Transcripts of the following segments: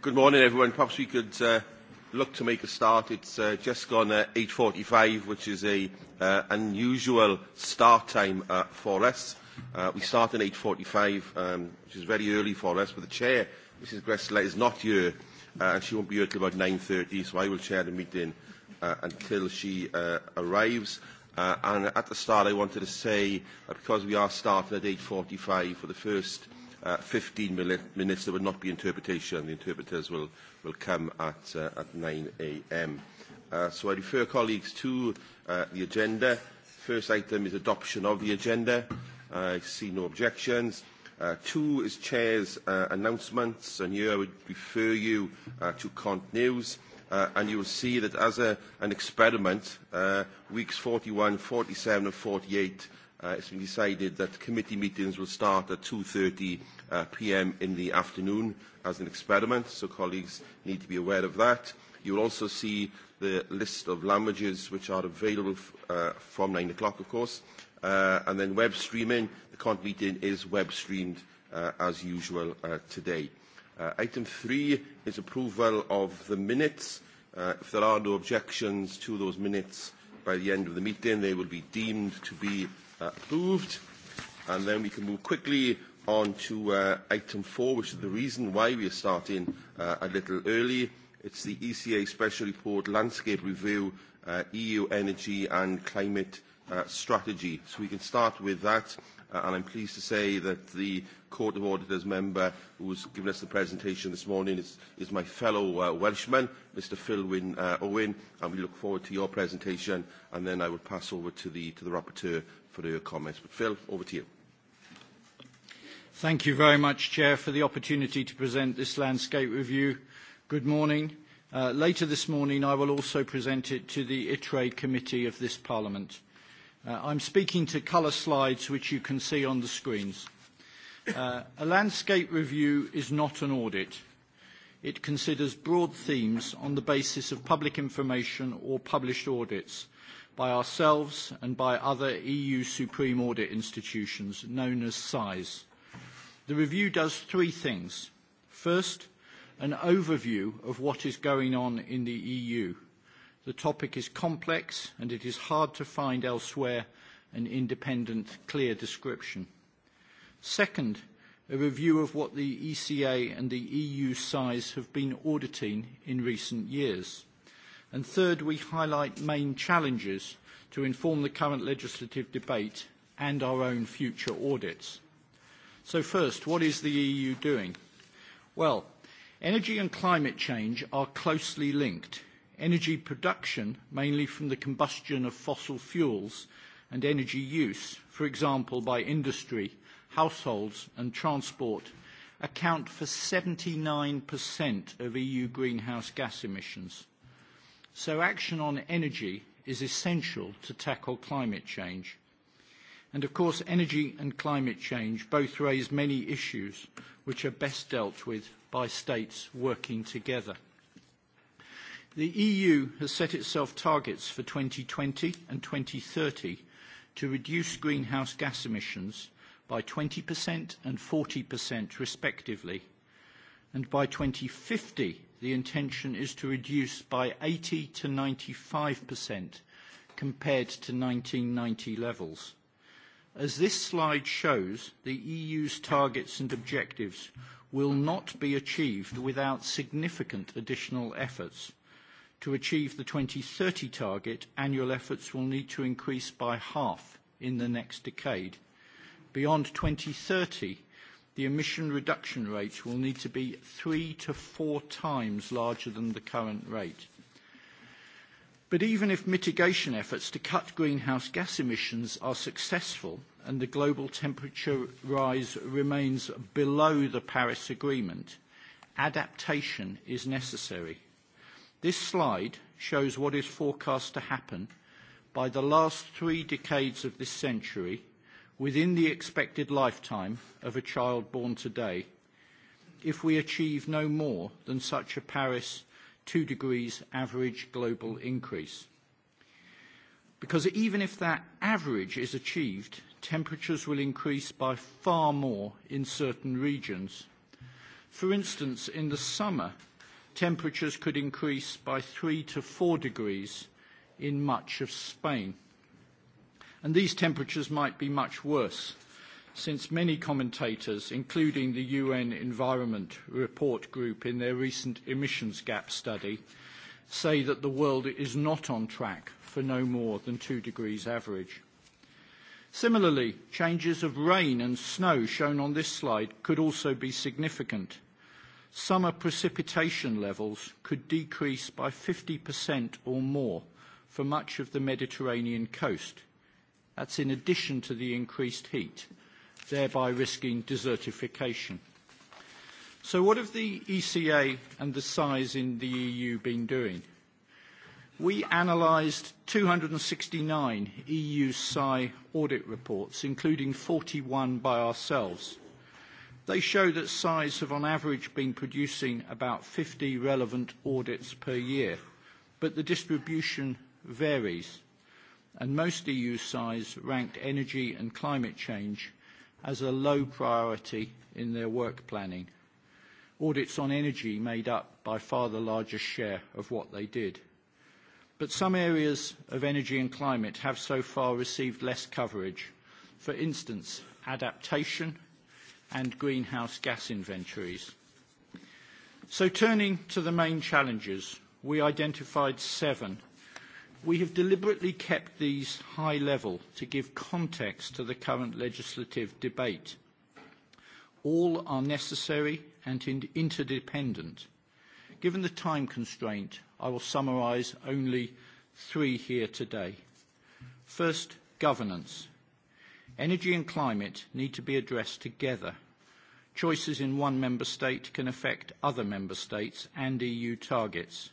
Good morning, everyone. Perhaps we could uh, look to make a start. It's uh, just gone uh, 8.45, which is an uh, unusual start time uh, for us. Uh, we start at 8.45, um, which is very early for us, but the chair, Mrs Gressler, is not here, uh, and she won't be here till about 9.30, so I will chair the meeting uh, until she uh, arrives. Uh, and at the start, I wanted to say, uh, because we are starting at 8.45 for the first – uh, 15 minute, minutes. There will not be interpretation. The interpreters will, will come at, uh, at 9 a.m. Uh, so I refer colleagues to uh, the agenda. First item is adoption of the agenda. Uh, I see no objections. Uh, two is chair's uh, announcements, and here I would refer you uh, to Cont News. Uh, and you will see that as a, an experiment, uh, weeks 41, 47 and 48 Uh, it's been decided that committee meetings will start at 2.30 uh, p.m. in the afternoon as an experiment, so colleagues need to be aware of that. You will also see the list of languages which are available f uh, from 9 o'clock, of course. Uh, and then web streaming, the current meeting is web streamed uh, as usual uh, today. Uh, item three is approval of the minutes. Uh, if there are no objections to those minutes by the end of the meeting, they will be deemed to be approved. And then we can move quickly on to uh, item four, which is the reason why we are starting uh, a little early. It's the ECA Special Report Landscape Review, uh, EU Energy and Climate uh, Strategy. So we can start with that. Uh, and I'm pleased to say that the Court of Auditors member who's given us the presentation this morning is, is my fellow uh, Welshman, Mr Phil Wynne uh, Owen, and we look forward to your presentation, and then I will pass over to the, to the rapporteur for your comments. But Phil, over to you. Thank you very much, Chair, for the opportunity to present this landscape review. Good morning. Uh, later this morning, I will also present it to the ITRE committee of this parliament. Uh, I'm speaking to color slides, which you can see on the screens. Uh, a landscape review is not an audit. It considers broad themes on the basis of public information or published audits – by ourselves and by other EU Supreme Audit institutions known as SISE. The review does three things. First, an overview of what is going on in the EU. The topic is complex, and it is hard to find elsewhere an independent, clear description. Second, a review of what the ECA and the EU size have been auditing in recent years. And third, we highlight main challenges to inform the current legislative debate and our own future audits. So first, what is the EU doing? Well, energy and climate change are closely linked. Energy production, mainly from the combustion of fossil fuels, and energy use, for example, by industry, households, and transport, account for 79% of EU greenhouse gas emissions so action on energy is essential to tackle climate change. And of course, energy and climate change both raise many issues which are best dealt with by states working together. The EU has set itself targets for 2020 and 2030 to reduce greenhouse gas emissions by 20% and 40% respectively, and by 2050 the intention is to reduce by 80%-95% compared to 1990 levels. As this slide shows, the EU's targets and objectives will not be achieved without significant additional efforts. To achieve the 2030 target, annual efforts will need to increase by half in the next decade. Beyond 2030, the emission reduction rates will need to be three to four times larger than the current rate. But even if mitigation efforts to cut greenhouse gas emissions are successful and the global temperature rise remains below the Paris Agreement, adaptation is necessary. This slide shows what is forecast to happen by the last three decades of this century within the expected lifetime of a child born today if we achieve no more than such a Paris 2 degrees average global increase. Because even if that average is achieved, temperatures will increase by far more in certain regions. For instance, in the summer, temperatures could increase by 3 to 4 degrees in much of Spain and these temperatures might be much worse, since many commentators, including the UN Environment Report Group in their recent emissions gap study, say that the world is not on track for no more than 2 degrees average. Similarly, changes of rain and snow shown on this slide could also be significant. Summer precipitation levels could decrease by 50% or more for much of the Mediterranean coast, That's in addition to the increased heat, thereby risking desertification. So what have the ECA and the size in the EU been doing? We analysed 269 EU SAI audit reports, including 41 by ourselves. They show that SAIs have on average been producing about 50 relevant audits per year, but the distribution varies and most EU sides ranked energy and climate change as a low priority in their work planning. Audits on energy made up by far the largest share of what they did. But some areas of energy and climate have so far received less coverage. For instance, adaptation and greenhouse gas inventories. So turning to the main challenges, we identified seven We have deliberately kept these high level to give context to the current legislative debate. All are necessary and interdependent. Given the time constraint, I will summarize only three here today. First, governance. Energy and climate need to be addressed together. Choices in one member state can affect other member states and EU targets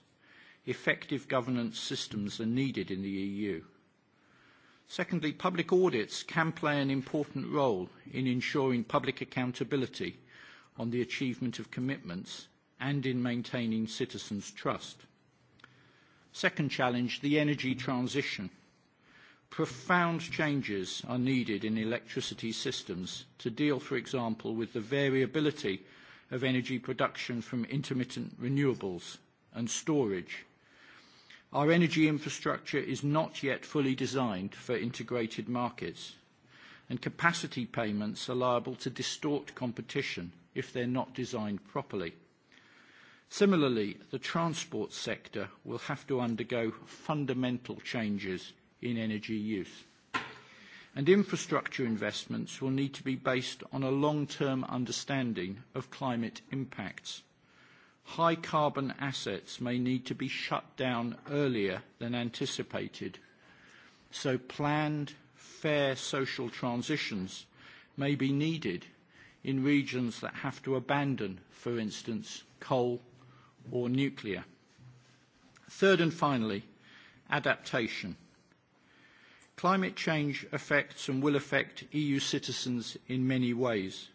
effective governance systems are needed in the EU. Secondly, public audits can play an important role in ensuring public accountability on the achievement of commitments and in maintaining citizens' trust. Second challenge, the energy transition. Profound changes are needed in electricity systems to deal, for example, with the variability of energy production from intermittent renewables and storage Our energy infrastructure is not yet fully designed for integrated markets, and capacity payments are liable to distort competition if they're not designed properly. Similarly, the transport sector will have to undergo fundamental changes in energy use, and infrastructure investments will need to be based on a long-term understanding of climate impacts high carbon assets may need to be shut down earlier than anticipated, so planned fair social transitions may be needed in regions that have to abandon, for instance, coal or nuclear. Third and finally, adaptation. Climate change affects and will affect EU citizens in many ways.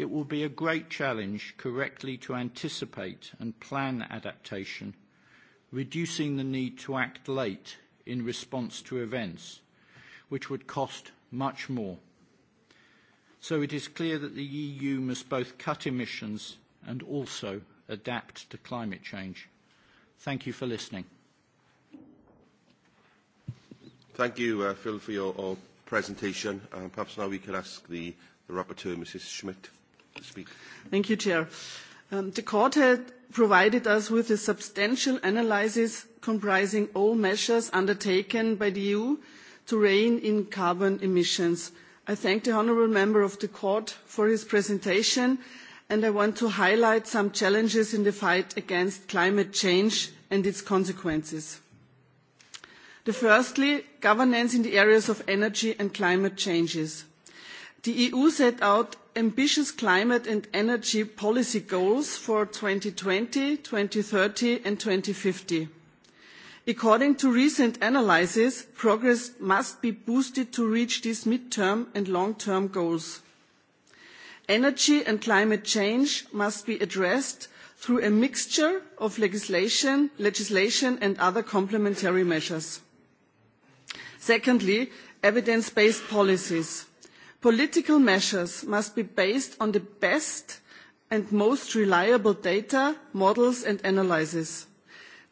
It will be a great challenge correctly to anticipate and plan adaptation, reducing the need to act late in response to events, which would cost much more. So it is clear that the EU must both cut emissions and also adapt to climate change. Thank you for listening. Thank you, uh, Phil, for your, your uh, presentation. Um, perhaps now we could ask the, the rapporteur, Mrs. Schmidt, to speak. Thank you, Chair. Um, the court had provided us with a substantial analysis comprising all measures undertaken by the EU to rein in carbon emissions. I thank the honourable member of the court for his presentation and I want to highlight some challenges in the fight against climate change and its consequences. The firstly, governance in the areas of energy and climate changes the eu set out ambitious climate and energy policy goals for two thousand and twenty two thousand and thirty and two thousand and fifty according to recent analyses progress must be boosted to reach these mid term and long term goals. energy and climate change must be addressed through a mixture of legislation, legislation and other complementary measures. secondly evidence based policies political measures must be based on the best and most reliable data, models and analyses.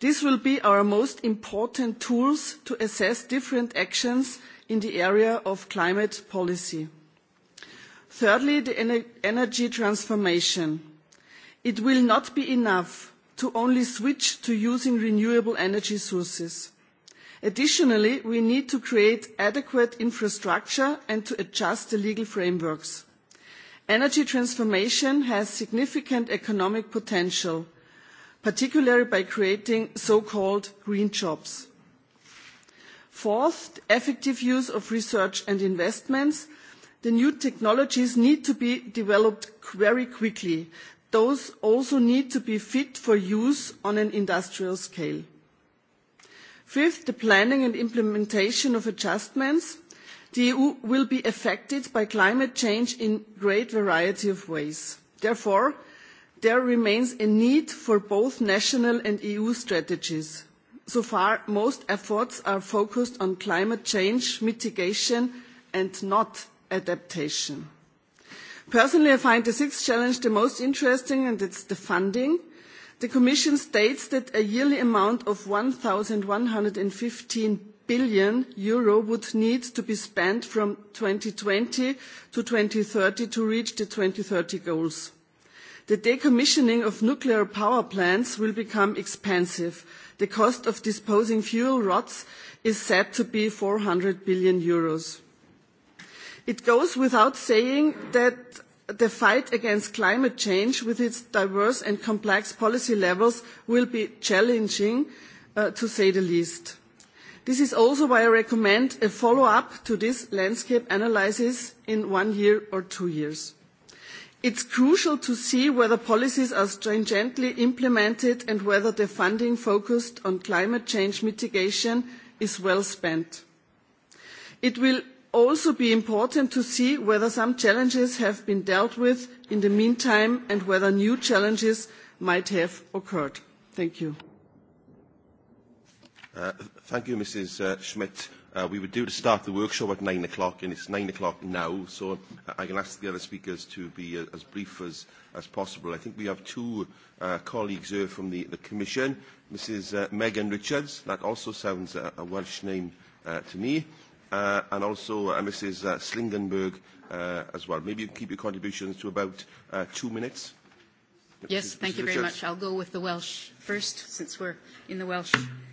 These will be our most important tools to assess different actions in the area of climate policy. Thirdly, the ener energy transformation. It will not be enough to only switch to using renewable energy sources. Additionally, we need to create adequate infrastructure and to adjust the legal frameworks. Energy transformation has significant economic potential, particularly by creating so-called green jobs. Fourth, effective use of research and investments. The new technologies need to be developed very quickly. Those also need to be fit for use on an industrial scale. Fifth, the planning and implementation of adjustments. The EU will be affected by climate change in great variety of ways. Therefore, there remains a need for both national and EU strategies. So far, most efforts are focused on climate change mitigation and not adaptation. Personally, I find the sixth challenge the most interesting, and it's the funding. The Commission states that a yearly amount of 1,115 billion euro would need to be spent from 2020 to 2030 to reach the 2030 goals. The decommissioning of nuclear power plants will become expensive. The cost of disposing fuel rods is said to be 400 billion euros. It goes without saying that the fight against climate change with its diverse and complex policy levels will be challenging, uh, to say the least. This is also why I recommend a follow-up to this landscape analysis in one year or two years. It's crucial to see whether policies are stringently implemented and whether the funding focused on climate change mitigation is well spent. It will also be important to see whether some challenges have been dealt with in the meantime and whether new challenges might have occurred. Thank you. Uh, thank you, Mrs. Uh, Schmidt. Uh, we were due to start the workshop at 9 o'clock, and it's 9 o'clock now, so I can ask the other speakers to be uh, as brief as, as possible. I think we have two uh, colleagues here from the, the Commission, Mrs. Uh, Megan Richards, that also sounds a, a Welsh name uh, to me, uh, and also uh, Mrs. Uh, Slingenberg uh, as well. Maybe you can keep your contributions to about uh, two minutes. Yes, Mrs. thank Mrs. you very much. I'll go with the Welsh first, since we're in the Welsh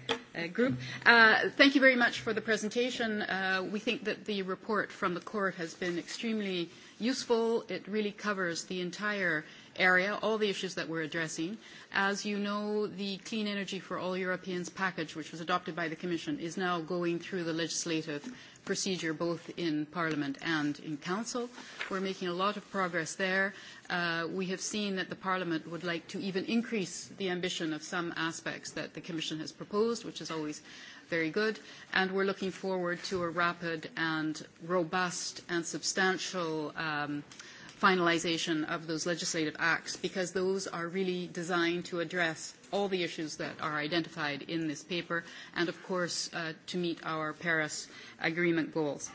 uh, group. Uh, thank you very much for the presentation. Uh, we think that the report from the court has been extremely useful. It really covers the entire uh, area, all the issues that we're addressing. As you know, the Clean Energy for All Europeans package, which was adopted by the Commission, is now going through the legislative procedure both in Parliament and in Council. We're making a lot of progress there. Uh, we have seen that the Parliament would like to even increase the ambition of some aspects that the Commission has proposed, which is always very good, and we're looking forward to a rapid and robust and substantial um, uh, finalization of those legislative acts because those are really designed to address all the issues that are identified in this paper and, of course, uh, to meet our Paris Agreement goals.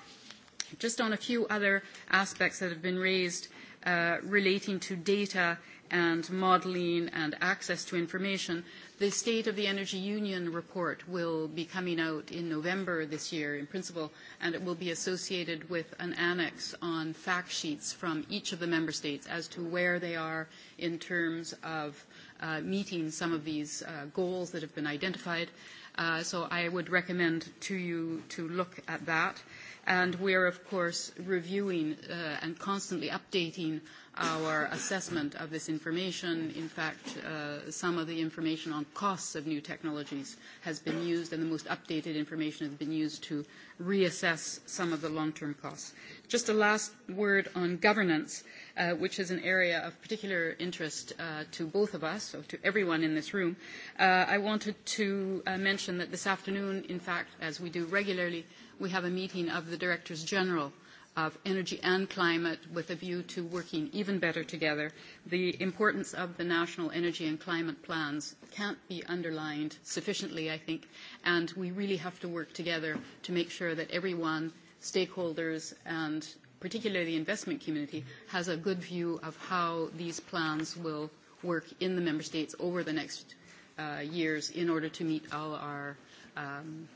Just on a few other aspects that have been raised uh, relating to data and modeling and access to information, The State of the Energy Union report will be coming out in November this year in principle, and it will be associated with an annex on fact sheets from each of the member states as to where they are in terms of uh, meeting some of these uh, goals that have been identified. Uh, so I would recommend to you to look at that. Uh, and we're of course reviewing uh, and constantly updating our assessment of this information. In fact, uh, some of the information on costs of new technologies has been used, and the most updated information has been used to reassess some of the long-term costs. Just a last word on governance, uh, which is an area of particular interest uh, to both of us, or to everyone in this room. Uh, I wanted to uh, mention that this afternoon, in fact, as we do regularly, we have a meeting of the Directors General of Energy and Climate with a view to working even better together. The importance of the national energy and climate plans can't be underlined sufficiently, I think, and we really have to work together to make sure that everyone, stakeholders and particularly the investment community, has a good view of how these plans will work in the member states over the next uh, years in order to meet all our um,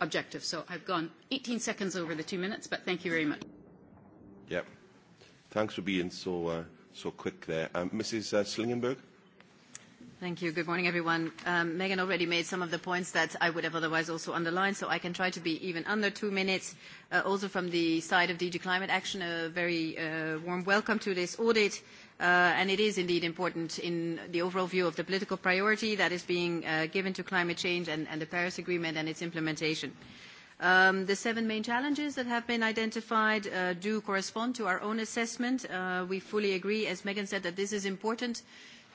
objective. So I've gone 18 seconds over the two minutes, but thank you very much. Yep. Thanks for being so, uh, so quick there. Um, Mrs. Uh, Slingenberg? Thank you. Good morning, everyone. Um, Megan already made some of the points that I would have otherwise also underlined, so I can try to be even under two minutes. Uh, also from the side of DG Climate Action, a very uh, warm welcome to this audit. Uh, Uh, and it is indeed important in the overall view of the political priority that is being uh, given to climate change and, and the Paris Agreement and its implementation. Um, the seven main challenges that have been identified uh, do correspond to our own assessment. Uh, we fully agree, as Megan said, that this is important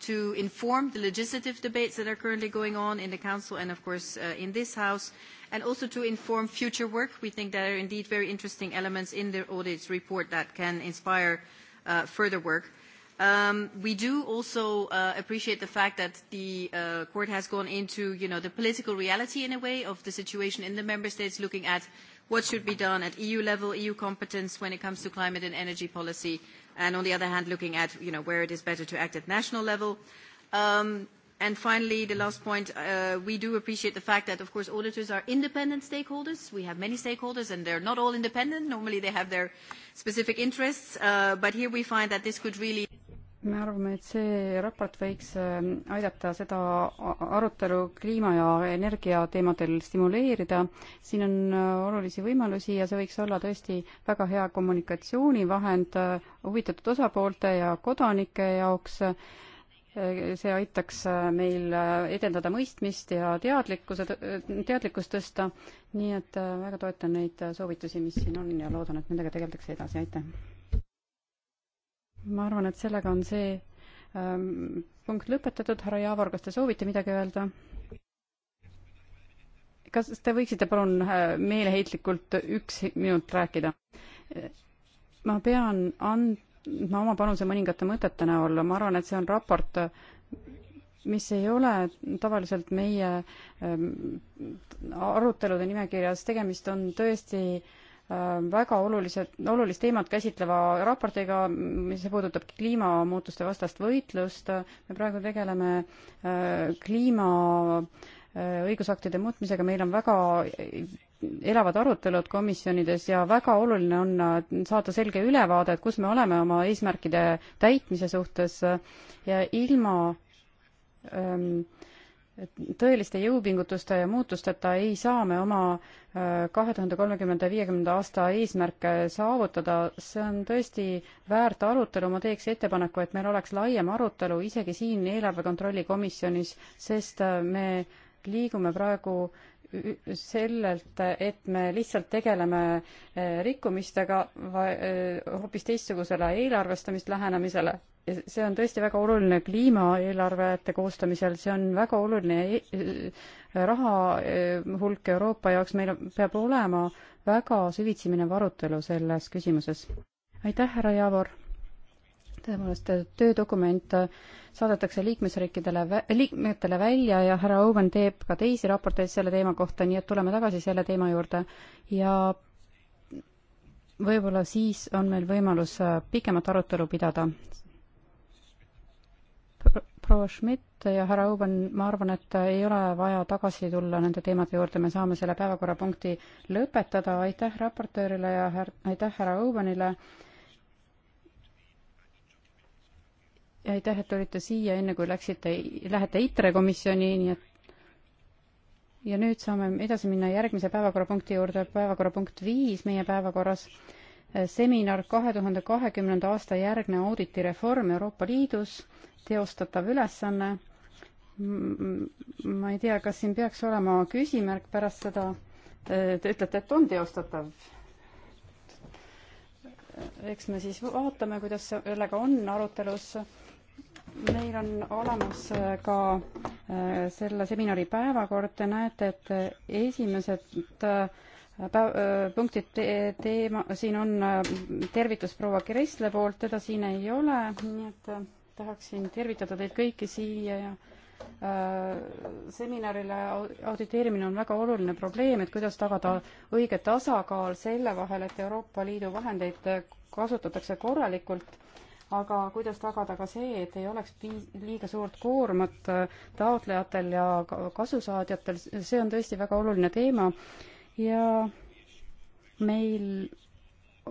to inform the legislative debates that are currently going on in the Council and, of course, uh, in this House, and also to inform future work. We think there are indeed very interesting elements in the audit report that can inspire uh, further work. Uh, Um, we do also uh, appreciate the fact that the uh, court has gone into, you know, the political reality in a way of the situation in the member states, looking at what should be done at EU level, EU competence when it comes to climate and energy policy, and on the other hand, looking at, you know, where it is better to act at national level. Um, And finally, the last point, uh, we do appreciate the fact that, of course, auditors are independent stakeholders. We have many stakeholders, and they're not all independent. Normally, they have their specific interests. Uh, but here we find that this could really me arvame, et see raport võiks äh, aidata seda arutelu kliima ja energia teemadel stimuleerida. siin on äh, olulisi võimalusi ja see võiks olla tõesti väga hea kommunikatsioonivahend äh, huvitatud osapoolte ja kodanike jaoks. see aitaks meil edendada mõistmist ja teadlikkuse, teadlikkust tõsta. nii et väga toetan neid soovitusi, mis siin on ja loodan, et nendega tegeldakse edasi, aitäh! ma arvan, et sellega on see ähm, punkt lõpetatud, härra Javor, kas te soovite midagi öelda? kas te võiksite palun äh, meeleheitlikult üks minut rääkida? ma pean andma oma panuse mõningate mõtete näol, ma arvan, et see on raport, mis ei ole tavaliselt meie ähm, arutelude nimekirjas, tegemist on tõesti äh, Äh, väga olulised, olulist teemat käsitleva raportiga, mis puudutab kliimamuutuste vastast võitlust. me praegu tegeleme äh, kliima äh, õigusaktide muutmisega, meil on väga elavad arutelud komisjonides ja väga oluline on saada selge ülevaade, et kus me oleme oma eesmärkide täitmise suhtes ja ilma ähm, tõeliste jõupingutuste ja muutusteta ei saa me oma äh, kahe tuhande kolmekümnenda, viiekümnenda aasta eesmärke saavutada, see on tõesti väärt arutelu, ma teeks ettepaneku, et meil oleks laiem arutelu isegi siin eelarve kontrolli komisjonis, sest äh, me liigume praegu sellelt, et me lihtsalt tegeleme äh, rikkumistega hoopis teistsugusele eelarvestamist lähenemisele see on tõesti väga oluline kliimaeelarvete koostamisel, see on väga oluline eh, raha eh, hulk Euroopa jaoks, meil peab olema väga süvitsi minev arutelu selles küsimuses. aitäh, härra Javor! tõepoolest, eh, töödokument saadetakse liikmesriikidele, liikmetele välja ja härra Owen teeb ka teisi raporteid selle teema kohta, nii et tuleme tagasi selle teema juurde ja võib-olla siis on meil võimalus pikemat arutelu pidada proua Schmidt ja härra Õuben, ma arvan, et ei ole vaja tagasi tulla nende teemade juurde, me saame selle päevakorrapunkti lõpetada, aitäh raportöörile ja här-, aitäh härra Õubenile. ja aitäh, et tulite siia, enne kui läksite, lähete ITRE komisjoni, nii et ja nüüd saame edasi minna järgmise päevakorrapunkti juurde, päevakorrapunkt viis meie päevakorras seminar kahe tuhande kahekümnenda aasta järgne auditireform Euroopa Liidus teostatav ülesanne. ma ei tea, kas siin peaks olema küsimärk pärast seda, te ütlete, et on teostatav. eks me siis vaatame, kuidas sellega on arutelus meil on olemas ka äh, selle seminari päevakord, te näete, et esimesed äh, päev-, äh, punktid te, teema, siin on tervitus proua Kressle poolt, teda siin ei ole, nii et tahaksin tervitada teid kõiki siia ja äh, seminarile auditeerimine on väga oluline probleem, et kuidas tagada õige tasakaal selle vahel, et Euroopa Liidu vahendeid äh, kasutatakse korralikult, aga kuidas tagada ka see, et ei oleks liiga suurt koormat äh, taotlejatel ja kasusaadjatel, see on tõesti väga oluline teema ja meil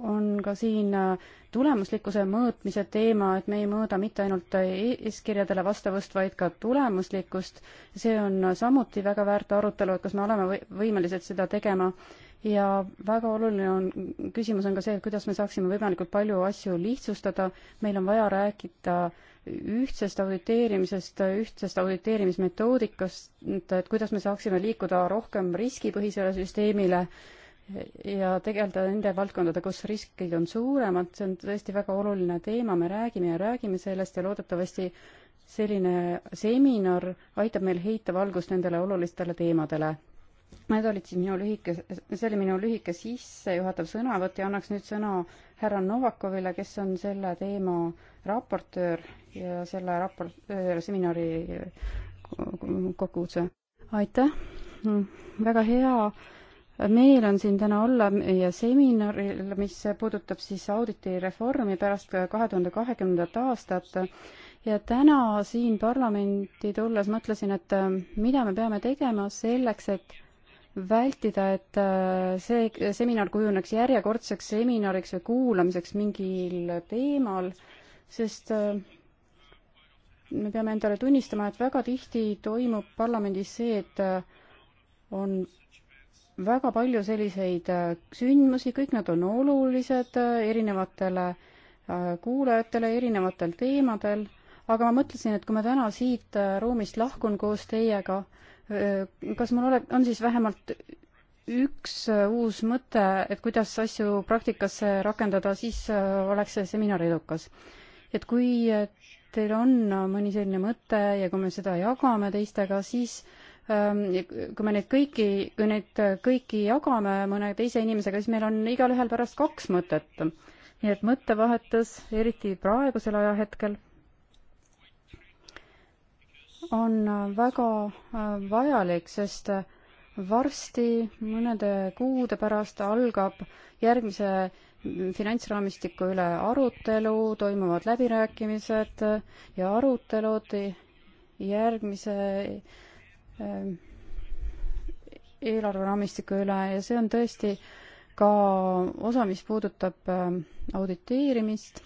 on ka siin äh, tulemuslikkuse mõõtmise teema, et me ei mõõda mitte ainult eeskirjadele vastavust, vaid ka tulemuslikkust. see on samuti väga väärt arutelu, et kas me oleme võimelised seda tegema ja väga oluline on, küsimus on ka see, et kuidas me saaksime võimalikult palju asju lihtsustada, meil on vaja rääkida ühtsest auditeerimisest, ühtsest auditeerimismetoodikast, et kuidas me saaksime liikuda rohkem riskipõhisele süsteemile äh, ja tegeleda nende valdkondade, kus riskid on suuremad, see on tõesti väga oluline teema, me räägime ja räägime sellest ja loodetavasti selline seminar aitab meil heita valgust nendele olulistele teemadele. Need olid siis minu lühike, see oli minu lühike sissejuhatav sõnavõtt ja annaks nüüd sõna härra Novakovile, kes on selle teema raportöör ja selle raport, seminari kokkukutse. aitäh, väga hea meil on siin täna olla meie seminaril, mis puudutab siis auditireformi pärast kahe tuhande kahekümnendat aastat ja täna siin parlamenti tulles mõtlesin, et äh, mida me peame tegema selleks, et vältida, et äh, see seminar kujuneks järjekordseks seminariks või kuulamiseks mingil teemal, sest äh, me peame endale tunnistama, et väga tihti toimub parlamendis see, et on väga palju selliseid äh, sündmusi, kõik nad on olulised äh, erinevatele äh, kuulajatele erinevatel teemadel, aga ma mõtlesin, et kui ma täna siit ruumist lahkun koos teiega, kas mul ole, on siis vähemalt üks uus mõte, et kuidas asju praktikasse rakendada, siis oleks see seminar edukas. et kui teil on mõni selline mõte ja kui me seda jagame teistega, siis äh, Ehm, kui me neid kõiki, kui neid äh, kõiki jagame mõne teise inimesega, siis meil on igalühel pärast kaks mõtet. nii et mõttevahetus, eriti praegusel ajahetkel, on äh, väga äh, vajalik, sest varsti, mõnede kuude pärast algab järgmise mm, finantsraamistiku üle arutelu, toimuvad läbirääkimised ja arutelud järgmise Ehm, eelarveraamistiku üle ja see on tõesti ka osa, mis puudutab ehm, auditeerimist,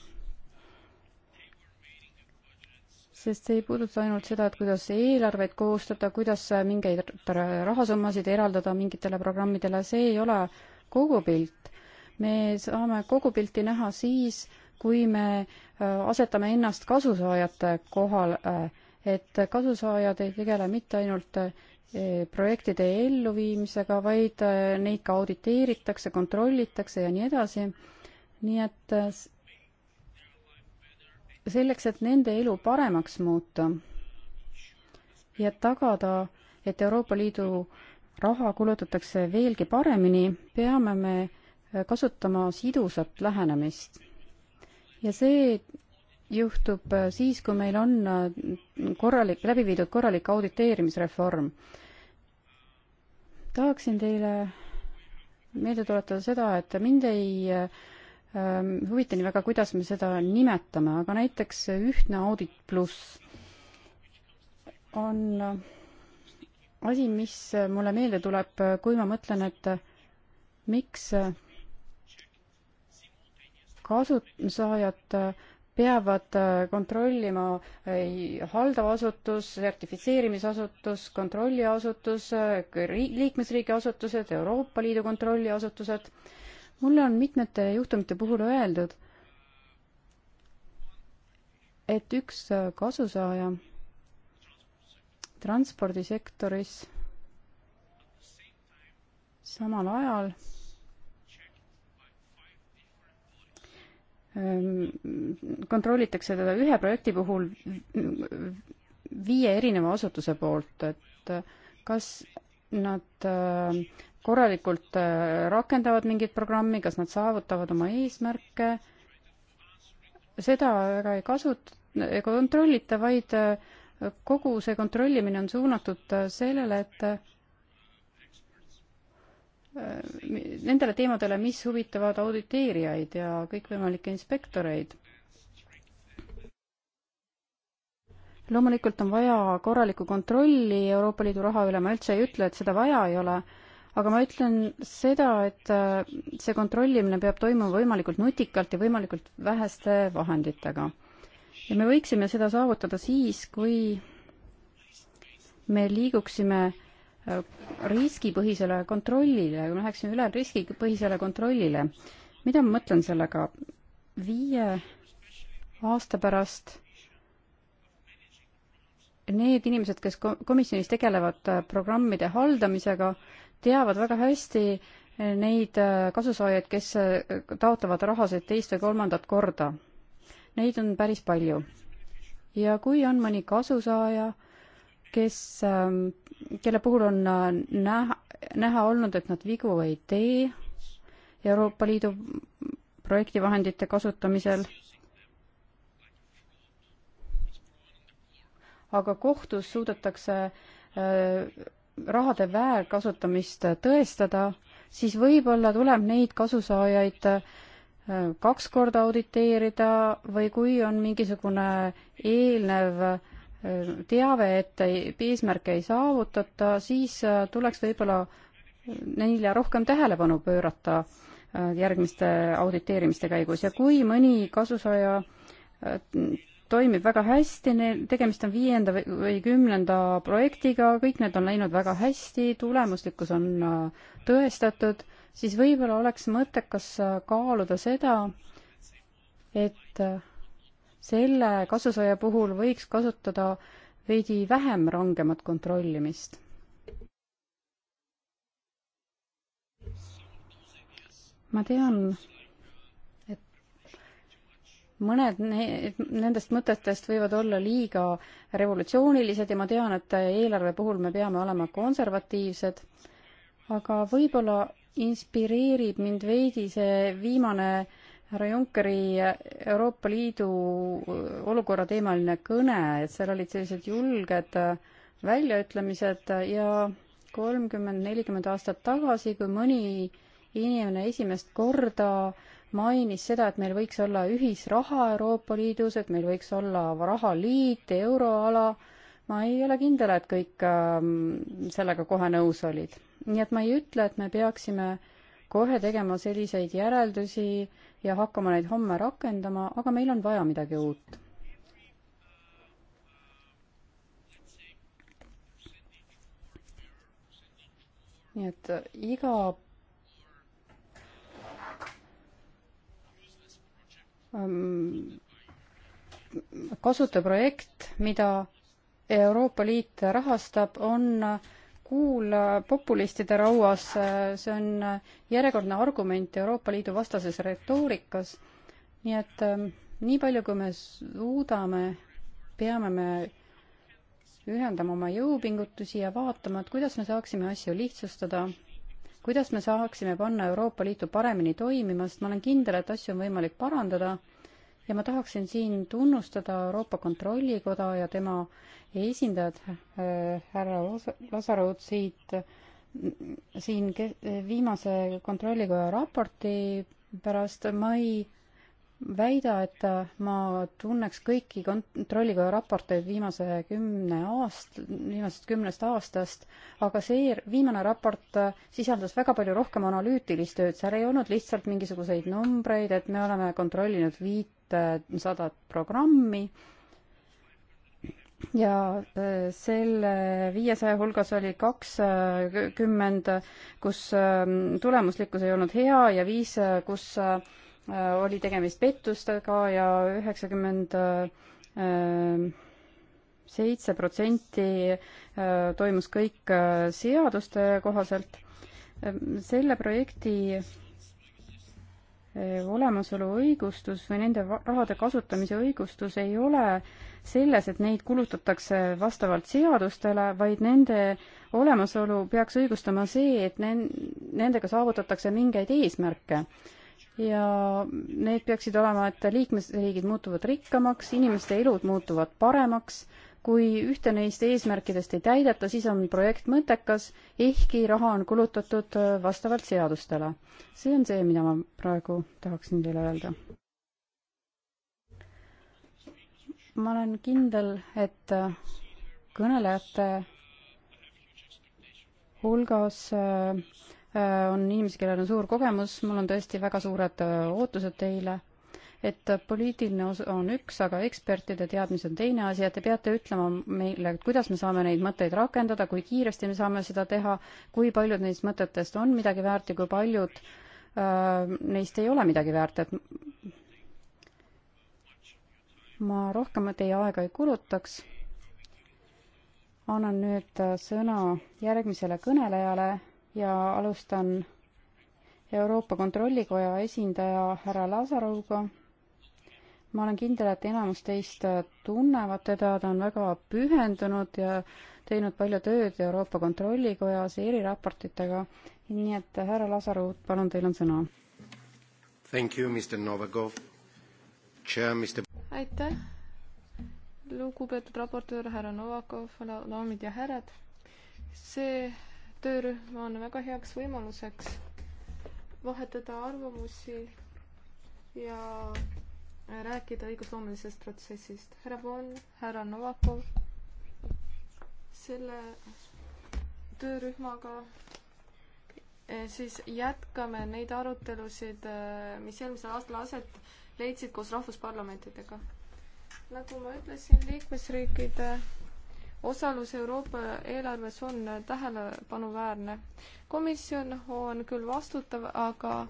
sest see ei puuduta ainult seda, et kuidas eelarveid koostada, kuidas mingeid rahasummasid eraldada mingitele programmidele, see ei ole kogupilt. me saame kogupilti näha siis, kui me ehm, asetame ennast kasusaajate kohale äh, et kasusaajad ei tegele mitte ainult eh, projektide elluviimisega, vaid eh, neid ka auditeeritakse, kontrollitakse ja nii edasi. nii et eh, selleks, et nende elu paremaks muuta ja tagada, et Euroopa Liidu raha kulutatakse veelgi paremini, peame me kasutama sidusat lähenemist. ja see juhtub äh, siis, kui meil on äh, korralik, läbi viidud korralik auditeerimisreform. tahaksin teile meelde tuletada seda, et mind ei äh, huvita nii väga, kuidas me seda nimetame, aga näiteks ühtne audit pluss on äh, asi, mis mulle meelde tuleb, kui ma mõtlen, et miks kasusaajad äh, peavad äh, kontrollima äh, haldav asutus, sertifitseerimisasutus, kontrolliasutus, äh, liikmesriigi asutused, Euroopa Liidu kontrolliasutused. mulle on mitmete juhtumite puhul öeldud, et üks kasusaaja transpordisektoris samal ajal Ehm, kontrollitakse teda ühe projekti puhul viie erineva asutuse poolt, et äh, kas nad äh, korralikult äh, rakendavad mingit programmi, kas nad saavutavad oma eesmärke, seda väga ei kasut-, ei kontrollita, vaid kogu see kontrollimine on suunatud sellele, et nendele teemadele, mis huvitavad auditeerijaid ja kõikvõimalikke inspektoreid. loomulikult on vaja korralikku kontrolli Euroopa Liidu raha üle, ma üldse ei ütle, et seda vaja ei ole, aga ma ütlen seda, et äh, see kontrollimine peab toimuma võimalikult nutikalt ja võimalikult väheste vahenditega. ja me võiksime seda saavutada siis, kui me liiguksime riskipõhisele kontrollile, kui me läheksime üle riskipõhisele kontrollile, mida ma mõtlen sellega, viie aasta pärast need inimesed, kes komisjonis tegelevad äh, programmide haldamisega, teavad väga hästi äh, neid äh, kasusaajaid, kes taotlevad rahasid teist või kolmandat korda. Neid on päris palju. ja kui on mõni kasusaaja, kes ähm, kelle puhul on äh, näha, näha olnud, et nad vigu ei tee Euroopa Liidu projektivahendite kasutamisel. aga kohtus suudetakse äh, rahade väärkasutamist tõestada, siis võib-olla tuleb neid kasusaajaid äh, kaks korda auditeerida või kui on mingisugune eelnev äh, teave, et eesmärke ei saavutata, siis äh, tuleks võib-olla neile rohkem tähelepanu pöörata äh, järgmiste auditeerimiste käigus ja kui mõni kasusaaja äh, toimib väga hästi, tegemist on viienda või kümnenda projektiga, kõik need on läinud väga hästi, tulemuslikkus on tõestatud, siis võib-olla oleks mõttekas kaaluda seda, et selle kasusaaja puhul võiks kasutada veidi vähem rangemat kontrollimist. ma tean, et mõned ne-, nendest mõtetest võivad olla liiga revolutsioonilised ja ma tean, et eelarve puhul me peame olema konservatiivsed, aga võib-olla inspireerib mind veidi see viimane äh, härra Junckeri Euroopa Liidu äh, olukorra teemaline kõne, et seal olid sellised julged äh, väljaütlemised äh, ja kolmkümmend, nelikümmend aastat tagasi, kui mõni inimene esimest korda mainis seda, et meil võiks olla ühisraha Euroopa Liidus, et meil võiks olla rahaliit, euroala, ma ei ole kindel, et kõik ähm, sellega kohe nõus olid. nii et ma ei ütle, et me peaksime kohe tegema selliseid järeldusi, ja hakkama neid homme rakendama, aga meil on vaja midagi uut. nii et iga ähm, kasuteprojekt, mida Euroopa Liit rahastab, on kuul populistide rauas, see on järjekordne argument Euroopa Liidu vastases retoorikas. nii et ähm, nii palju, kui me suudame, peame me ühendama oma jõupingutusi ja vaatama, et kuidas me saaksime asju lihtsustada, kuidas me saaksime panna Euroopa Liitu paremini toimima, sest ma olen kindel, et asju on võimalik parandada ja ma tahaksin siin tunnustada Euroopa Kontrollikoda ja tema esindajat äh, härra Lasarõud siit, mm, siin viimase Kontrollikoja raporti pärast ma ei väida, et ma tunneks kõiki kontrollikoja raporteid viimase kümne aast-, viimasest kümnest aastast, aga see viimane raport sisaldas väga palju rohkem analüütilist tööd, seal ei olnud lihtsalt mingisuguseid numbreid, et me oleme kontrollinud viit Äh, sadat programmi ja äh, selle viiesaja hulgas oli kakskümmend, äh, kus ähm, tulemuslikkus ei olnud hea ja viis, kus oli tegemist pettustega ja üheksakümmend seitse protsenti toimus kõik seaduste kohaselt. selle projekti Äh, olemasolu õigustus või nende rahade kasutamise õigustus ei ole selles, et neid kulutatakse vastavalt seadustele, vaid nende olemasolu peaks õigustama see, et nendega saavutatakse mingeid eesmärke. ja need peaksid olema, et liikmesriigid muutuvad rikkamaks, inimeste elud muutuvad paremaks kui ühte neist eesmärkidest ei täideta, siis on projekt mõttekas, ehkki raha on kulutatud äh, vastavalt seadustele. see on see, mida ma praegu tahaksin teile öelda. ma olen kindel, et äh, kõnelejate hulgas äh, on inimesi, kellel on suur kogemus, mul on tõesti väga suured ootused teile et poliitiline osa on üks, aga ekspertide teadmis on teine asi ja te peate ütlema meile, kuidas me saame neid mõtteid rakendada, kui kiiresti me saame seda teha, kui paljud neist mõtetest on midagi väärt ja kui paljud äh, neist ei ole midagi väärt, et ma rohkem teie aega ei kulutaks. annan nüüd äh, sõna järgmisele kõnelejale ja alustan Euroopa Kontrollikoja esindaja härra Lazaruga ma olen kindel, et enamus teist äh, tunnevad teda, ta on väga pühendunud ja teinud palju tööd Euroopa Kontrollikojas eriraportitega. nii et äh, härra Lasaru, palun, teil on sõna. Thank you, Mr Novakov. Chair, Mr. aitäh, lugupeetud raportöör härra Novakov, daamid ja härrad. see töörühm on väga heaks võimaluseks vahetada arvamusi ja rääkida õigusloomelisest protsessist. härra Von, härra Novakov, selle töörühmaga e, siis jätkame neid arutelusid, e, mis eelmisel aastal aset leidsid koos rahvusparlamentidega. nagu ma ütlesin, liikmesriikide osalus Euroopa eelarves on tähelepanuväärne. komisjon on küll vastutav, aga äh,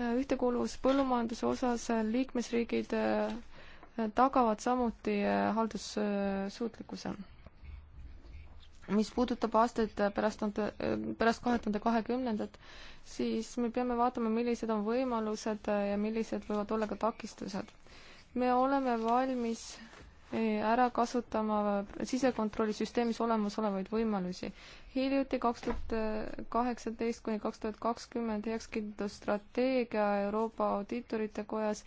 ühtekuuluvus põllumajanduse osas liikmesriigid äh, tagavad samuti äh, haldussuutlikkuse. mis puudutab aastaid pärast, äh, pärast kahe tuhande kahekümnendat, siis me peame vaatama, millised on võimalused ja millised võivad olla ka takistused. me oleme valmis ära kasutama sisekontrollisüsteemis olemasolevaid võimalusi. hiljuti kaks tuhat kaheksateist kuni kaks tuhat kakskümmend heaks kiidetud strateegia Euroopa Audiitorite Kojas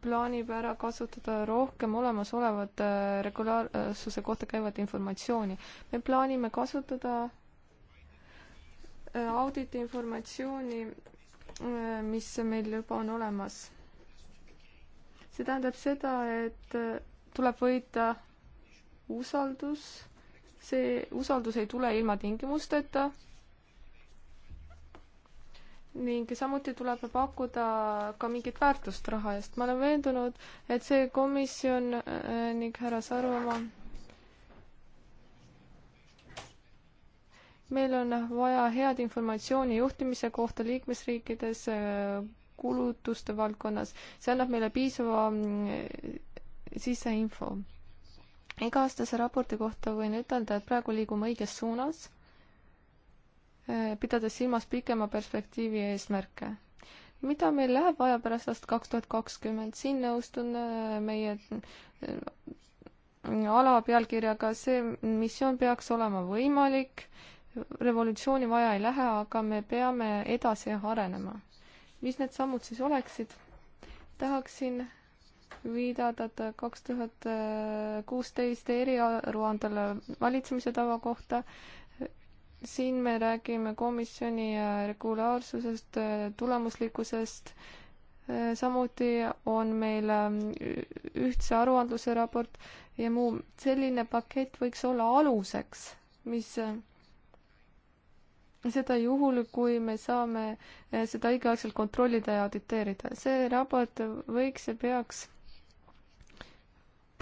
plaanib ära kasutada rohkem olemasolevat äh, regulaarsuse kohta käivat informatsiooni. me plaanime kasutada äh, auditi informatsiooni, äh, mis meil juba on olemas. see tähendab seda, et tuleb võita usaldus, see usaldus ei tule ilma tingimusteta ning samuti tuleb pakkuda ka mingit väärtust raha eest. ma olen veendunud, et see komisjon äh, ning härra Sarvamaa meil on vaja head informatsiooni juhtimise kohta liikmesriikides äh, kulutuste valdkonnas. see annab meile piisava mm, siseinfo. iga-aastase raporti kohta võin ütelda, et praegu liigume õiges suunas, pidades silmas pikema perspektiivi eesmärke. mida meil läheb vaja pärast aastat kaks tuhat kakskümmend, siin nõustun äh, meie äh, alapealkirjaga, see missioon peaks olema võimalik, revolutsiooni vaja ei lähe, aga me peame edasi arenema. mis need sammud siis oleksid? tahaksin viidata kaks tuhat kuusteist eriaruandele valitsemise tava kohta. siin me räägime komisjoni regulaarsusest, tulemuslikkusest. samuti on meil ühtse aruandluse raport ja muu. selline pakett võiks olla aluseks, mis seda juhul, kui me saame seda iga-aastaselt kontrollida ja auditeerida. see raport võiks ja peaks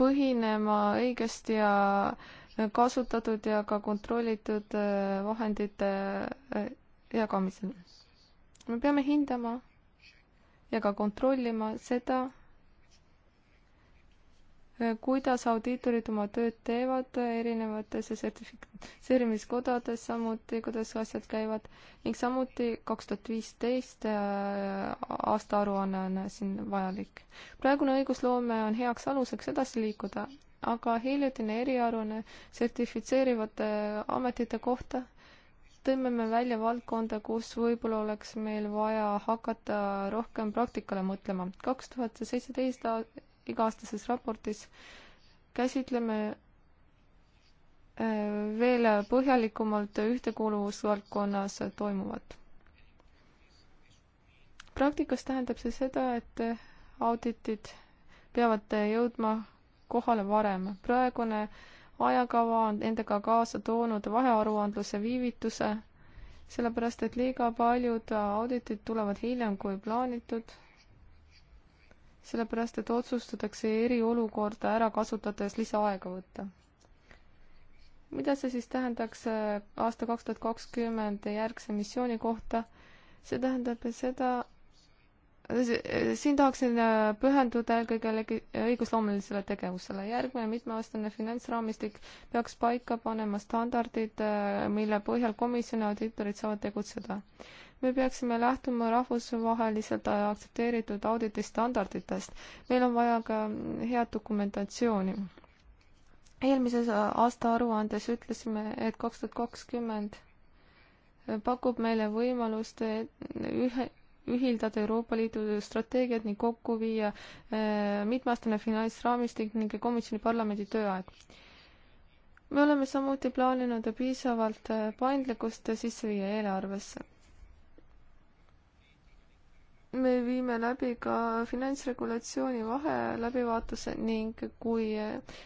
põhinema õigesti ja kasutatud ja ka kontrollitud äh, vahendite äh, jagamisel. me peame hindama ja ka kontrollima seda, Äh, kuidas audiitorid oma tööd teevad erinevatesse sertifitseerimiskodades, samuti kuidas asjad käivad ning samuti kaks tuhat viisteist äh, aastaaruanne on siin vajalik. praegune õigusloome on heaks aluseks edasi liikuda, aga hiljutine eriaruanne sertifitseerivate ametite kohta tõime me välja valdkonda, kus võib-olla oleks meil vaja hakata rohkem praktikale mõtlema. kaks tuhat seitseteist iga-aastases raportis käsitleme äh, veel põhjalikumalt ühtekuuluvusvaldkonnas toimuvat. praktikas tähendab see seda, et auditid peavad jõudma kohale varem. praegune ajakava on endaga kaasa toonud vahearuandluse viivituse, sellepärast et liiga paljud auditid tulevad hiljem kui plaanitud sellepärast et otsustatakse eriolukorda ära kasutades lisaaega võtta. mida see siis tähendaks äh, aasta kaks tuhat kakskümmend järgse missiooni kohta? see tähendab seda, siin tahaksin äh, pühenduda eelkõige õigusloomelisele tegevusele. järgmine mitmeaastane finantsraamistik peaks paika panema standardid, äh, mille põhjal komisjon ja audiitorid saavad tegutseda me peaksime lähtuma rahvusvaheliselt aktsepteeritud auditi standarditest. meil on vaja ka head dokumentatsiooni. eelmises aasta aruandes ütlesime, et kaks tuhat kakskümmend pakub meile võimalust eh, ühe, ühildada Euroopa Liidu strateegiat ning kokku viia äh, mitmeaastane finantsraamistik ning komisjoni parlamendi tööaeg. me oleme samuti plaaninud piisavalt eh, paindlikkust sisse viia eelarvesse me viime läbi ka finantsregulatsiooni vahe läbivaatuse ning kui eh,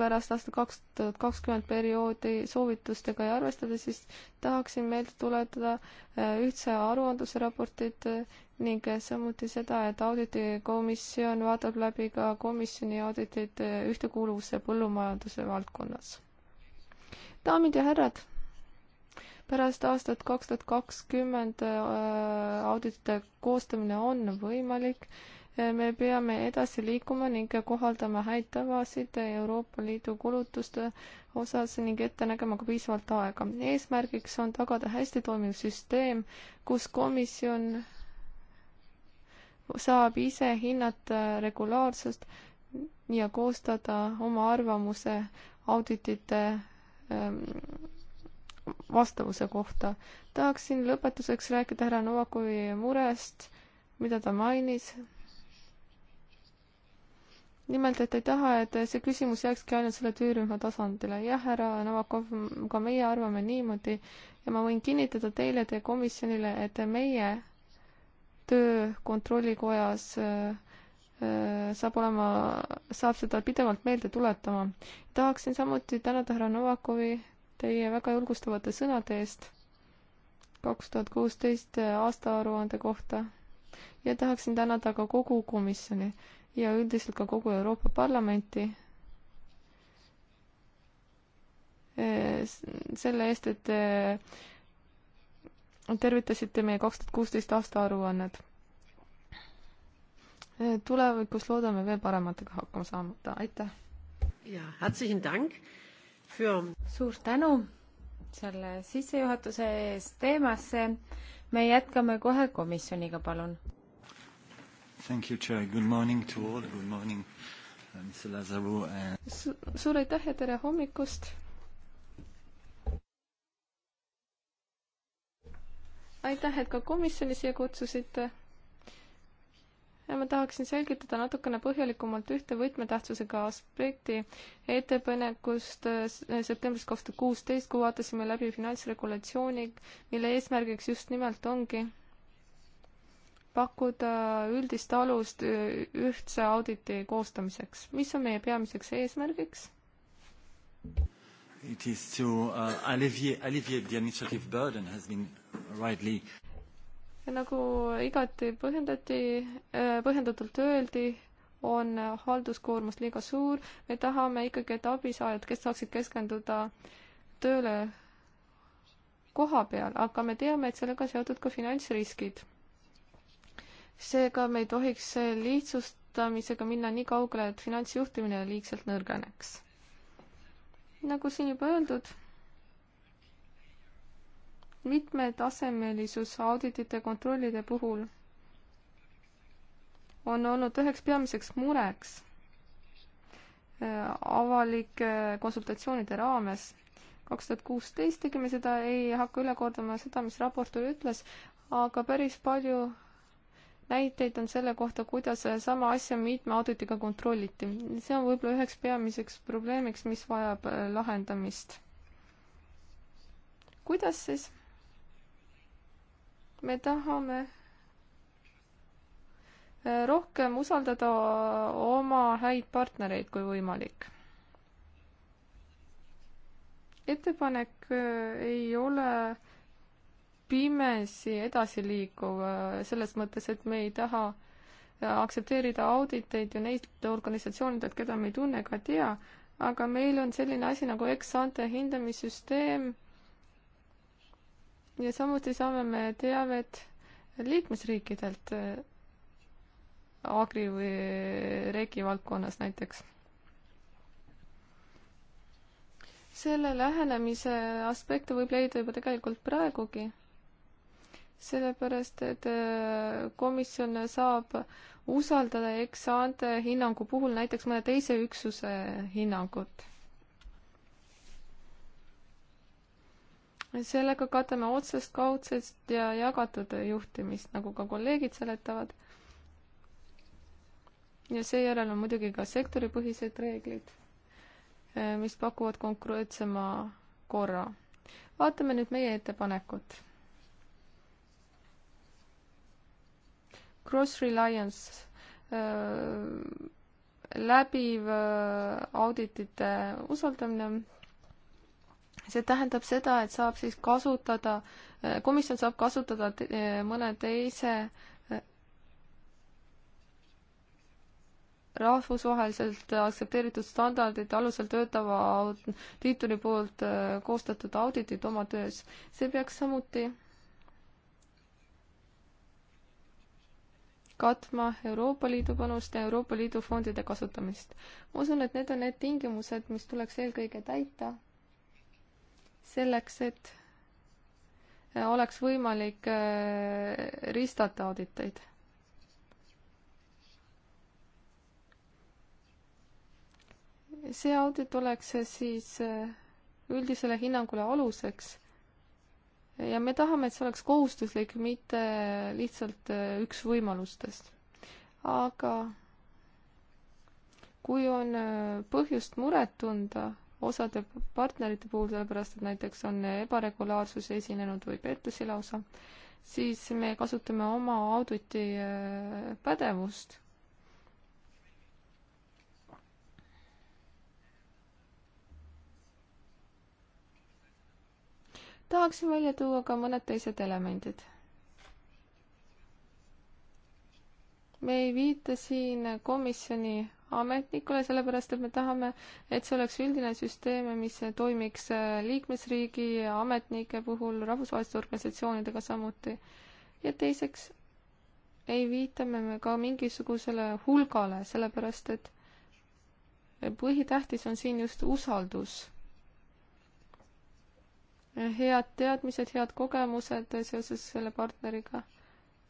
pärast aasta kaks tuhat kakskümmend perioodi soovitustega ei arvestada, siis tahaksin meelde tuletada eh, ühtse aruandluse raportit eh, ning samuti seda, et auditikomisjon vaatab läbi ka komisjoni auditid ühtekuuluvuse põllumajanduse valdkonnas. daamid ja härrad pärast aastat kaks tuhat kakskümmend äh, auditite koostamine on võimalik. Äh, me peame edasi liikuma ning kohaldama häid tavasid Euroopa Liidu kulutuste osas ning ette nägema ka piisavalt aega. eesmärgiks on tagada hästi toimiv süsteem, kus komisjon saab ise hinnata regulaarsust ja koostada oma arvamuse auditite ähm, vastavuse kohta. tahaksin lõpetuseks rääkida härra Novakovi murest, mida ta mainis. nimelt, et ei taha, et see küsimus jääkski ainult selle töörühma tasandile. jah, härra Novakov, ka meie arvame niimoodi ja ma võin kinnitada teile, teie komisjonile, et meie töö kontrollikojas äh, äh, saab olema, saab seda pidevalt meelde tuletama. tahaksin samuti tänada härra Novakovi teie väga julgustavate sõnade eest kaks tuhat kuusteist aastaaruande kohta ja tahaksin tänada ka kogu komisjoni ja üldiselt ka kogu Euroopa Parlamenti eh, selle eest, et te tervitasite meie kaks tuhat kuusteist aasta aruannet. Eh, tulevikus loodame veel parematega hakkama saamata, aitäh! jaa, herzlichen Dank! suur tänu selle sissejuhatuse eest teemasse. me jätkame kohe komisjoniga, palun. Thank you, Chair. Good morning to all. Good morning, uh, Mr Lazaru and... Su. suur aitäh ja tere hommikust. aitäh, et ka komisjoni siia kutsusite ja ma tahaksin selgitada natukene põhjalikumalt ühte võtmetähtsusega aspekti ettepanekust äh, septembris kaks tuhat kuusteist, kui vaatasime läbi finantsregulatsiooni, mille eesmärgiks just nimelt ongi pakkuda üldist alust ühtse auditi koostamiseks. mis on meie peamiseks eesmärgiks? It is to uh, alleviate, alleviate the administrative burden has been rightly nagu igati põhjendati, äh, põhjendatult öeldi, on halduskoormus liiga suur, me tahame ikkagi, et abisaajad, kes saaksid keskenduda tööle koha peal, aga me teame, et sellega on seotud ka finantsriskid. seega me ei tohiks lihtsustamisega minna nii kaugele, et finantsjuhtimine liigselt nõrgeneks. nagu siin juba öeldud mitmetasemelisus auditite kontrollide puhul on olnud üheks peamiseks mureks äh, avalike äh, konsultatsioonide raames. kaks tuhat kuusteist tegime seda, ei hakka üle kordama seda, mis raportöör ütles, aga päris palju näiteid on selle kohta, kuidas äh, sama asja mitme auditiga kontrolliti. see on võib-olla üheks peamiseks probleemiks, mis vajab lahendamist. kuidas siis me tahame äh, rohkem usaldada oma häid partnereid, kui võimalik. ettepanek äh, ei ole pimesi edasi liikuv äh, selles mõttes, et me ei taha aktsepteerida auditeid ju neilt organisatsioonidelt, keda me ei tunne ega tea, aga meil on selline asi nagu ex-ante hindamissüsteem ja samuti saame me teavet liikmesriikidelt äh, agri või regi valdkonnas näiteks. selle lähenemise aspekte võib leida juba tegelikult praegugi, sellepärast et äh, komisjon saab usaldada ex-ante hinnangu puhul näiteks mõne teise üksuse hinnangut sellega katame otsest, kaudsest ja jagatud juhtimist, nagu ka kolleegid seletavad. ja seejärel on muidugi ka sektoripõhised reeglid, eh, mis pakuvad konkreetsema korra. vaatame nüüd meie ettepanekut. Cross reliance eh, läbiv eh, auditite usaldamine see tähendab seda, et saab siis kasutada, äh, komisjon saab kasutada te äh, mõne teise äh, rahvusvaheliselt aktsepteeritud standardite alusel töötava audiitori poolt koostatud auditit oma töös. see peaks samuti katma Euroopa Liidu panust ja Euroopa Liidu fondide kasutamist. ma usun, et need on need tingimused, mis tuleks eelkõige täita selleks, et äh, oleks võimalik äh, ristata auditeid. see audit oleks äh, siis üldisele hinnangule aluseks ja me tahame, et see oleks kohustuslik, mitte lihtsalt üks võimalustest. aga kui on põhjust muret tunda osade partnerite puhul, sellepärast et näiteks on ebaregulaarsus esinenud või pettusi lausa, siis me kasutame oma auditi äh, pädevust. tahaksin välja tuua ka mõned teised elemendid me ei viita siin komisjoni ametnikule, sellepärast et me tahame, et see oleks üldine süsteem, mis toimiks äh, liikmesriigi ametnike puhul, rahvusvaheliste organisatsioonidega samuti. ja teiseks ei viita me ka mingisugusele hulgale, sellepärast et põhitähtis on siin just usaldus head teadmised, head kogemused seoses selle partneriga.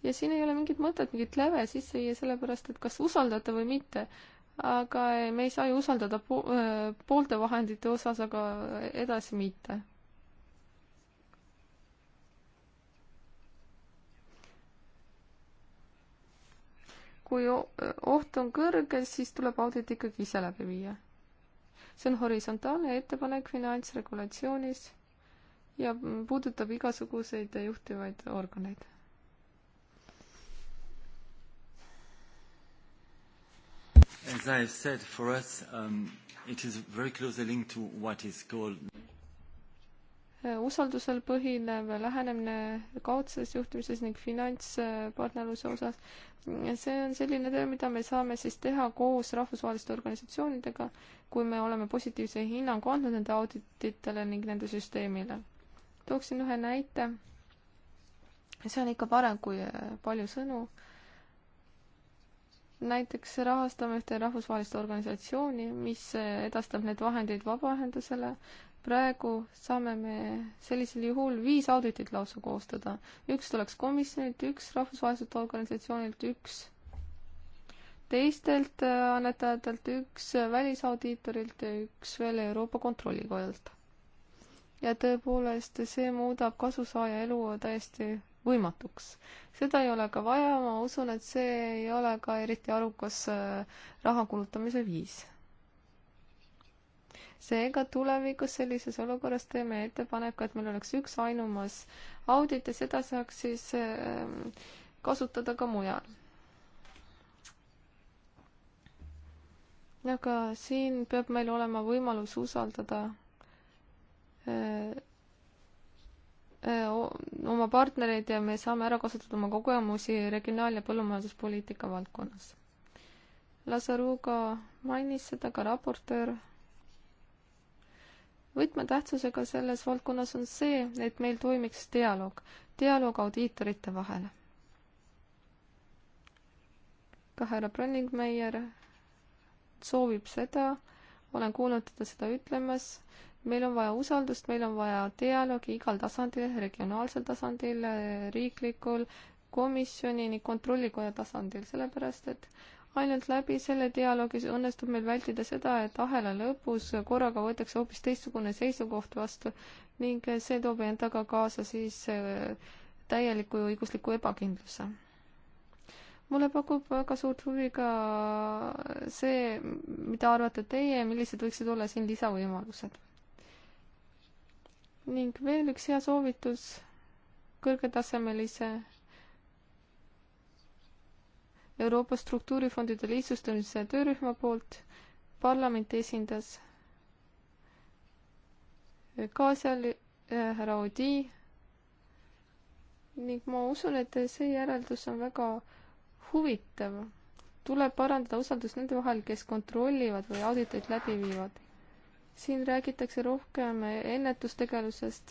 ja siin ei ole mingit mõtet mingit läve sisse viia, sellepärast et kas usaldate või mitte, aga me ei saa ju usaldada po äh, poolte vahendite osas, aga edasi mitte. kui oht on kõrge, siis tuleb audit ikkagi ise läbi viia. see on horisontaalne ettepanek finantsregulatsioonis ja puudutab igasuguseid juhtivaid organeid As I have said, for us um, it is very closely linked to what is called äh, usaldusel põhinev lähenemine kaudses juhtimises ning finantspartnerluse osas. see on selline töö, mida me saame siis teha koos rahvusvaheliste organisatsioonidega, kui me oleme positiivse hinnangu andnud nende audititele ning nende süsteemile. tooksin ühe näite. see on ikka parem kui äh, palju sõnu näiteks rahastame ühte rahvusvahelist organisatsiooni, mis edastab need vahendeid vabaühendusele. praegu saame me sellisel juhul viis auditit lausa koostada. üks tuleks komisjonilt, üks rahvusvaheliselt organisatsioonilt, üks teistelt annetajatelt, üks välisaudiitorilt ja üks veel Euroopa Kontrollikojalt. ja tõepoolest, see muudab kasusaaja elu täiesti võimatuks. seda ei ole ka vaja, ma usun, et see ei ole ka eriti arukas äh, raha kulutamise viis. seega tulevikus sellises olukorras teeme ettepaneku, et meil oleks üks ainumas audit ja seda saaks siis äh, kasutada ka mujal. aga siin peab meil olema võimalus usaldada äh, oma partnereid ja me saame ära kasutada oma kogemusi regionaal- ja põllumajanduspoliitika valdkonnas. Lazaruga mainis seda ka raportöör. võtmetähtsusega selles valdkonnas on see, et meil toimiks dialoog, dialoog audiitorite vahel. ka härra Brenningmeier soovib seda, olen kuulnud teda seda ütlemas meil on vaja usaldust, meil on vaja dialoogi igal tasandil, regionaalsel tasandil, riiklikul, komisjoni ning kontrollikoja tasandil, sellepärast et ainult läbi selle dialoogi õnnestub meil vältida seda, et ahela lõpus korraga võetakse hoopis teistsugune seisukoht vastu ning see toob endaga kaasa siis äh, täieliku õigusliku ebakindluse. mulle pakub väga suurt huvi ka see, mida arvate teie, millised võiksid olla siin lisavõimalused ning veel üks hea soovitus kõrgetasemelise Euroopa struktuurifondide lihtsustamise töörühma poolt parlament esindas ka seal äh, härra Odi ning ma usun, et see järeldus on väga huvitav. tuleb parandada usaldust nende vahel, kes kontrollivad või auditeid läbi viivad siin räägitakse rohkem ennetustegevusest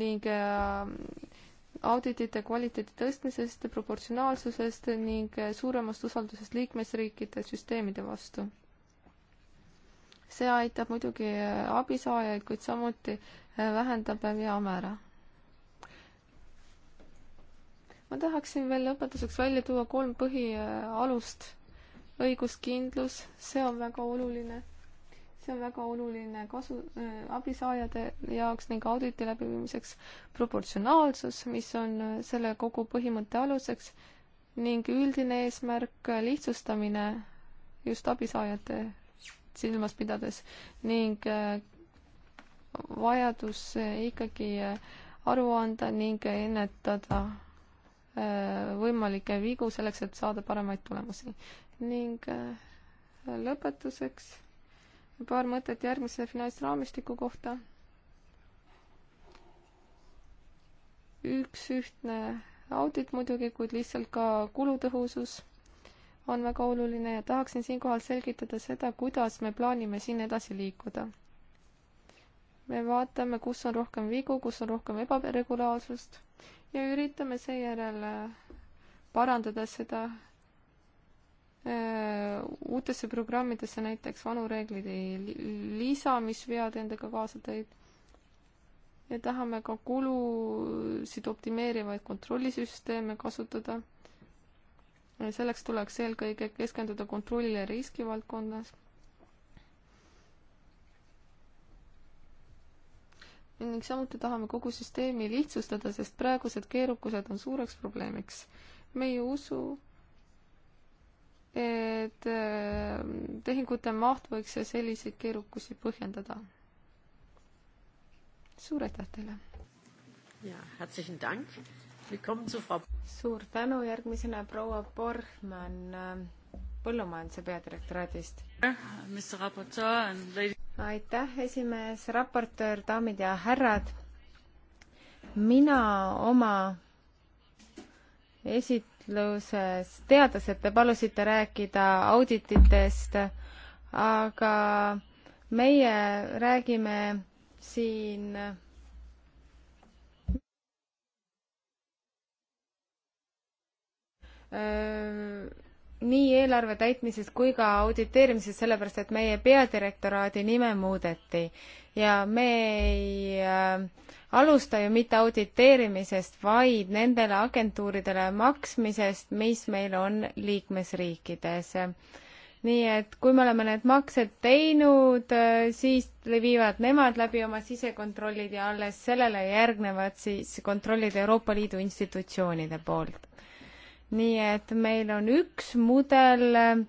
ning äh, auditite kvaliteedi tõstmisest, proportsionaalsusest ning äh, suuremast usaldusest liikmesriikide süsteemide vastu. see aitab muidugi äh, abisaajaid, kuid samuti vähendab veamäära. ma tahaksin veel lõpetuseks välja tuua kolm põhialust. õiguskindlus, see on väga oluline see on väga oluline kasu äh,, abisaajade jaoks ning auditi läbiviimiseks proportsionaalsus, mis on äh, selle kogu põhimõtte aluseks ning üldine eesmärk äh, lihtsustamine just abisaajate silmas pidades ning äh, vajadus äh, ikkagi aru anda ning ennetada võimalikke vigu selleks, et saada paremaid tulemusi. ning lõpetuseks paar mõtet järgmise finantsraamistiku kohta. üks ühtne audit muidugi, kuid lihtsalt ka kulutõhusus on väga oluline ja tahaksin siinkohal selgitada seda, kuidas me plaanime siin edasi liikuda. me vaatame, kus on rohkem vigu, kus on rohkem ebaregulaarsust ja üritame seejärel parandada seda Äh, uutesse programmidesse näiteks vanu reegleid ei lisa, mis vead endaga kaasa tõid. ja tahame ka kulusid optimeerivaid kontrollisüsteeme kasutada. selleks tuleks eelkõige keskenduda kontrollile riskivaldkonnas. ning samuti tahame kogu süsteemi lihtsustada, sest praegused keerukused on suureks probleemiks. me ei usu, et äh, tehingute maht võiks selliseid keerukusi põhjendada. suur aitäh teile! suur tänu, järgmisena proua Borgmann äh, põllumajanduse peadirektoraadist. aitäh, esimees, raportöör, daamid ja härrad. mina oma esit-, küsitluses teatas, et te palusite rääkida audititest, aga meie räägime siin nii eelarve täitmisest kui ka auditeerimisest, sellepärast et meie peadirektoraadi nime muudeti ja me ei äh, alusta ju mitte auditeerimisest, vaid nendele agentuuridele maksmisest, mis meil on liikmesriikides. nii et kui me oleme need maksed teinud, siis viivad nemad läbi oma sisekontrollid ja alles sellele järgnevad siis kontrollid Euroopa Liidu institutsioonide poolt. nii et meil on üks mudel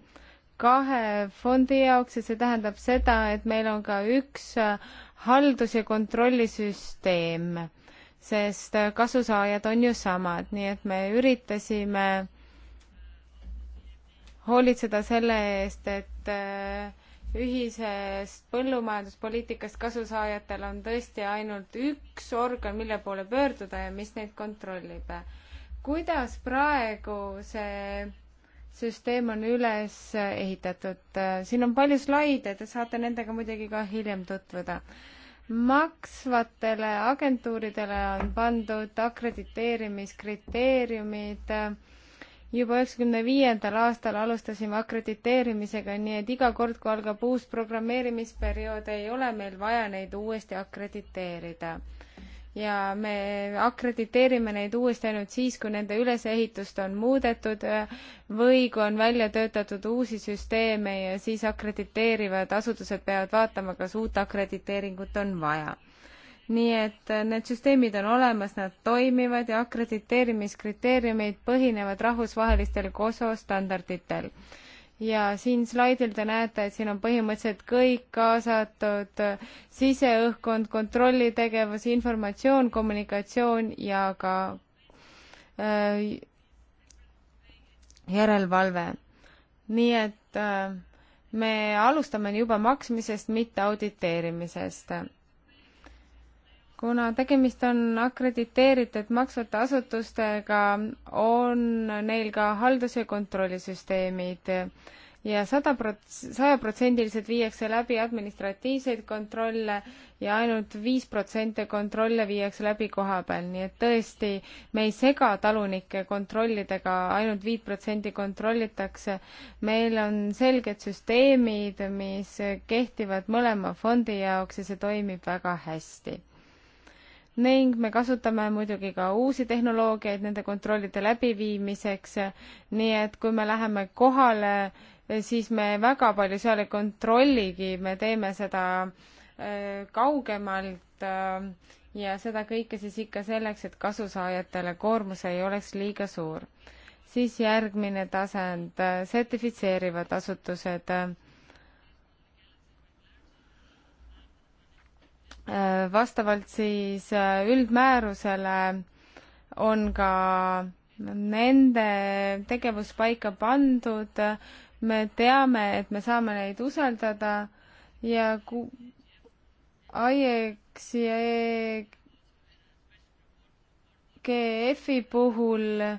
kahe fondi jaoks ja see tähendab seda, et meil on ka üks äh, haldus- ja kontrollisüsteem, sest kasusaajad on ju samad, nii et me üritasime hoolitseda selle eest, et äh, ühisest põllumajanduspoliitikast kasusaajatel on tõesti ainult üks organ, mille poole pöörduda ja mis neid kontrollib. kuidas praegu see süsteem on üles ehitatud. siin on palju slaide, te saate nendega muidugi ka hiljem tutvuda. maksvatele agentuuridele on pandud akrediteerimiskriteeriumid. juba üheksakümne viiendal aastal alustasime akrediteerimisega, nii et iga kord, kui algab uus programmeerimisperiood, ei ole meil vaja neid uuesti akrediteerida ja me akrediteerime neid uuesti ainult siis, kui nende ülesehitust on muudetud või kui on välja töötatud uusi süsteeme ja siis akrediteerivad asutused peavad vaatama, kas uut akrediteeringut on vaja. nii et need süsteemid on olemas, nad toimivad ja akrediteerimiskriteeriumid põhinevad rahvusvahelistel COSO standarditel ja siin slaidil te näete, et siin on põhimõtteliselt kõik kaasatud, siseõhkkond, kontrollitegevus, informatsioon, kommunikatsioon ja ka äh, järelevalve. nii et äh, me alustame juba maksmisest, mitte auditeerimisest äh, kuna tegemist on akrediteeritud maksvate asutustega, on neil ka haldus- ja kontrollisüsteemid ja sada prots-, sajaprotsendiliselt viiakse läbi administratiivseid kontrolle ja ainult viis protsenti kontrolle viiakse läbi koha peal, nii et tõesti, me ei sega talunikke kontrollidega ainult, ainult viit protsenti kontrollitakse. meil on selged süsteemid, mis kehtivad mõlema fondi jaoks ja see toimib väga hästi ning me kasutame muidugi ka uusi tehnoloogiaid nende kontrollide läbiviimiseks, nii et kui me läheme kohale, siis me väga palju seal ei kontrolligi, me teeme seda äh, kaugemalt äh, ja seda kõike siis ikka selleks, et kasusaajatele koormus ei oleks liiga suur. siis järgmine tasand, äh, sertifitseerivad asutused Äh, vastavalt siis äh, üldmäärusele on ka nende tegevus paika pandud, me teame, et me saame neid usaldada ja ku-, IEX ja EGF-i puhul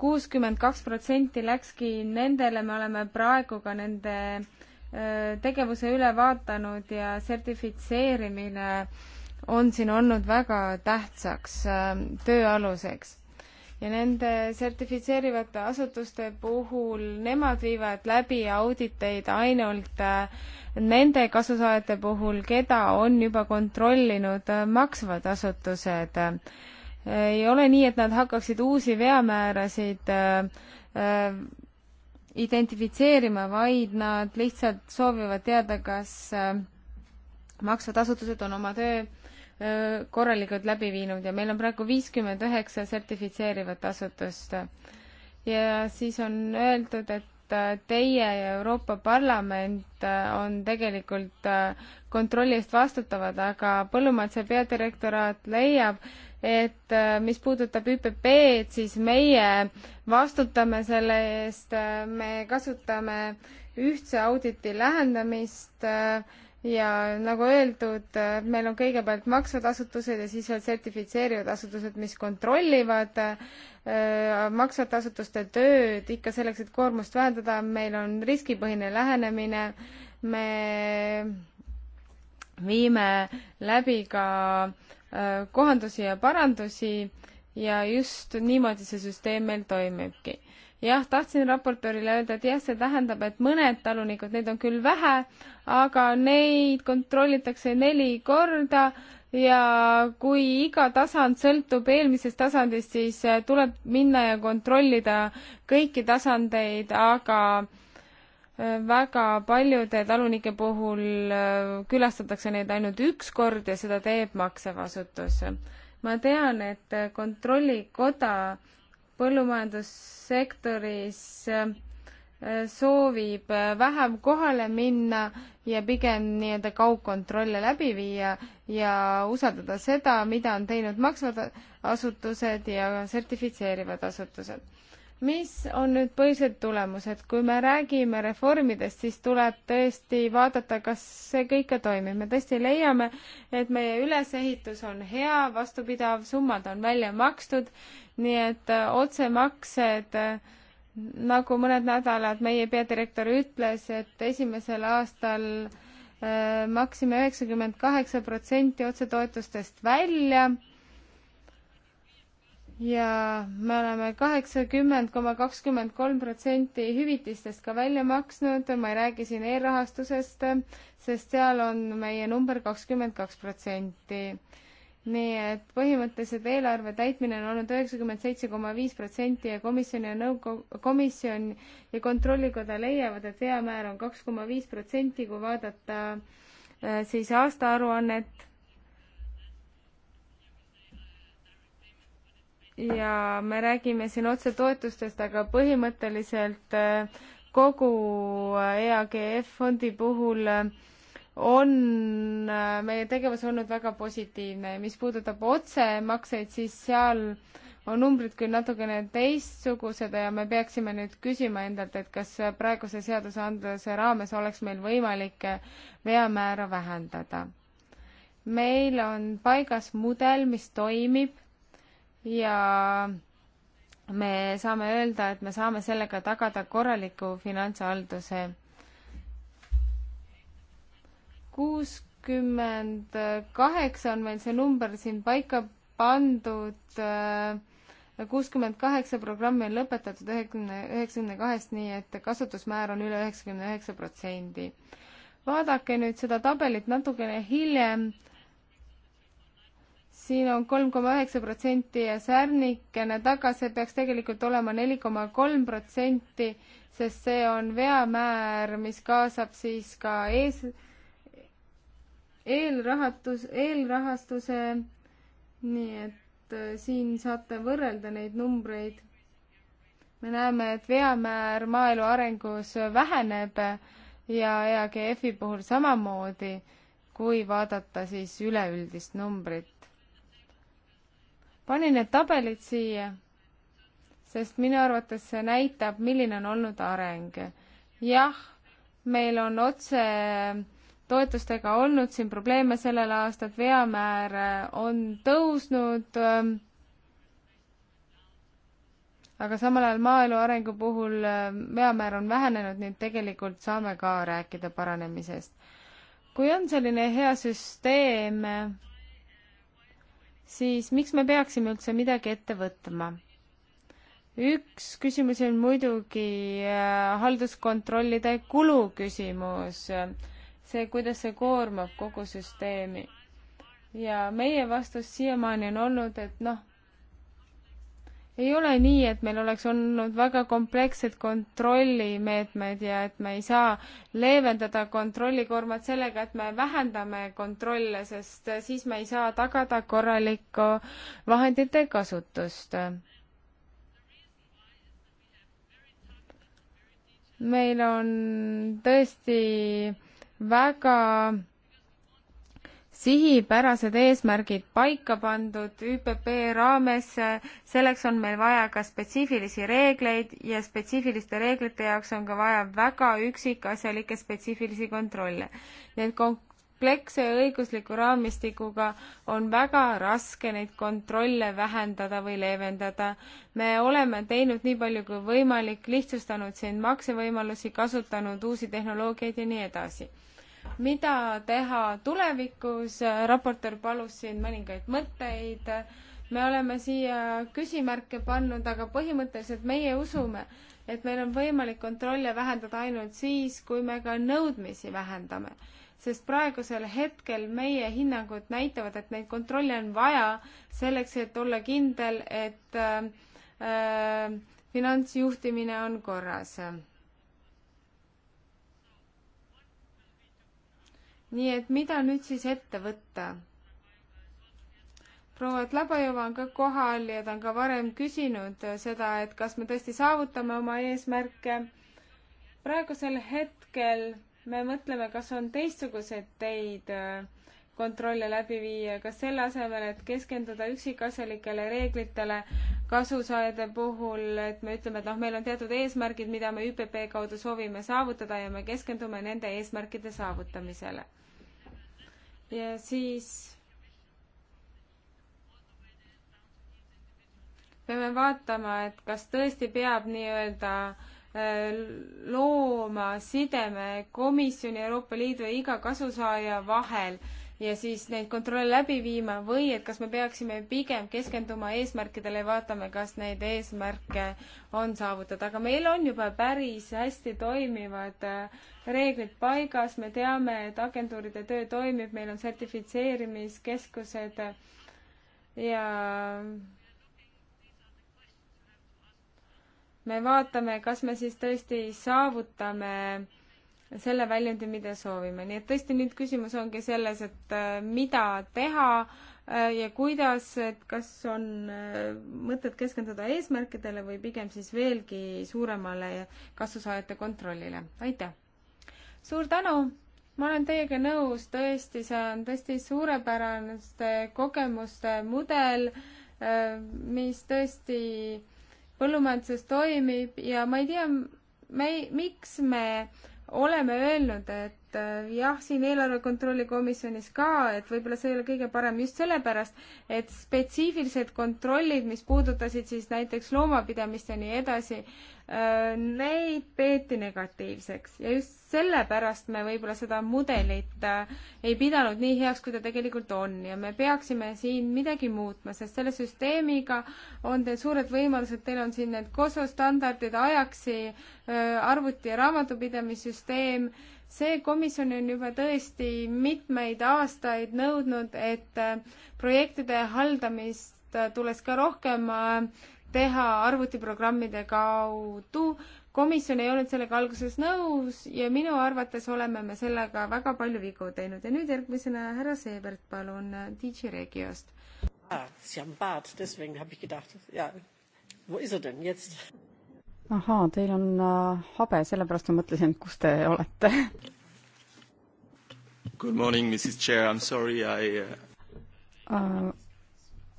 kuuskümmend kaks protsenti läkski nendele, me oleme praegu ka nende äh, Äh, tegevuse üle vaatanud ja sertifitseerimine on siin olnud väga tähtsaks äh, töö aluseks. ja nende sertifitseerivate asutuste puhul nemad viivad läbi auditeid ainult äh, nende kasusaajate puhul, keda on juba kontrollinud maksvad asutused. ei ole nii, et nad hakkaksid uusi veamäärasid identifitseerima, vaid nad lihtsalt soovivad teada, kas äh, maksvad asutused on oma töö äh, korralikult läbi viinud ja meil on praegu viiskümmend üheksa sertifitseerivat asutust. ja siis on öeldud, et Äh, teie ja Euroopa Parlament äh, on tegelikult äh, kontrolli eest vastutavad, aga Põllumajanduse peadirektoraat leiab, et mis puudutab ÜPP-d, siis meie vastutame selle eest, me kasutame ühtse auditi lähendamist äh, ja nagu öeldud, eh, meil on kõigepealt maksvad asutused ja siis veel sertifitseerivad asutused, mis kontrollivad eh, maksvate asutuste tööd ikka selleks, et koormust vähendada, meil on riskipõhine lähenemine, me viime läbi ka eh, kohandusi ja parandusi ja just niimoodi see süsteem meil toimibki jah, tahtsin raportöörile öelda, et jah, see tähendab, et mõned talunikud, neid on küll vähe, aga neid kontrollitakse neli korda ja kui iga tasand sõltub eelmisest tasandist, siis eh, tuleb minna ja kontrollida kõiki tasandeid, aga eh, väga paljude talunike puhul eh, külastatakse neid ainult üks kord ja seda teeb maksev asutus. ma tean, et kontrollikoda põllumajandussektoris äh, soovib äh, vähem kohale minna ja pigem nii-öelda kaugkontrolle läbi viia ja usaldada seda, mida on teinud maksvad asutused ja sertifitseerivad asutused mis on nüüd põhilised tulemused, kui me räägime reformidest, siis tuleb tõesti vaadata, kas see kõik ka toimib, me tõesti leiame, et meie ülesehitus on hea, vastupidav, summad on välja makstud, nii et äh, otsemaksed äh, nagu mõned nädalad meie peadirektor ütles, et esimesel aastal äh, maksime üheksakümmend kaheksa protsenti otsetoetustest välja äh,, ja me oleme kaheksakümmend koma kakskümmend kolm protsenti hüvitistest ka välja maksnud, ma ei räägi siin e-rahastusest, sest seal on meie number kakskümmend kaks protsenti. nii et põhimõtteliselt eelarve täitmine on olnud üheksakümmend seitse koma viis protsenti ja komisjon ja nõukogu, komisjon ja kontrollikoda leiavad, et veamäär on kaks koma viis protsenti, kui vaadata äh, siis aastaaruannet ja me räägime siin otsetoetustest, aga põhimõtteliselt äh, kogu äh, EAGF fondi puhul äh, on meie tegevus olnud väga positiivne ja mis puudutab otsemakseid, siis seal on numbrid küll natukene teistsugused ja me peaksime nüüd küsima endalt, et kas praeguse seadusandluse raames oleks meil võimalik veamäära vähendada. meil on paigas mudel, mis toimib ja me saame öelda, et me saame sellega tagada korraliku finantshalduse. kuuskümmend kaheksa on meil see number siin paika pandud, kuuskümmend kaheksa programmi on lõpetatud üheksakümne, üheksakümne kahest, nii et kasutusmäär on üle üheksakümne üheksa protsendi. vaadake nüüd seda tabelit natukene hiljem siin on kolm koma üheksa protsenti ja särnikene taga, see peaks tegelikult olema neli koma kolm protsenti, sest see on veamäär, mis kaasab siis ka ees, eelrahatus, eelrahastuse, nii et äh, siin saate võrrelda neid numbreid. me näeme, et veamäär maaelu arengus väheneb ja EAGF-i puhul samamoodi, kui vaadata siis üleüldist numbrit panin need tabelid siia, sest minu arvates see näitab, milline on olnud areng. jah, meil on otse toetustega olnud siin probleeme sellel aastal, veamäär äh, on tõusnud, ähm, aga samal ajal maaelu arengu puhul äh, veamäär on vähenenud, nii et tegelikult saame ka rääkida paranemisest. kui on selline hea süsteem, siis miks me peaksime üldse midagi ette võtma? üks küsimus on muidugi äh, halduskontrollide kulu küsimus, see, kuidas see koormab kogu süsteemi. ja meie vastus siiamaani on olnud, et noh, ei ole nii, et meil oleks olnud väga komplekssed kontrollimeetmed ja et me ei saa leevendada kontrollikoormat sellega, et me vähendame kontrolle, sest siis me ei saa tagada korralikku vahendite kasutust. meil on tõesti väga sihipärased eesmärgid paika pandud ÜPP raames, selleks on meil vaja ka spetsiifilisi reegleid ja spetsiifiliste reeglite jaoks on ka vaja väga üksikasjalikke spetsiifilisi kontrolle. nii et kompleksse õigusliku raamistikuga on väga raske neid kontrolle vähendada või leevendada. me oleme teinud nii palju kui võimalik, lihtsustanud siin maksevõimalusi, kasutanud uusi tehnoloogiaid ja nii edasi mida teha tulevikus, raportöör palus siin mõningaid mõtteid, me oleme siia küsimärke pannud, aga põhimõtteliselt meie usume, et meil on võimalik kontrolle vähendada ainult siis, kui me ka nõudmisi vähendame. sest praegusel hetkel meie hinnangud näitavad, et neid kontrolle on vaja selleks, et olla kindel, et äh, äh, finantsjuhtimine on korras nii et mida nüüd siis ette võtta? proua Tlabajova on ka kohal ja ta on ka varem küsinud seda, et kas me tõesti saavutame oma eesmärke. praegusel hetkel me mõtleme, kas on teistsuguseid teid äh, kontrolle läbi viia, kas selle asemel, et keskenduda üksikasjalikele reeglitele kasusaajade puhul, et me ütleme, et noh, meil on teatud eesmärgid, mida me ÜPP kaudu soovime saavutada ja me keskendume nende eesmärkide saavutamisele. ja siis peame vaatama, et kas tõesti peab nii-öelda äh, looma sideme komisjoni Euroopa Liidu ja iga kasusaaja vahel ja siis neid kontrolle läbi viima või et kas me peaksime pigem keskenduma eesmärkidele ja vaatame, kas neid eesmärke on saavutada, aga meil on juba päris hästi toimivad äh, reeglid paigas, me teame, et agentuuride töö toimib, meil on sertifitseerimiskeskused äh, ja me vaatame, kas me siis tõesti saavutame selle väljundi, mida soovime. nii et tõesti nüüd küsimus ongi selles, et äh, mida teha äh, ja kuidas, et kas on äh, mõtet keskenduda eesmärkidele või pigem siis veelgi suuremale kasusaajate kontrollile. aitäh! suur tänu! ma olen teiega nõus, tõesti, see on tõesti suurepärane kogemuste mudel, mis tõesti põllumajanduses toimib ja ma ei tea, me, miks me oleme öelnud, et et äh, jah, siin eelarve kontrolli komisjonis ka, et võib-olla see ei ole kõige parem just sellepärast, et spetsiifilised kontrollid, mis puudutasid siis näiteks loomapidamist ja nii edasi, äh, neid peeti negatiivseks ja just sellepärast me võib-olla seda mudelit äh, ei pidanud nii heaks, kui ta tegelikult on ja me peaksime siin midagi muutma, sest selle süsteemiga on teil suured võimalused, teil on siin need COSO standardid, Ajaxi arvuti- ja raamatupidamissüsteem see komisjon on juba tõesti mitmeid aastaid nõudnud, et äh, projektide haldamist äh, tuleks ka rohkem äh, teha arvutiprogrammide kaudu. komisjon ei olnud sellega alguses nõus ja minu arvates oleme me sellega väga palju vigu teinud ja nüüd järgmisena härra Seebert, palun, DJ Regiost. Ah, Sie haben Bart, deswegen habe ich gedacht, ja, wo ist er denn jetzt? ahaa, teil on äh, habe, sellepärast ma mõtlesin, et kus te olete. Good morning, Mrs Chair, I am sorry, I uh,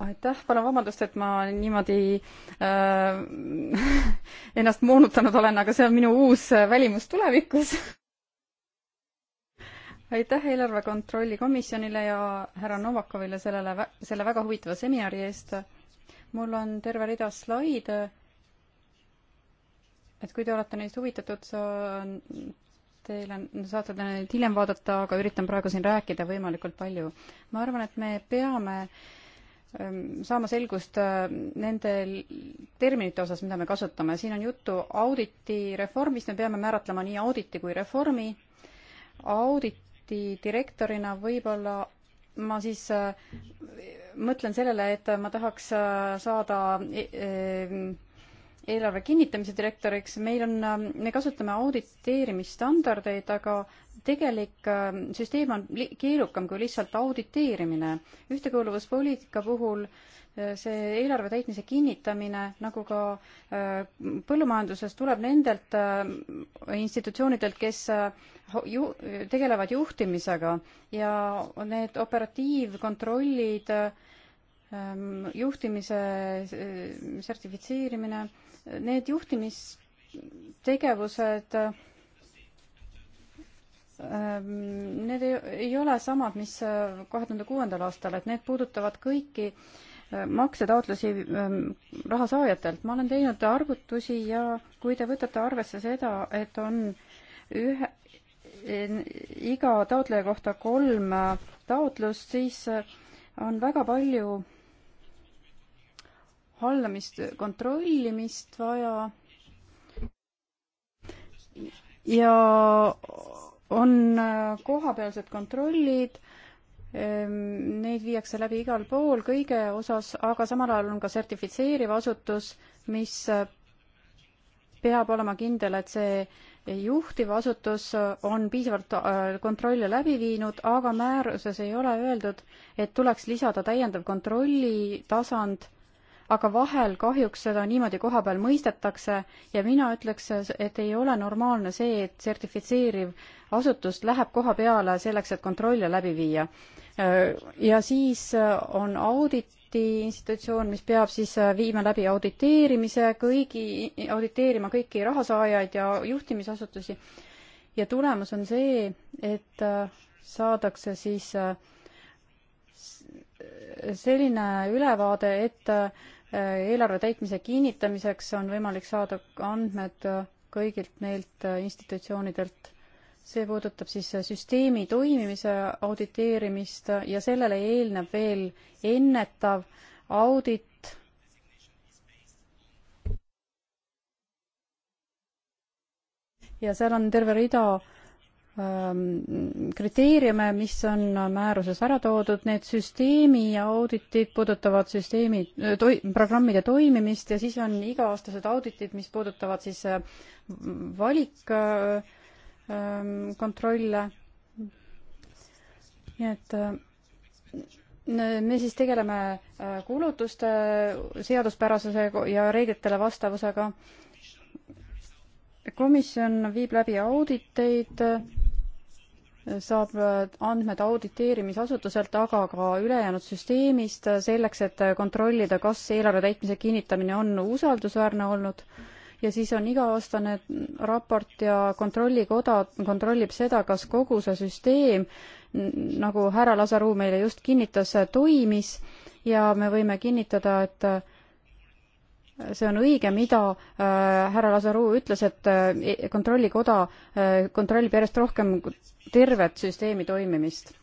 aitäh, palun vabandust, et ma niimoodi äh, ennast moonutanud olen, aga see on minu uus välimus tulevikus. aitäh eelarve kontrolli komisjonile ja härra Novakovile sellele, selle väga huvitava seminari eest. mul on terve rida slaide et kui te olete neist huvitatud, saan teile, saate te neid hiljem vaadata, aga üritan praegu siin rääkida võimalikult palju. ma arvan, et me peame ähm, saama selgust äh, nende terminite osas, mida me kasutame. siin on juttu auditi reformist, me peame määratlema nii auditi kui reformi. auditi direktorina võib-olla ma siis äh, mõtlen sellele, et ma tahaks äh, saada eelarve kinnitamise direktoriks, meil on, ähm, me kasutame auditeerimisstandardeid, aga tegelik ähm, süsteem on keerukam kui lihtsalt auditeerimine. ühtekuuluvuspoliitika puhul äh, see eelarve täitmise kinnitamine, nagu ka äh, põllumajanduses, tuleb nendelt äh, institutsioonidelt, kes ju-, tegelevad juhtimisega ja need operatiivkontrollid, ähm, juhtimise sertifitseerimine Need juhtimistegevused, ähm, need ei ole samad, mis äh, kahe tuhande kuuendal aastal, et need puudutavad kõiki äh, maksetaotlusi ähm, rahasaajatelt. ma olen teinud arvutusi ja kui te võtate arvesse seda, et on ühe, iga taotleja kohta kolm äh, taotlust, siis on väga palju hallamist, kontrollimist vaja. ja on äh, kohapealsed kontrollid, ähm, neid viiakse läbi igal pool kõige osas, aga samal ajal on ka sertifitseeriv asutus, mis äh, peab olema kindel, et see juhtiv asutus äh, on piisavalt kontrolle läbi viinud, aga määruses ei ole öeldud, et tuleks lisada täiendav kontrollitasand aga vahel kahjuks seda niimoodi koha peal mõistetakse ja mina ütleks, et ei ole normaalne see, et sertifitseeriv asutus läheb koha peale selleks, et kontrolle läbi viia. ja siis on audit, auditi institutsioon, mis peab siis viima läbi auditeerimise kõigi, auditeerima kõiki rahasaajaid ja juhtimisasutusi. ja tulemus on see, et saadakse siis selline ülevaade, et Äh, eelarve täitmise kinnitamiseks on võimalik saada andmed äh, kõigilt neilt äh, institutsioonidelt. see puudutab siis süsteemi toimimise auditeerimist ja sellele eelneb veel ennetav audit, ja seal on terve rida Ähm, kriteeriume, mis on määruses ära toodud, need süsteemi auditid puudutavad süsteemi, äh, toi-, programmide toimimist ja siis on iga-aastased auditid, mis puudutavad siis äh, valikkontrolle. Äh, ähm, nii et me siis tegeleme kulutuste seaduspärasuse ja reeglitele vastavusega. komisjon viib läbi auditeid saab äh, andmed auditeerimisasutuselt, aga ka ülejäänud süsteemist äh, selleks, et äh, kontrollida, kas eelarve täitmise kinnitamine on usaldusväärne olnud ja siis on iga-aastane raport ja kontrollikoda kontrollib seda, kas kogu see süsteem, nagu härra Lasaru meile just kinnitas, toimis ja me võime kinnitada, et see on õige, mida äh, härra Lazaru ütles, et äh, e-, kontrollikoda äh, kontrollib järjest rohkem tervet süsteemi toimimist.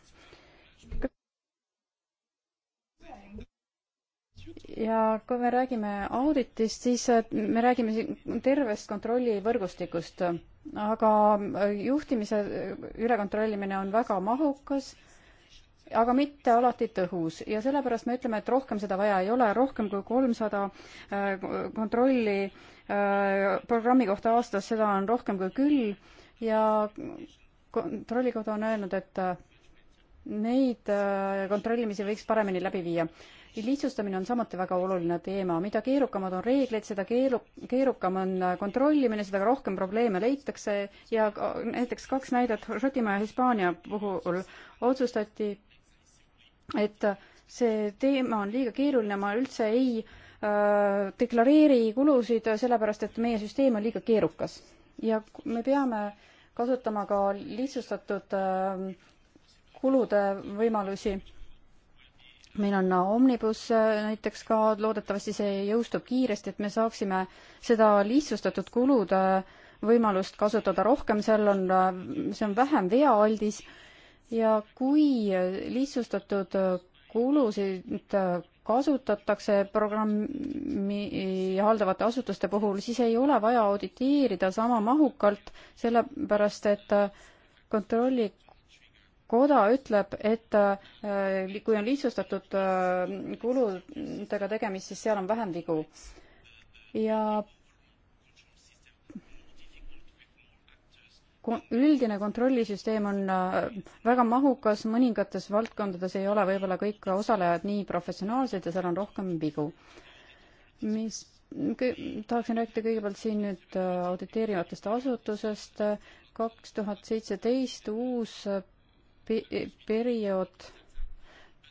ja kui me räägime auditist, siis me räägime siin tervest kontrollivõrgustikust, aga juhtimise ülekontrollimine on väga mahukas aga mitte alati tõhus ja sellepärast me ütleme, et rohkem seda vaja ei ole, rohkem kui kolmsada äh, kontrolli äh, programmi kohta aastas, seda on rohkem kui küll ja kontrollikoda on öelnud, et äh, neid kontrollimisi võiks paremini läbi viia. lihtsustamine on samuti väga oluline teema, mida keerukamad on reeglid, seda keeru-, keerukam on kontrollimine, seda rohkem probleeme leitakse ja näiteks kaks näidet Šotimaa ja Hispaania puhul otsustati et see teema on liiga keeruline, ma üldse ei äh, deklareeri kulusid, sellepärast et meie süsteem on liiga keerukas. ja me peame kasutama ka lihtsustatud äh, kulude võimalusi. meil on Omnibus äh, näiteks ka, loodetavasti see jõustub kiiresti, et me saaksime seda lihtsustatud kulude võimalust kasutada rohkem, seal on, äh, see on vähem veaaldis ja kui lihtsustatud kulusid kasutatakse programmi haldavate asutuste puhul, siis ei ole vaja auditeerida sama mahukalt, sellepärast et kontrolli koda ütleb, et eh, kui on lihtsustatud eh, kuludega tegemist, siis seal on vähem vigu. ja üldine kontrollisüsteem on äh, väga mahukas, mõningates valdkondades ei ole võib-olla kõik osalejad nii professionaalsed ja seal on rohkem vigu. mis tahaksin rääkida kõigepealt siin nüüd äh, auditeerivatest asutusest. kaks tuhat seitseteist uus äh, periood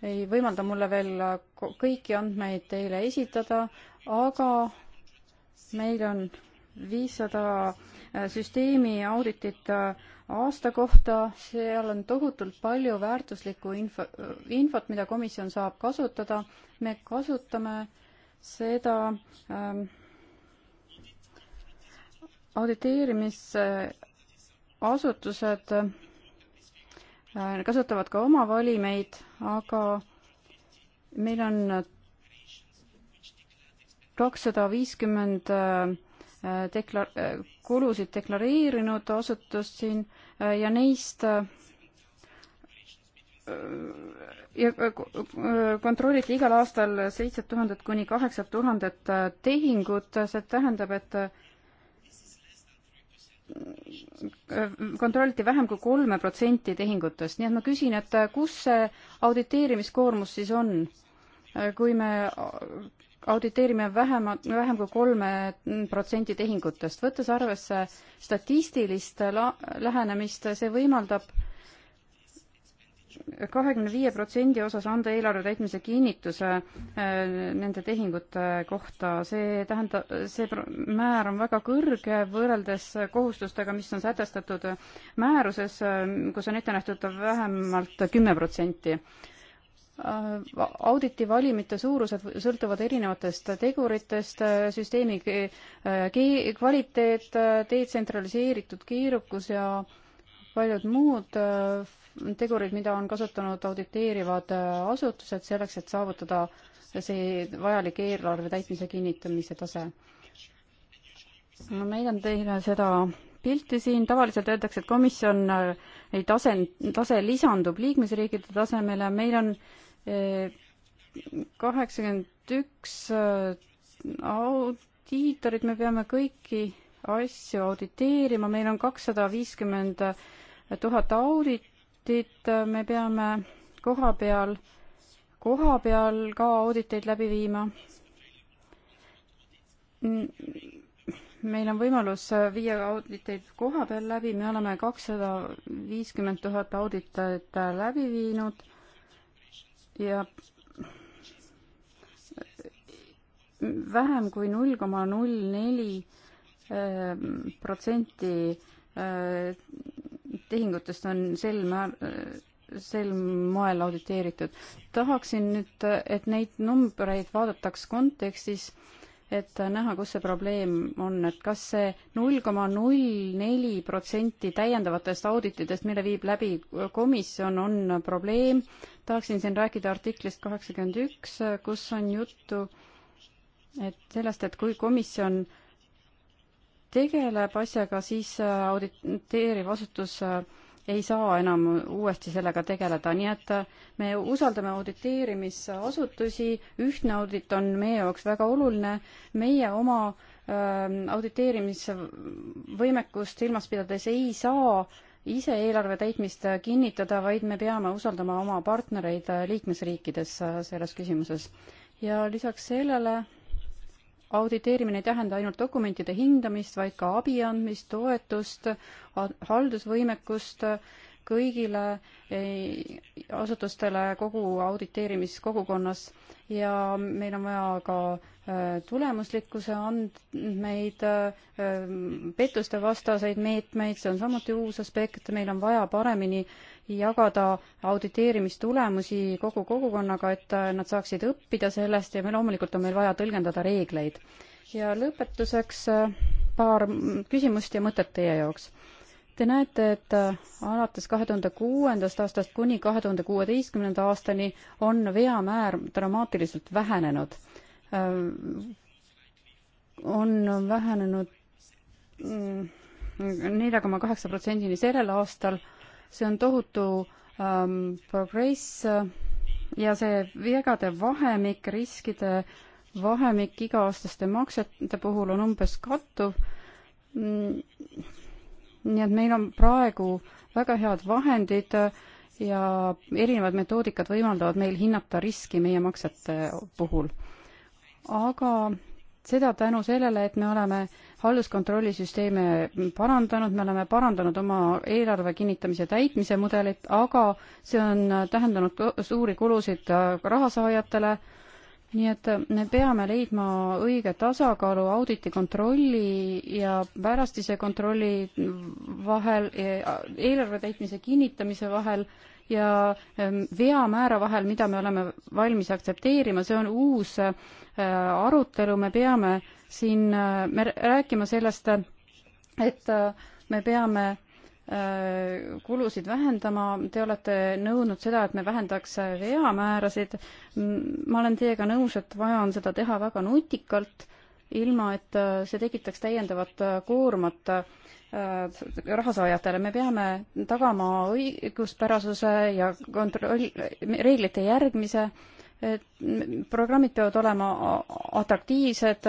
ei võimalda mulle veel kõiki andmeid teile esitada, aga meil on viissada äh, süsteemi auditit äh, aasta kohta, seal on tohutult palju väärtuslikku info, äh, infot, mida komisjon saab kasutada. me kasutame seda ähm, auditeerimisasutused kasutavad ka oma valimeid, aga meil on kakssada viiskümmend Äh, deklar-, äh, kulusid deklareerinud asutust siin äh, ja neist ja kontrolliti igal aastal seitse tuhandet kuni kaheksa tuhandet tehingut, see tähendab, et kontrolliti vähem kui kolme protsenti tehingutest, nii et ma küsin, et kus see auditeerimiskoormus siis on? kui me auditeerime vähemalt, vähem kui kolme protsenti tehingutest. võttes arvesse statistilist la-, lähenemist, see võimaldab kahekümne viie protsendi osas anda eelarve täitmise kinnituse äh, nende tehingute kohta. see tähendab, see määr on väga kõrge võrreldes kohustustega, mis on sätestatud määruses, äh, kus on ette nähtud vähemalt kümme protsenti. Äh, auditi valimite suurused sõltuvad erinevatest teguritest, äh, süsteemi äh, kvaliteet, detsentraliseeritud keerukus ja paljud muud tegurid, mida on kasutanud auditeerivad asutused selleks, et saavutada see vajalik eelarve täitmise kinnitamise tase. ma näidan teile seda pilti siin, tavaliselt öeldakse, et komisjon ei tase, tase lisandub liikmesriikide tasemele, meil on äh, kaheksakümmend üks äh, audiitorit, me peame kõiki asju auditeerima, meil on kakssada viiskümmend tuhat auditit, me peame koha peal, koha peal ka auditeid läbi viima. meil on võimalus viia auditeid koha peal läbi, me oleme kakssada viiskümmend tuhat auditit läbi viinud ja vähem kui null koma null neli ähm, protsenti äh, tehingutest on sel määr-, sel moel auditeeritud. tahaksin nüüd, et neid numbreid vaadataks kontekstis, et näha, kus see probleem on, et kas see null koma null neli protsenti täiendavatest auditidest, mille viib läbi komisjon, on probleem äh, tahaksin siin rääkida artiklist kaheksakümmend üks, kus on juttu et sellest, et kui komisjon tegeleb asjaga, siis auditeeriv asutus äh, ei saa enam uuesti sellega tegeleda, nii et äh, me usaldame auditeerimisasutusi, ühtne audit on meie jaoks väga oluline, meie oma äh, auditeerimisvõimekust silmas pidades ei saa äh, ise eelarve täitmist kinnitada, vaid me peame usaldama oma partnereid liikmesriikides selles küsimuses. ja lisaks sellele auditeerimine ei tähenda ainult dokumentide hindamist, vaid ka abi andmist, toetust, haldusvõimekust, kõigile asutustele kogu auditeerimiskogukonnas ja meil on vaja ka äh, tulemuslikkuse andmeid, äh, pettuste vastaseid meetmeid, see on samuti uus aspekt, meil on vaja paremini jagada auditeerimistulemusi kogu kogukonnaga, et äh, nad saaksid õppida sellest ja me loomulikult on meil vaja tõlgendada reegleid. ja lõpetuseks paar küsimust ja mõtet teie jaoks. Te näete, et alates kahe tuhande kuuendast aastast kuni kahe tuhande kuueteistkümnenda aastani on veamäär dramaatiliselt vähenenud. on vähenenud mm, nelja koma kaheksa protsendini sellel aastal, see on tohutu ähm, progress ja see vigade vahemik, riskide vahemik iga-aastaste maksete puhul on umbes kattuv mm, nii et meil on praegu väga head vahendid ja erinevad metoodikad võimaldavad meil hinnata riski meie maksete puhul. aga seda tänu sellele, et me oleme halduskontrollisüsteeme parandanud, me oleme parandanud oma eelarve kinnitamise täitmise mudelit, aga see on tähendanud suuri kulusid rahasaajatele nii et äh, me peame leidma õige tasakaalu auditi kontrolli ja pärastise kontrolli vahel, e, eelarve täitmise kinnitamise vahel ja ähm, veamäära vahel, mida me oleme valmis aktsepteerima, see on uus äh, arutelu, me peame siin äh, me rääkima sellest, et me peame kulusid vähendama, te olete nõudnud seda, et me vähendaks veamäärasid. ma olen teiega nõus, et vaja on seda teha väga nutikalt, ilma et see tekitaks täiendavat koormat äh, rahasaajatele, me peame tagama õiguspärasuse ja kontroll, reeglite järgmise äh, programmid peavad olema atraktiivsed,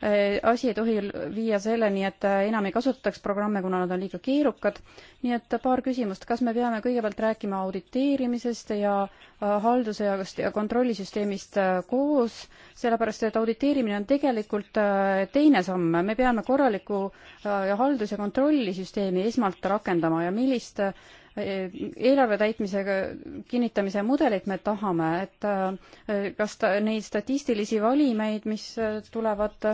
e, asi ei tohi viia selleni, et enam ei kasutataks programme, kuna nad on liiga keerukad. nii et paar küsimust, kas me peame kõigepealt rääkima auditeerimisest ja halduse ja kontrollisüsteemist e, koos, sellepärast et auditeerimine on tegelikult e, teine samm, me peame korralikku haldus- ja kontrollisüsteemi esmalt rakendama ja millist eelarve täitmisega kinnitamise mudelit me tahame, et äh, kas ta, neid statistilisi valimeid, mis äh, tulevad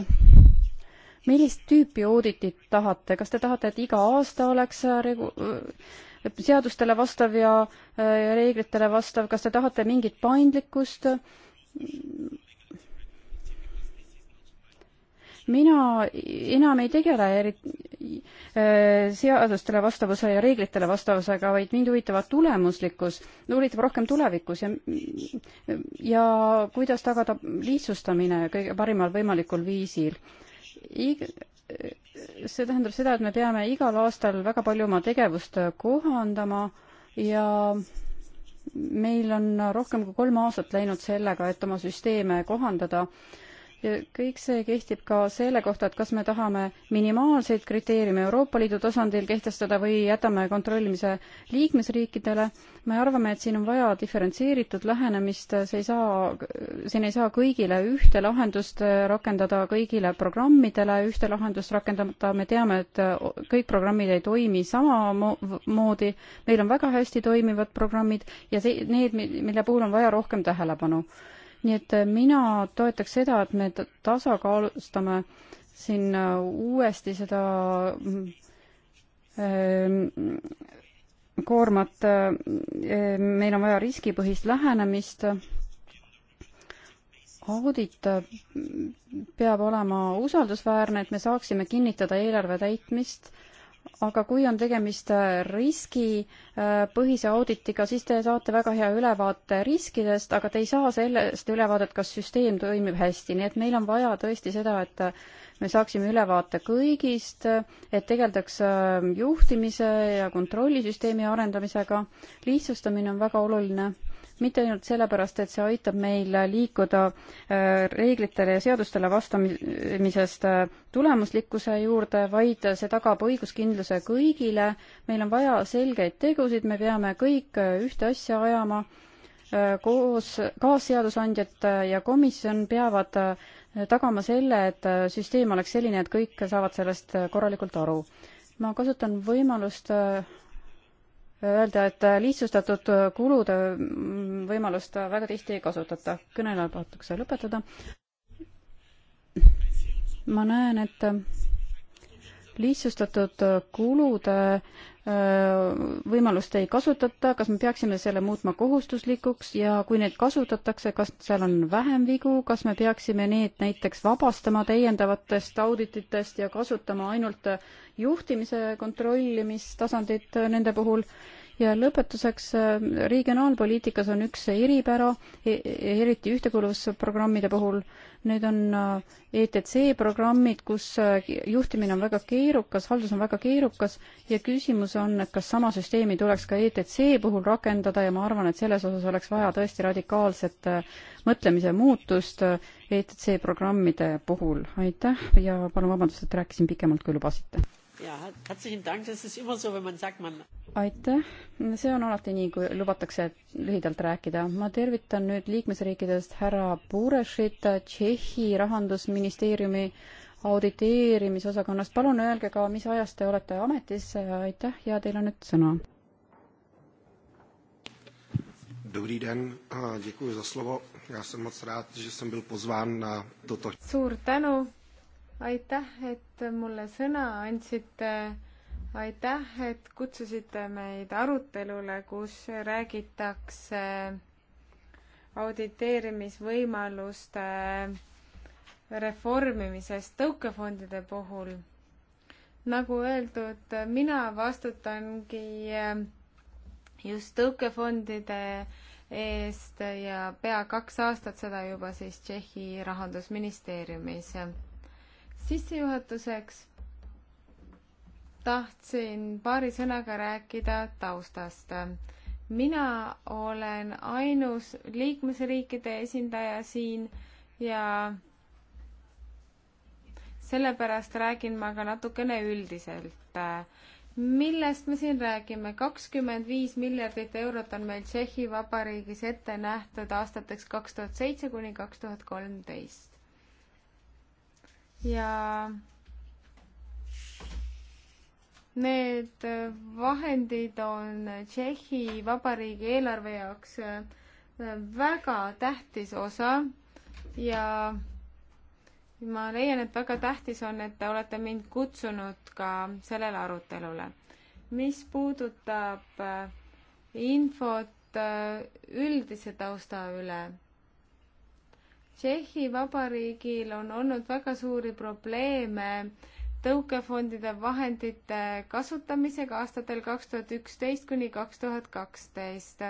millist tüüpi auditit tahate, kas te tahate, et iga aasta oleks äh, regu-, seadustele vastav ja reeglitele vastav, kas te tahate mingit paindlikkust? mina enam ei tegele eri, äh, seadustele vastavuse ja reeglitele vastavusega, vaid mind huvitab tulemuslikkus, huvitab rohkem tulevikus ja, ja kuidas tagada lihtsustamine kõige parimal võimalikul viisil Ig see tähendab seda, et me peame igal aastal väga palju oma tegevust kohandama ja meil on rohkem kui kolm aastat läinud sellega, et oma süsteeme kohandada äh, kõik see kehtib ka selle kohta, et kas me tahame minimaalseid kriteeriume Euroopa Liidu tasandil kehtestada või jätame kontrollimise liikmesriikidele. me arvame, et siin on vaja diferentseeritud lähenemist, see ei saa, siin ei saa kõigile ühte lahendust rakendada, kõigile programmidele ühte lahendust rakendada, me teame, et kõik programmid ei toimi samamoodi, meil on väga hästi toimivad programmid ja see, need, mille puhul on vaja rohkem tähelepanu nii et äh, mina toetaks seda, et me tasakaalustame siin äh, uuesti seda mm, ähm, koormat, äh, meil on vaja riskipõhist lähenemist, audit peab olema usaldusväärne, et me saaksime kinnitada eelarve täitmist aga kui on tegemist äh, riskipõhise auditiga, siis te saate väga hea ülevaate riskidest, aga te ei saa sellest ülevaadet, kas süsteem toimib hästi, nii et meil on vaja tõesti seda, et äh, me saaksime ülevaate kõigist, et tegeldaks äh, juhtimise ja kontrollisüsteemi arendamisega. lihtsustamine on väga oluline mitte ainult sellepärast, et see aitab meil liikuda äh, reeglitele ja seadustele vastamisest äh, tulemuslikkuse juurde, vaid see tagab õiguskindluse kõigile. meil on vaja selgeid tegusid, me peame kõik äh, ühte asja ajama koos, kaasseadusandjad ja komisjon peavad tagama selle, et süsteem oleks selline, et kõik saavad sellest korralikult aru. ma kasutan võimalust öelda, et lihtsustatud kulude võimalust väga tihti ei kasutata. kõnelejal palutakse lõpetada. ma näen, et lihtsustatud kulude võimalust ei kasutata, kas me peaksime selle muutma kohustuslikuks ja kui neid kasutatakse, kas seal on vähem vigu, kas me peaksime need näiteks vabastama täiendavatest audititest ja kasutama ainult juhtimise kontrollimistasandit nende puhul ja lõpetuseks, äh, regionaalpoliitikas on üks eripära, e-, e-, eriti ühtekuuluvusprogrammide puhul, need on äh, ETC programmid, kus äh, juhtimine on väga keerukas, haldus on väga keerukas ja küsimus on, et kas sama süsteemi tuleks ka ETC puhul rakendada ja ma arvan, et selles osas oleks vaja tõesti radikaalset mõtlemise muutust ETC programmide puhul. aitäh ja palun vabandust, et rääkisin pikemalt, kui lubasite aitäh, see on alati nii, kui lubatakse lühidalt rääkida. ma tervitan nüüd liikmesriikidest härra Burešit, Tšehhi rahandusministeeriumi auditeerimisosakonnast. palun öelge ka, mis ajast te olete ametis, aitäh ja teil on nüüd sõna. Dobrý den, děkuji za slovo. Já jsem moc rád, že jsem byl pozván na toto. Suur tänu aitäh, et mulle sõna andsite. aitäh, et kutsusite meid arutelule, kus räägitakse auditeerimisvõimaluste reformimisest tõukefondide puhul. nagu öeldud, mina vastutangi just tõukefondide eest ja pea kaks aastat seda juba siis Tšehhi rahandusministeeriumis sissejuhatuseks tahtsin paari sõnaga rääkida taustast. mina olen ainus liikmesriikide esindaja siin ja sellepärast räägin ma ka natukene üldiselt. millest me siin räägime? kakskümmend viis miljardit eurot on meil Tšehhi Vabariigis ette nähtud aastateks kaks tuhat seitse kuni kaks tuhat kolmteist ja need vahendid on Tšehhi Vabariigi eelarve jaoks äh, väga tähtis osa ja ma leian, et väga tähtis on, et te olete mind kutsunud ka sellele arutelule. mis puudutab äh, infot äh, üldise tausta üle Tšehhi Vabariigil on olnud väga suuri probleeme tõukefondide vahendite kasutamisega aastatel kaks tuhat üksteist kuni kaks tuhat kaksteist.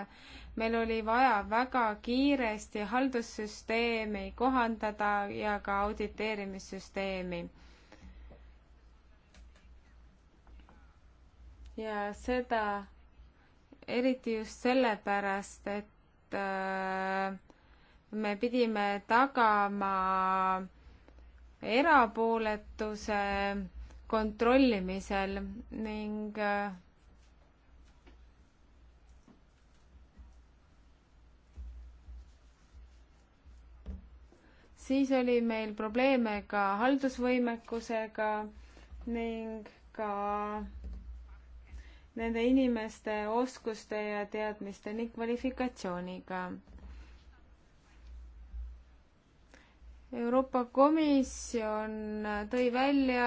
meil oli vaja väga kiiresti haldussüsteemi kohandada ja ka auditeerimissüsteemi. ja seda eriti just sellepärast, et äh, me pidime tagama erapooletuse kontrollimisel ning äh, siis oli meil probleeme ka haldusvõimekusega ning ka nende inimeste oskuste ja teadmiste ning kvalifikatsiooniga. Euroopa Komisjon tõi välja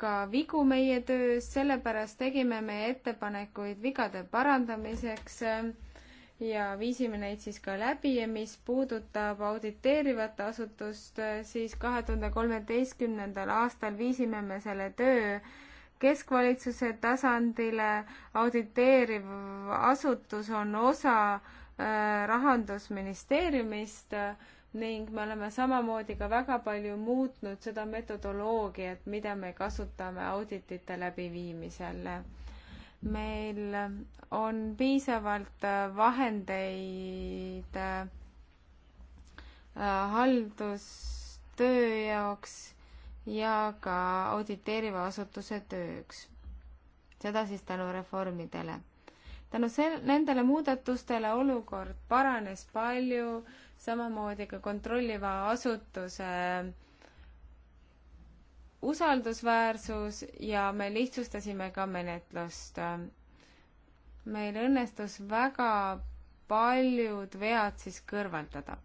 ka vigu meie töös, sellepärast tegime me ettepanekuid vigade parandamiseks ja viisime neid siis ka läbi ja mis puudutab auditeerivat asutust, siis kahe tuhande kolmeteistkümnendal aastal viisime me selle töö keskvalitsuse tasandile, auditeeriv asutus on osa äh, Rahandusministeeriumist ning me oleme samamoodi ka väga palju muutnud seda metodoloogiat, mida me kasutame auditite läbiviimisel. meil on piisavalt äh, vahendeid äh, haldustöö jaoks ja ka auditeeriva asutuse tööks. seda siis tänu reformidele. tänu sel-, nendele muudatustele olukord paranes palju äh, samamoodi ka kontrolliva asutuse usaldusväärsus ja me lihtsustasime ka menetlust. meil õnnestus väga paljud vead siis kõrvaldada.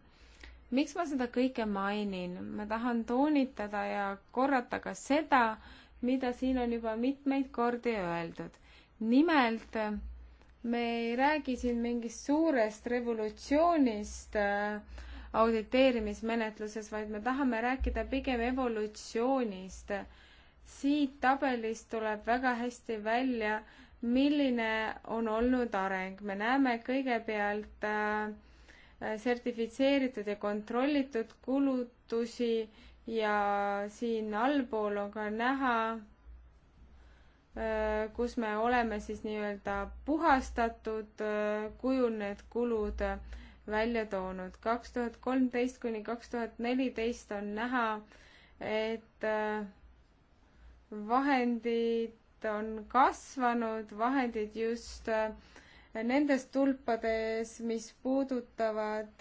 miks ma seda kõike mainin? ma tahan toonitada ja korrata ka seda, mida siin on juba mitmeid kordi öeldud. nimelt me ei räägi siin mingist suurest revolutsioonist äh, auditeerimismenetluses, vaid me tahame rääkida pigem evolutsioonist. siit tabelist tuleb väga hästi välja, milline on olnud areng. me näeme kõigepealt äh, sertifitseeritud ja kontrollitud kulutusi ja siin allpool on ka näha Äh, kus me oleme siis nii-öelda puhastatud äh, kujul need kulud äh, välja toonud. kaks tuhat kolmteist kuni kaks tuhat neliteist on näha, et vahendid on kasvanud, vahendid just nendes tulpades, mis puudutavad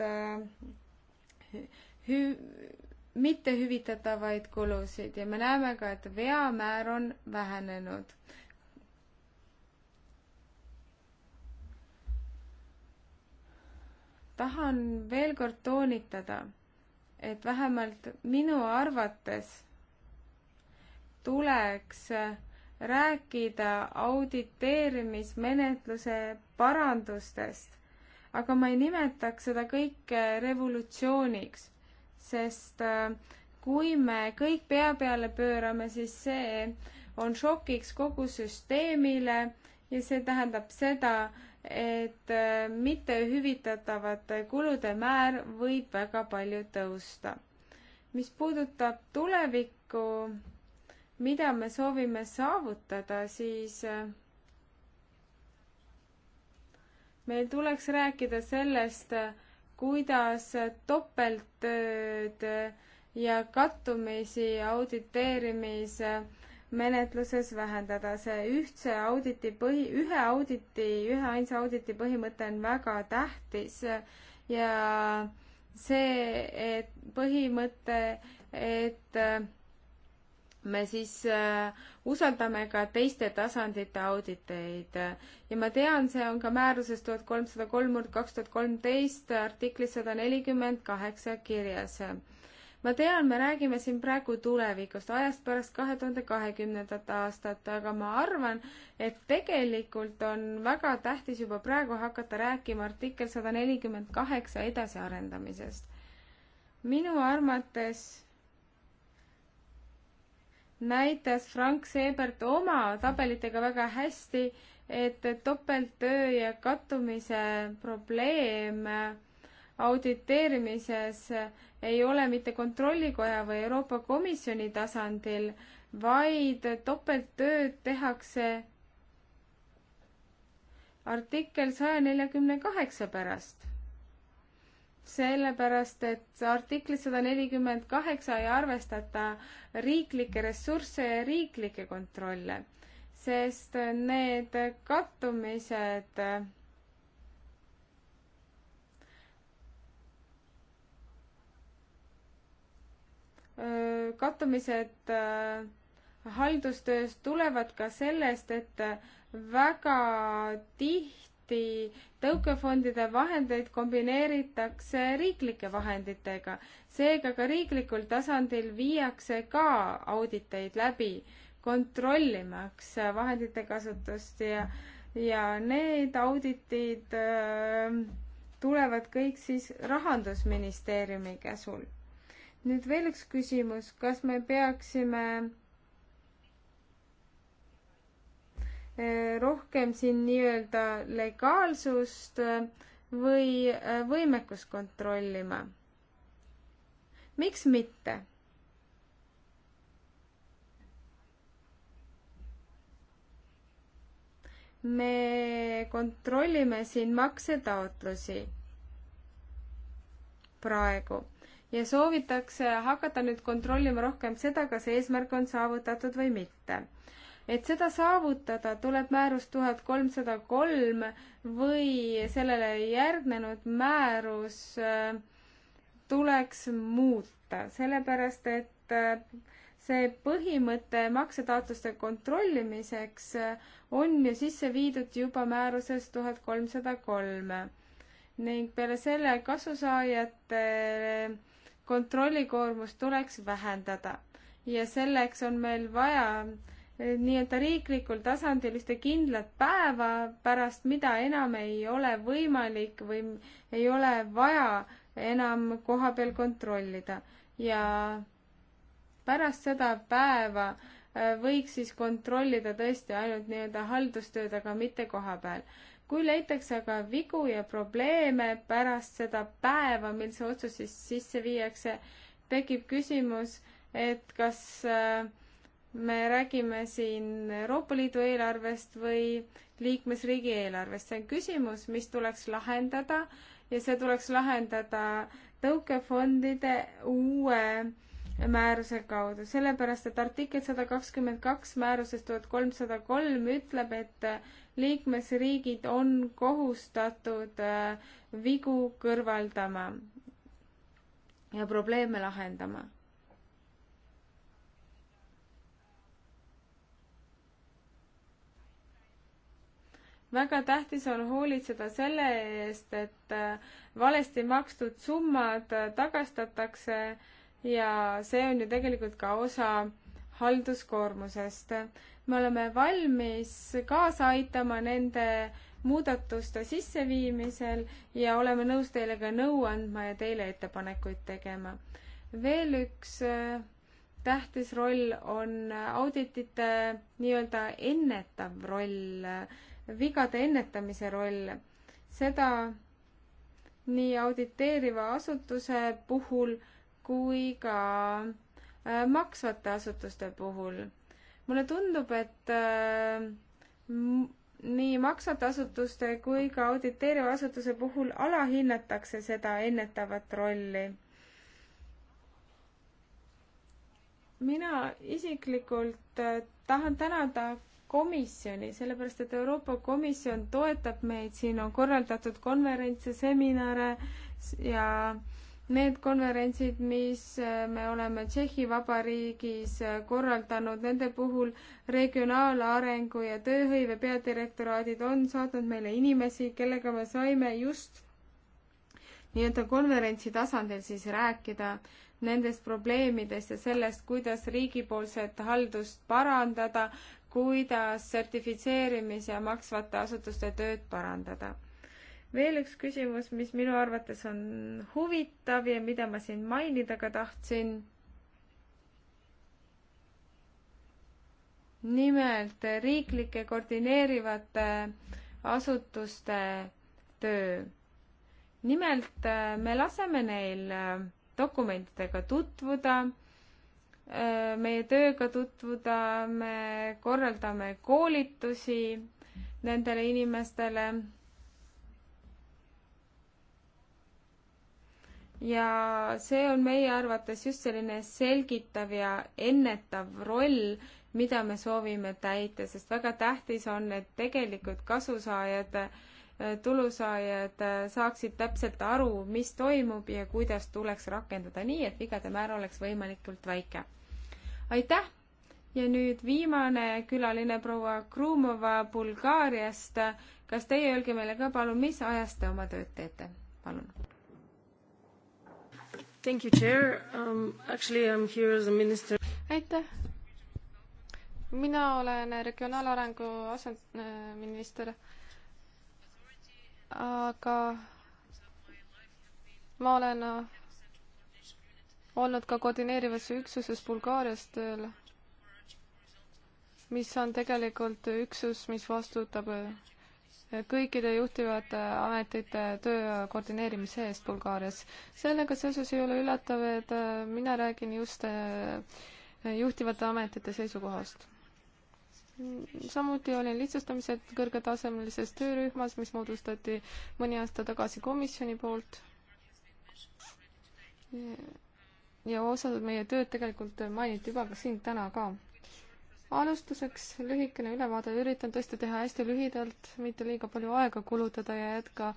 hü-, mittehüvitatavaid kulusid ja me näeme ka, et veamäär on vähenenud. tahan veel kord toonitada, et vähemalt minu arvates tuleks rääkida auditeerimismenetluse parandustest, aga ma ei nimetaks seda kõike revolutsiooniks sest äh, kui me kõik pea peale pöörame, siis see on šokiks kogu süsteemile ja see tähendab seda, et äh, mittehüvitatavate kulude määr võib väga palju tõusta. mis puudutab tulevikku, mida me soovime saavutada, siis äh, meil tuleks rääkida sellest, kuidas topelttööd ja kattumisi auditeerimise menetluses vähendada. see ühtse auditi põhi, ühe auditi, üheainsa auditi põhimõte on väga tähtis ja see et põhimõte, et me siis äh, usaldame ka teiste tasandite auditeid ja ma tean, see on ka määruses tuhat kolmsada kolm murd kaks tuhat kolmteist artiklis sada nelikümmend kaheksa kirjas. ma tean, me räägime siin praegu tulevikust, ajast pärast kahe tuhande kahekümnendat aastat, aga ma arvan, et tegelikult on väga tähtis juba praegu hakata rääkima artikkel sada nelikümmend kaheksa edasiarendamisest. minu arvates näitas Frank Seebert oma tabelitega väga hästi, et topelttöö ja kattumise probleem auditeerimises ei ole mitte Kontrollikoja või Euroopa Komisjoni tasandil, vaid topelttööd tehakse artikkel saja neljakümne kaheksa pärast sellepärast et artiklis sada nelikümmend kaheksa ei arvestata riiklikke ressursse ja riiklikke kontrolle, sest need kattumised kattumised äh, haldustööst tulevad ka sellest, et väga tihti samuti tõukefondide vahendeid kombineeritakse riiklike vahenditega. seega ka riiklikul tasandil viiakse ka auditeid läbi, kontrollimaks vahendite kasutust ja, ja need auditid äh, tulevad kõik siis Rahandusministeeriumi käsul. nüüd veel üks küsimus, kas me peaksime rohkem siin nii-öelda legaalsust või võimekust kontrollima. miks mitte? me kontrollime siin maksetaotlusi praegu ja soovitakse hakata nüüd kontrollima rohkem seda, kas eesmärk on saavutatud või mitte et seda saavutada, tuleb määrus tuhat kolmsada kolm või sellele järgnenud määrus äh, tuleks muuta, sellepärast et äh, see põhimõte maksetaotluste kontrollimiseks äh, on ju sisse viidud juba määruses tuhat kolmsada kolm ning peale selle kasusaajate kontrollikoormust tuleks vähendada ja selleks on meil vaja nii-öelda riiklikul tasandil ühte kindlat päeva, pärast mida enam ei ole võimalik või ei ole vaja enam koha peal kontrollida. ja pärast seda päeva äh, võiks siis kontrollida tõesti ainult nii-öelda haldustööd, aga mitte koha peal. kui leitakse aga vigu ja probleeme pärast seda päeva, mil see otsus siis sisse viiakse, tekib küsimus, et kas äh, me räägime siin Euroopa Liidu eelarvest või liikmesriigi eelarvest, see on küsimus, mis tuleks lahendada ja see tuleks lahendada tõukefondide uue määruse kaudu, sellepärast et artikkel sada kakskümmend kaks määrusest tuhat kolmsada kolm ütleb, et liikmesriigid on kohustatud äh, vigu kõrvaldama ja probleeme lahendama väga tähtis on hoolitseda selle eest, et äh, valesti makstud summad äh, tagastatakse ja see on ju tegelikult ka osa halduskoormusest. me oleme valmis kaasa aitama nende muudatuste sisseviimisel ja oleme nõus teile ka nõu andma ja teile ettepanekuid tegema. veel üks äh, tähtis roll on auditite nii-öelda ennetav roll vigade ennetamise roll. seda nii auditeeriva asutuse puhul kui ka äh, maksvate asutuste puhul. mulle tundub, et äh, nii maksvate asutuste kui ka auditeeriva asutuse puhul alahinnatakse seda ennetavat rolli. mina isiklikult äh, tahan tänada komisjoni, sellepärast et Euroopa Komisjon toetab meid, siin on korraldatud konverentse, seminare ja need konverentsid, mis äh, me oleme Tšehhi Vabariigis äh, korraldanud, nende puhul regionaalarengu ja tööhõive peadirektoraadid on saatnud meile inimesi, kellega me saime just nii-öelda konverentsi tasandil siis rääkida nendest probleemidest ja sellest, kuidas riigipoolset haldust parandada, kuidas sertifitseerimise ja maksvate asutuste tööd parandada. veel üks küsimus, mis minu arvates on huvitav ja mida ma siin mainida ka tahtsin. nimelt riiklike koordineerivate asutuste töö. nimelt äh, me laseme neil äh, dokumentidega tutvuda meie tööga tutvuda, me korraldame koolitusi nendele inimestele. ja see on meie arvates just selline selgitav ja ennetav roll, mida me soovime täita, sest väga tähtis on, et tegelikult kasusaajad, tulusaajad saaksid täpselt aru, mis toimub ja kuidas tuleks rakendada nii, et vigade määr oleks võimalikult väike aitäh! ja nüüd viimane külaline, proua Krumova Bulgaariast. kas teie öelge meile ka palun, mis ajast te oma tööd teete? palun. Thank you, chair um,. Actually I am here as a minister. aitäh. mina olen regionaalarengu asendminister. Äh, aga ma olen äh, olnud ka koordineerivas üksuses Bulgaarias tööl, mis on tegelikult üksus, mis vastutab eh, kõikide juhtivate ametite töö koordineerimise eest Bulgaarias. sellega seoses ei ole üllatav, et eh, mina räägin just eh, juhtivate ametite seisukohast. samuti olin lihtsustamised kõrgetasemelises töörühmas, mis moodustati mõni aasta tagasi komisjoni poolt ja osa meie tööd tegelikult mainiti juba ka siin täna ka. alustuseks lühikene ülevaade, üritan tõesti teha hästi lühidalt, mitte liiga palju aega kulutada ja jätka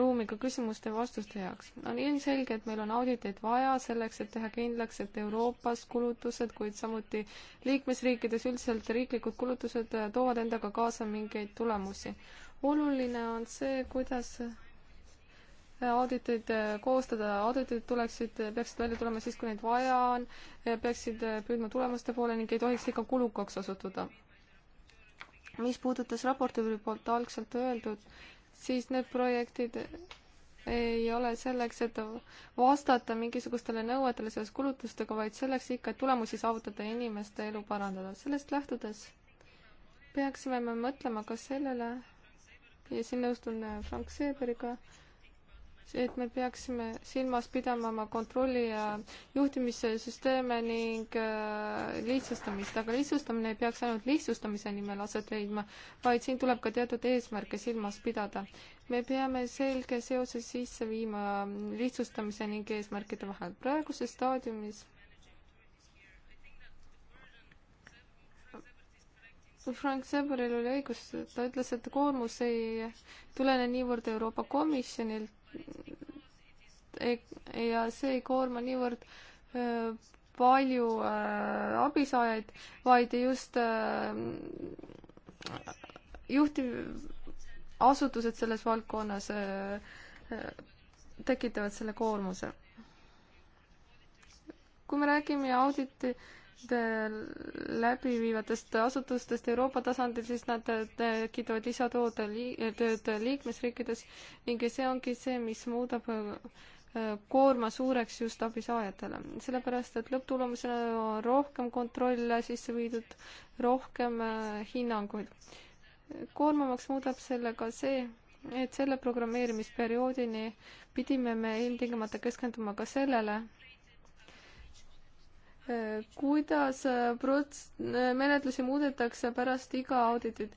ruumi ka küsimuste ja vastuste jaoks. on ilmselge, et meil on auditeid vaja selleks, et teha kindlaks, et Euroopas kulutused, kuid samuti liikmesriikides üldiselt riiklikud kulutused toovad endaga kaasa mingeid tulemusi. oluline on see, kuidas auditeid äh, koostada, auditid tuleksid, peaksid välja tulema siis, kui neid vaja on, peaksid äh, püüdma tulemuste poole ning ei tohiks liiga kulukaks osutuda. mis puudutas raportööri poolt algselt öeldud, siis need projektid ei ole selleks, et vastata mingisugustele nõuetele seoses kulutustega, vaid selleks ikka, et tulemusi saavutada ja inimeste elu parandada. sellest lähtudes peaksime me mõtlema ka sellele ja siin nõustun äh, Frank Seeberiga, see, et me peaksime silmas pidama oma kontrolli ja juhtimissüsteeme ning äh, lihtsustamist, aga lihtsustamine ei peaks ainult lihtsustamise nimel aset leidma, vaid siin tuleb ka teatud eesmärke silmas pidada. me peame selge seose sisse viima lihtsustamise ning eesmärkide vahel. praeguses staadiumis Frank Seberil oli õigus, ta ütles, et koormus ei tulene niivõrd Euroopa Komisjonilt, ja see ei koorma niivõrd äh, palju äh, abisaajaid, vaid just äh, juhtivasutused selles valdkonnas tekitavad selle koormuse. kui me räägime auditi läbiviivatest asutustest Euroopa tasandil, siis nad äh, tekitavad lisatoote lii-, äh, tööd liikmesriikides ning see ongi see, mis muudab äh, koorma suureks just abisaajatele, sellepärast et lõpptulemusena on rohkem kontrolle sisse viidud, rohkem hinnanguid. koormavaks muudab selle ka see, et selle programmeerimisperioodini pidime me ilmtingimata keskenduma ka sellele, kuidas äh, prots-, äh, menetlusi muudetakse pärast iga auditit.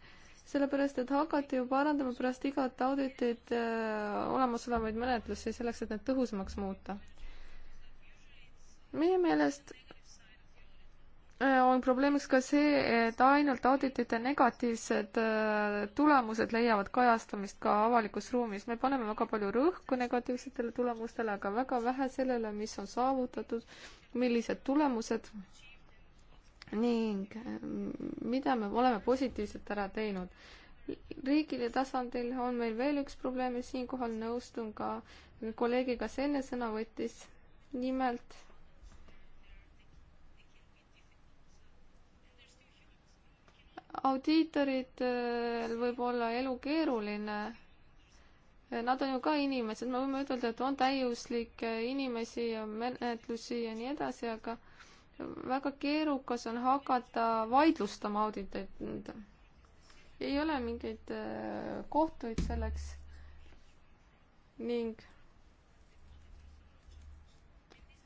sellepärast, et hakati ju parandama pärast igat auditit äh, olemasolevaid menetlusi selleks, et need tõhusamaks muuta. meie meelest on probleemiks ka see, et ainult auditite negatiivsed tulemused leiavad kajastamist ka avalikus ruumis. me paneme väga palju rõhku negatiivsetele tulemustele, aga väga vähe sellele, mis on saavutatud millised tulemused ning mm, mida me oleme positiivselt ära teinud. riigile tasandil on meil veel üks probleem ja siinkohal nõustun ka kolleegiga, kes enne sõna võttis, nimelt audiitoritel äh, võib olla elu keeruline Nad on ju ka inimesed, me võime ütelda, et on täiuslikke inimesi ja menetlusi ja nii edasi, aga väga keerukas on hakata vaidlustama auditeid. ei ole mingeid äh, kohtuid selleks ning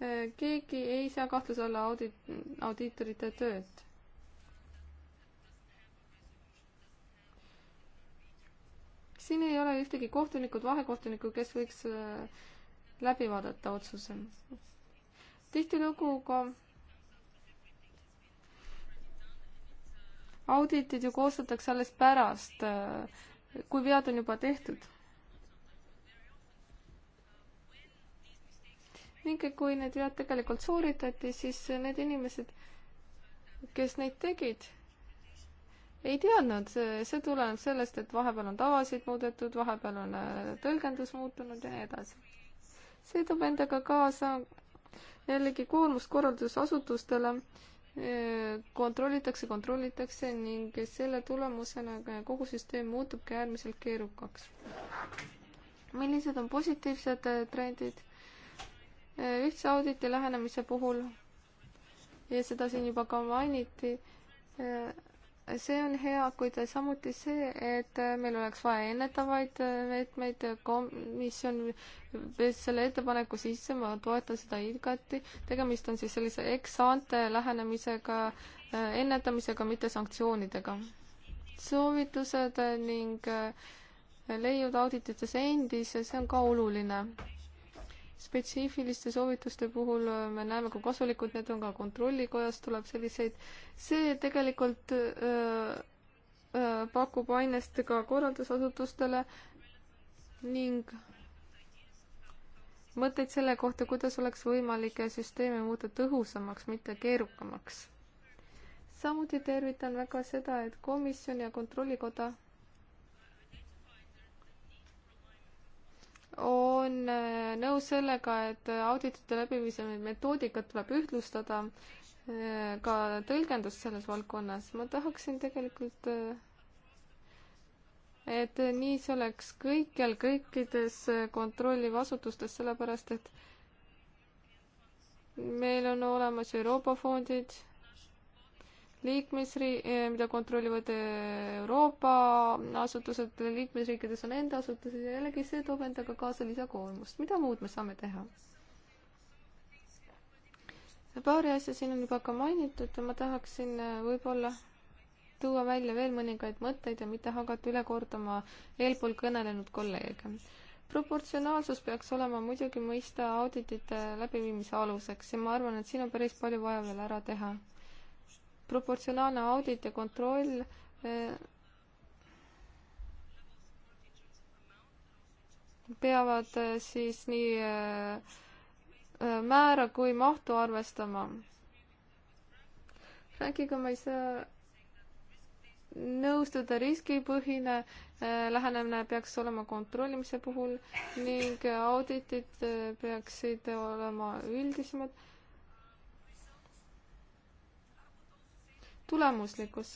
äh, keegi ei saa kahtluse alla audit, audiitorite tööd siin ei ole ühtegi kohtunikut, vahekohtunikku, kes võiks äh, läbi vaadata otsuse. tihtilugu ka auditid ju koostatakse alles pärast, äh, kui vead on juba tehtud. ning kui need vead tegelikult sooritati, siis need inimesed, kes neid tegid ei teadnud, see tuleneb sellest, et vahepeal on tavasid muudetud, vahepeal on äh, tõlgendus muutunud ja nii edasi. see toob endaga kaasa jällegi koormust korraldusasutustele, äh, kontrollitakse, kontrollitakse ning selle tulemusena kogu süsteem muutubki äärmiselt keerukaks. millised on positiivsed äh, trendid? ühtse auditi lähenemise puhul ja seda siin juba ka mainiti, see on hea, kuid samuti see, et meil oleks vaja ennetavaid meetmeid, komisjon viis selle ettepaneku sisse, ma toetan seda igati. tegemist on siis sellise ex-ante lähenemisega, ennetamisega, mitte sanktsioonidega. soovitused ning leiud auditites endis, see on ka oluline spetsiifiliste soovituste puhul äh, me näeme, kui kasulikud need on, ka kontrollikojas tuleb selliseid, see tegelikult öö, äh, öö, äh, pakub ainest ka korraldusasutustele ning mõtteid selle kohta, kuidas oleks võimalik süsteeme muuta tõhusamaks, mitte keerukamaks. samuti tervitan väga seda, et komisjon ja kontrollikoda on äh, nõus sellega, et auditite läbiviimise metoodikat tuleb ühtlustada, äh, ka tõlgendust selles valdkonnas. ma tahaksin tegelikult, äh, et nii see oleks kõikjal, kõikides kontrollivasutustes, sellepärast et meil on olemas Euroopa fondid liikmesriik, eh, mida kontrollivad eh, Euroopa asutused, liikmesriikides on enda asutused ja jällegi see toob endaga kaasa lisakoormust. mida muud me saame teha? paari asja siin on juba ka mainitud ja ma tahaksin eh, võib-olla tuua välja veel mõningaid mõtteid ja mitte hakata üle kordama eelpool kõnelenud kolleege. proportsionaalsus peaks olema muidugi mõista auditite läbiviimise aluseks ja ma arvan, et siin on päris palju vaja veel ära teha proportsionaalne audit ja kontroll eh, peavad eh, siis nii eh, määra kui mahtu arvestama. Frankiga ma ei saa nõustuda, riskipõhine lähenemine peaks olema kontrollimise puhul ning auditid peaksid olema üldisemad tulemuslikkus.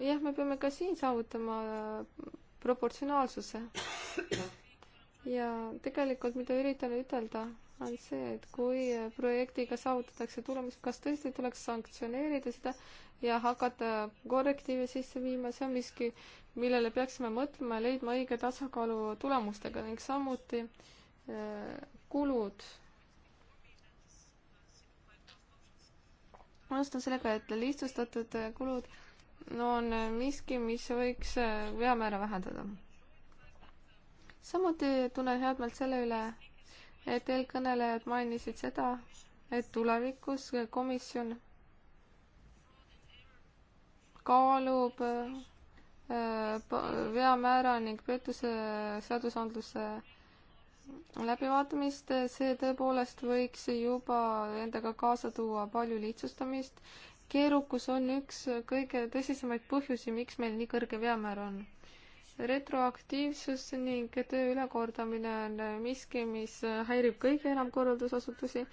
jah, me peame ka siin saavutama äh, proportsionaalsuse. ja tegelikult, mida üritan ütelda, on see, et kui äh, projektiga saavutatakse tulemus, kas tõesti tuleks sanktsioneerida seda ja hakata korrektiive sisse viima, see on miski, millele peaksime mõtlema ja leidma õige tasakaalu tulemustega ning samuti äh, kulud alustan sellega, et lihtsustatud kulud on miski, mis võiks veamäära vähendada. samuti tunnen head meelt selle üle, et eelkõnelejad mainisid seda, et tulevikus komisjon kaalub äh, veamäära ning pettuse seadusandluse läbivaatamist, see tõepoolest võiks juba endaga kaasa tuua palju lihtsustamist. keerukus on üks kõige tõsisemaid põhjusi, miks meil nii kõrge veamäär on. retroaktiivsus ning töö ülekordamine on miski, mis häirib kõige enam korraldusasutusi.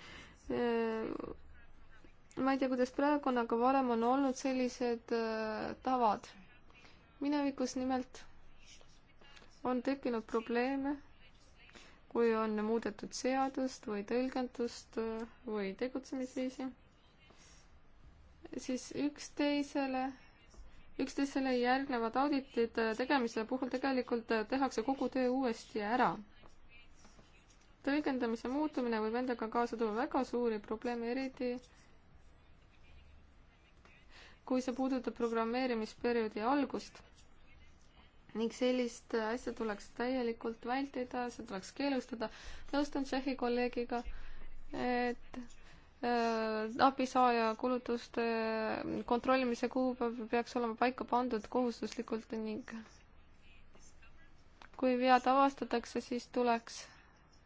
ma ei tea, kuidas praegu on, aga varem on olnud sellised äh, tavad. minevikus nimelt on tekkinud probleeme kui on muudetud seadust või tõlgendust äh, või tegutsemisviisi, siis üksteisele, üksteisele järgnevad auditid äh, tegemise puhul tegelikult äh, tehakse kogu töö uuesti ära. tõlgendamise muutumine võib endaga kaasa tuua väga suuri probleeme, eriti kui see puudutab programmeerimisperioodi algust ning sellist asja tuleks täielikult vältida, see tuleks keelustada. nõustun Tšehhi kolleegiga, et äh, abisaaja kulutuste äh, kontrollimise kuupäev peaks olema paika pandud kohustuslikult ning kui vead avastatakse, siis tuleks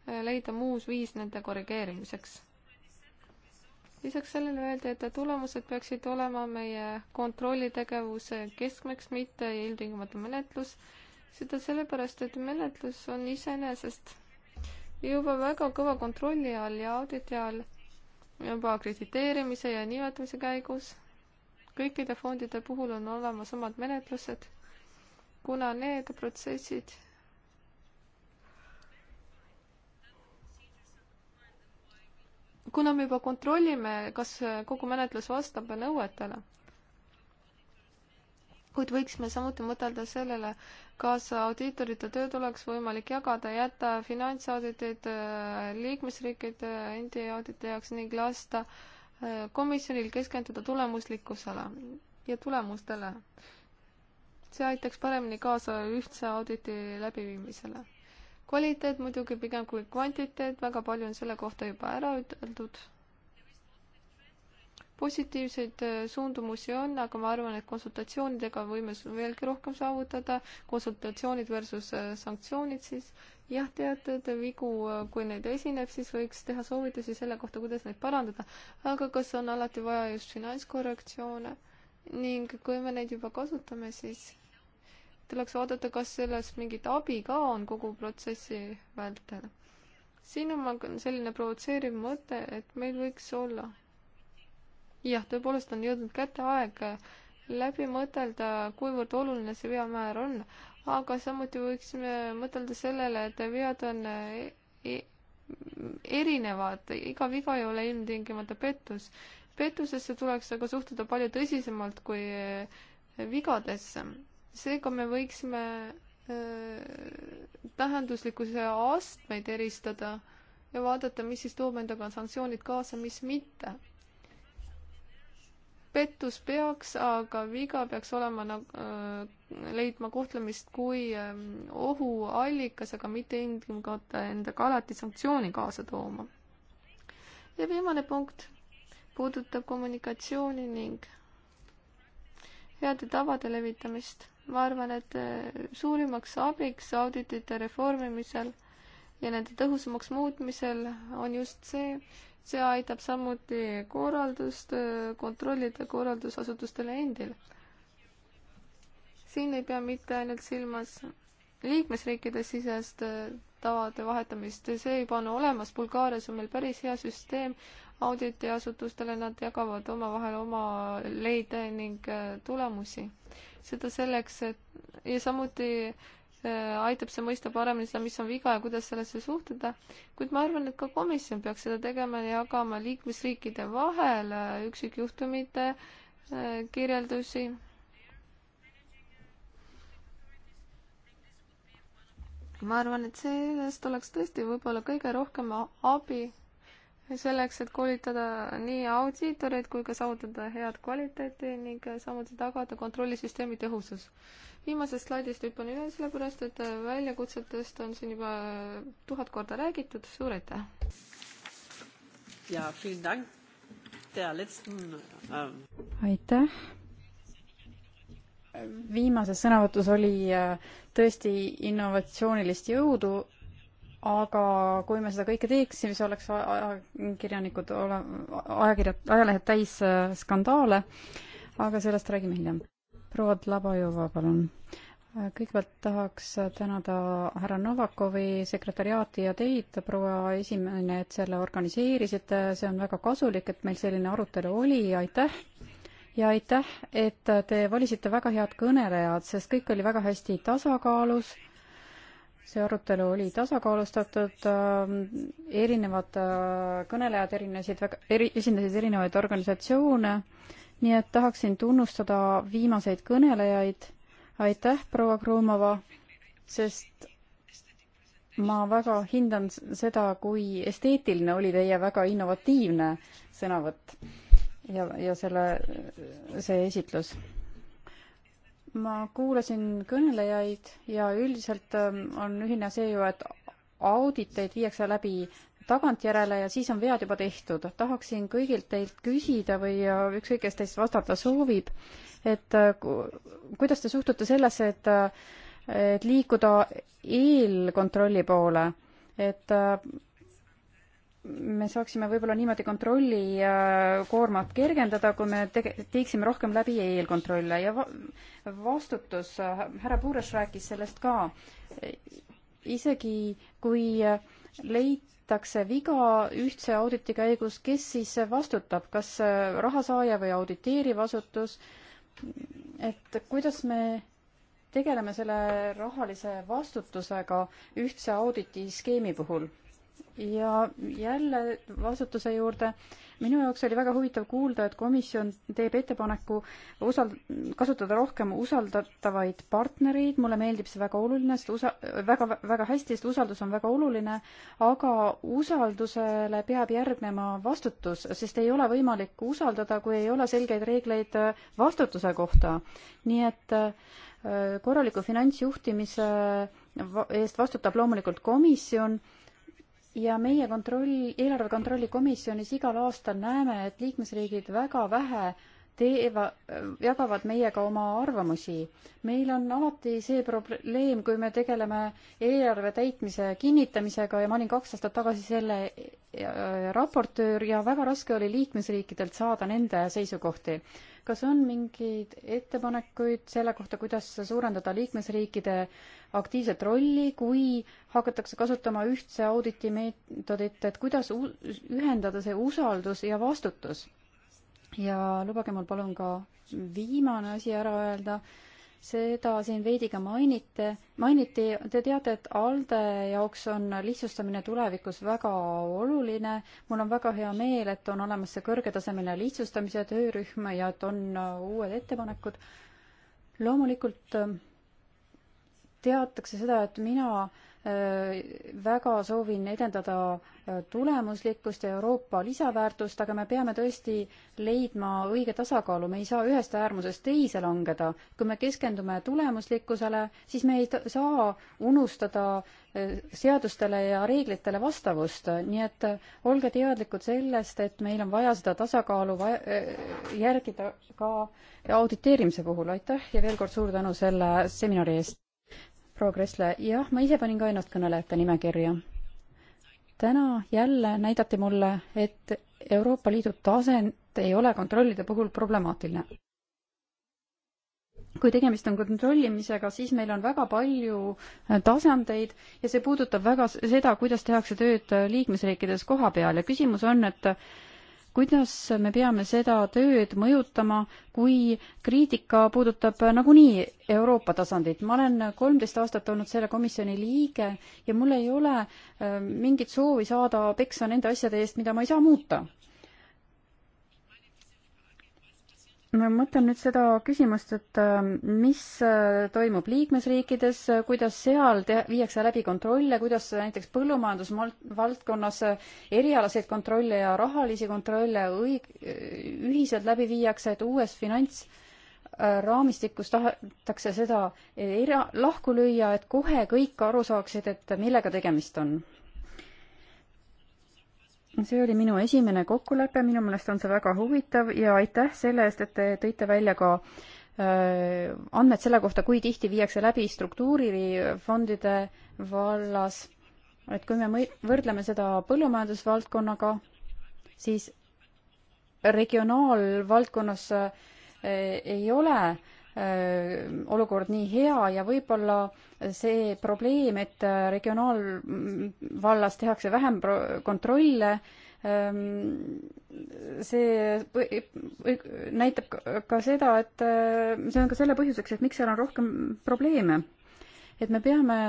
äh, leida muus viis nende korrigeerimiseks lisaks sellele öeldi, et tulemused peaksid olema meie kontrollitegevuse keskmeks, mitte ilmtingimata menetlus. seda sellepärast, et menetlus on iseenesest juba väga kõva kontrolli all ja auditi all juba akrediteerimise ja nimetamise käigus. kõikide fondide puhul on olemas omad menetlused, kuna need protsessid kuna me juba kontrollime, kas äh, kogu menetlus vastab nõuetele, kuid võiksime samuti mõtelda sellele, kas audiitorite tööd oleks võimalik jagada, jätta finantsauditeid äh, liikmesriikide endi auditi jaoks ning lasta äh, komisjonil keskenduda tulemuslikkusele ja tulemustele. see aitaks paremini kaasa ühtse auditi läbiviimisele kvaliteet muidugi pigem kui kvantiteet, väga palju on selle kohta juba ära üteldud. positiivseid äh, suundumusi on, aga ma arvan, et konsultatsioonidega võime veelgi rohkem saavutada, konsultatsioonid versus äh, sanktsioonid siis. jah, teatud vigu, äh, kui neid esineb, siis võiks teha soovitusi selle kohta, kuidas neid parandada, aga kas on alati vaja just finantskorrektsioone ning kui me neid juba kasutame, siis tuleks vaadata, kas sellest mingit abi ka on kogu protsessi vältel. siin on mul selline provotseeriv mõte, et meil võiks olla. jah, tõepoolest on jõudnud kätte aeg läbi mõtelda, kuivõrd oluline see veamäär on, aga samuti võiksime mõtelda sellele, et vead on e-, erinevad, iga viga ei ole ilmtingimata pettus. pettusesse tuleks aga suhtuda palju tõsisemalt kui vigadesse seega me võiksime äh, tähenduslikkuse astmeid eristada ja vaadata, mis siis toob endaga sanktsioonid kaasa, mis mitte. pettus peaks, aga viga peaks olema nagu äh, leidma kohtlemist kui ähm, ohuallikas, aga mitte ilmtingimata endaga alati sanktsiooni kaasa tooma. ja viimane punkt puudutab kommunikatsiooni ning heade tavade levitamist ma arvan, et äh, suurimaks abiks auditite reformimisel ja nende tõhusamaks muutmisel on just see, see aitab samuti korraldust äh, kontrollida korraldusasutustele endile. siin ei pea mitte ainult silmas liikmesriikide sisest äh, tavade vahetamist, see juba on olemas, Bulgaarias on meil päris hea süsteem auditiasutustele, nad jagavad omavahel oma leide ning tulemusi seda selleks, et ja samuti äh, aitab see mõista paremini seda, mis on viga ja kuidas sellesse suhtuda, kuid ma arvan, et ka komisjon peaks seda tegema ja jagama liikmesriikide vahel äh, üksikjuhtumite äh, kirjeldusi ma arvan, et sellest oleks tõesti võib-olla kõige rohkem abi selleks, et koolitada nii audiitoreid kui ka saavutada head kvaliteeti ning samuti tagada kontrollisüsteemi tõhusus. viimasest slaidist hüppan üle, sellepärast et väljakutsetest on siin juba tuhat korda räägitud, suur aitäh! Ähm, aitäh! viimases sõnavõtus oli äh, tõesti innovatsioonilist jõudu, aga kui me seda kõike teeksime, siis oleks ajakirjanikud ole, ajakirjad, ajalehed täis äh, skandaale, aga sellest räägime hiljem. proua Tlabajova, palun. Äh, kõigepealt tahaks tänada härra Novakovi sekretäriaati ja teid, proua esimene, et selle organiseerisite, see on väga kasulik, et meil selline arutelu oli, aitäh! ja aitäh, et te valisite väga head kõnelejad, sest kõik oli väga hästi tasakaalus see arutelu oli tasakaalustatud, ähm, erinevad äh, kõnelejad erinesid väga, eri, esindasid erinevaid organisatsioone, nii et tahaksin tunnustada viimaseid kõnelejaid, aitäh, proua Kruumova, sest ma väga hindan seda, kui esteetiline oli teie väga innovatiivne sõnavõtt ja, ja selle, see esitlus ma kuulasin kõnelejaid ja üldiselt ähm, on ühine see ju, et auditeid viiakse läbi tagantjärele ja siis on vead juba tehtud. tahaksin kõigilt teilt küsida või äh, ükskõik, kes teist vastata soovib, et äh, kuidas te suhtute sellesse, et, äh, et liikuda eelkontrolli poole, et me saaksime võib-olla niimoodi kontrolli koormat kergendada, kui me tege-, teeksime rohkem läbi eelkontrolle ja va vastutus, härra Puures rääkis sellest ka, isegi kui leitakse viga ühtse auditi käigus, kes siis vastutab, kas rahasaaja või auditeeriv asutus, et kuidas me tegeleme selle rahalise vastutusega ühtse auditi skeemi puhul ja jälle vastutuse juurde. minu jaoks oli väga huvitav kuulda, et komisjon teeb ettepaneku usal-, kasutada rohkem usaldatavaid partnereid, mulle meeldib see väga oluline, sest usa-, väga, väga hästi, sest usaldus on väga oluline, aga usaldusele peab järgnema vastutus, sest ei ole võimalik usaldada, kui ei ole selgeid reegleid vastutuse kohta. nii et äh, korraliku finantsjuhtimise eest vastutab loomulikult komisjon ja meie kontroll, eelarve kontrolli komisjonis igal aastal näeme, et liikmesriigid väga vähe teeva, jagavad meiega oma arvamusi. meil on alati see probleem, kui me tegeleme eelarve täitmise kinnitamisega ja ma olin kaks aastat tagasi selle raportöör ja väga raske oli liikmesriikidelt saada nende seisukohti. kas on mingeid ettepanekuid selle kohta, kuidas suurendada liikmesriikide aktiivset rolli, kui hakatakse kasutama ühtse auditi meetodit, et kuidas ühendada see usaldus ja vastutus. ja lubage mul palun ka viimane asi ära öelda, seda siin veidi ka mainite, mainiti, te teate, et ALDE jaoks on lihtsustamine tulevikus väga oluline. mul on väga hea meel, et on olemas see kõrgetasemeline lihtsustamise töörühm ja et on äh, uued ettepanekud. loomulikult äh, teatakse seda, et mina äh, väga soovin edendada äh, tulemuslikkust ja Euroopa lisaväärtust, aga me peame tõesti leidma õige tasakaalu, me ei saa ühest äärmusest teise langeda. kui me keskendume tulemuslikkusele, siis me ei saa unustada äh, seadustele ja reeglitele vastavust, nii et olge teadlikud sellest, et meil on vaja seda tasakaalu vaja, järgida ka auditeerimise puhul. aitäh ja veel kord suur tänu selle seminari eest! proua Kressle, jah, ma ise panin ka ennast kõnelejate nimekirja. täna jälle näidati mulle, et Euroopa Liidu tasand ei ole kontrollide puhul problemaatiline. kui tegemist on kontrollimisega, siis meil on väga palju äh, tasandeid ja see puudutab väga seda, kuidas tehakse tööd äh, liikmesriikides koha peal ja küsimus on, et kuidas me peame seda tööd mõjutama, kui kriitika puudutab nagunii Euroopa tasandit. ma olen kolmteist aastat olnud selle komisjoni liige ja mul ei ole äh, mingit soovi saada peksa nende asjade eest, mida ma ei saa muuta. ma mõtlen nüüd seda küsimust, et ähm, mis äh, toimub liikmesriikides, kuidas seal te-, viiakse läbi kontrolle, kuidas näiteks põllumajandusvaldkonnas äh, erialaseid kontrolle ja rahalisi kontrolle õig-, äh, ühiselt läbi viiakse, et uues finants raamistikus tahetakse seda era-, lahku lüüa, et kohe kõik aru saaksid, et millega tegemist on see oli minu esimene kokkulepe, minu meelest on see väga huvitav ja aitäh selle eest, et te tõite välja ka äh, andmed selle kohta, kui tihti viiakse läbi struktuurifondide vallas. et kui me võrdleme seda põllumajandusvaldkonnaga, siis regionaalvaldkonnas äh, ei ole äh, Äh, olukord nii hea ja võib-olla see probleem, et äh, regionaalvallas tehakse vähem kontrolle, ähm, see näitab ka seda, et äh, see on ka selle põhjuseks, et miks seal on rohkem probleeme. et me peame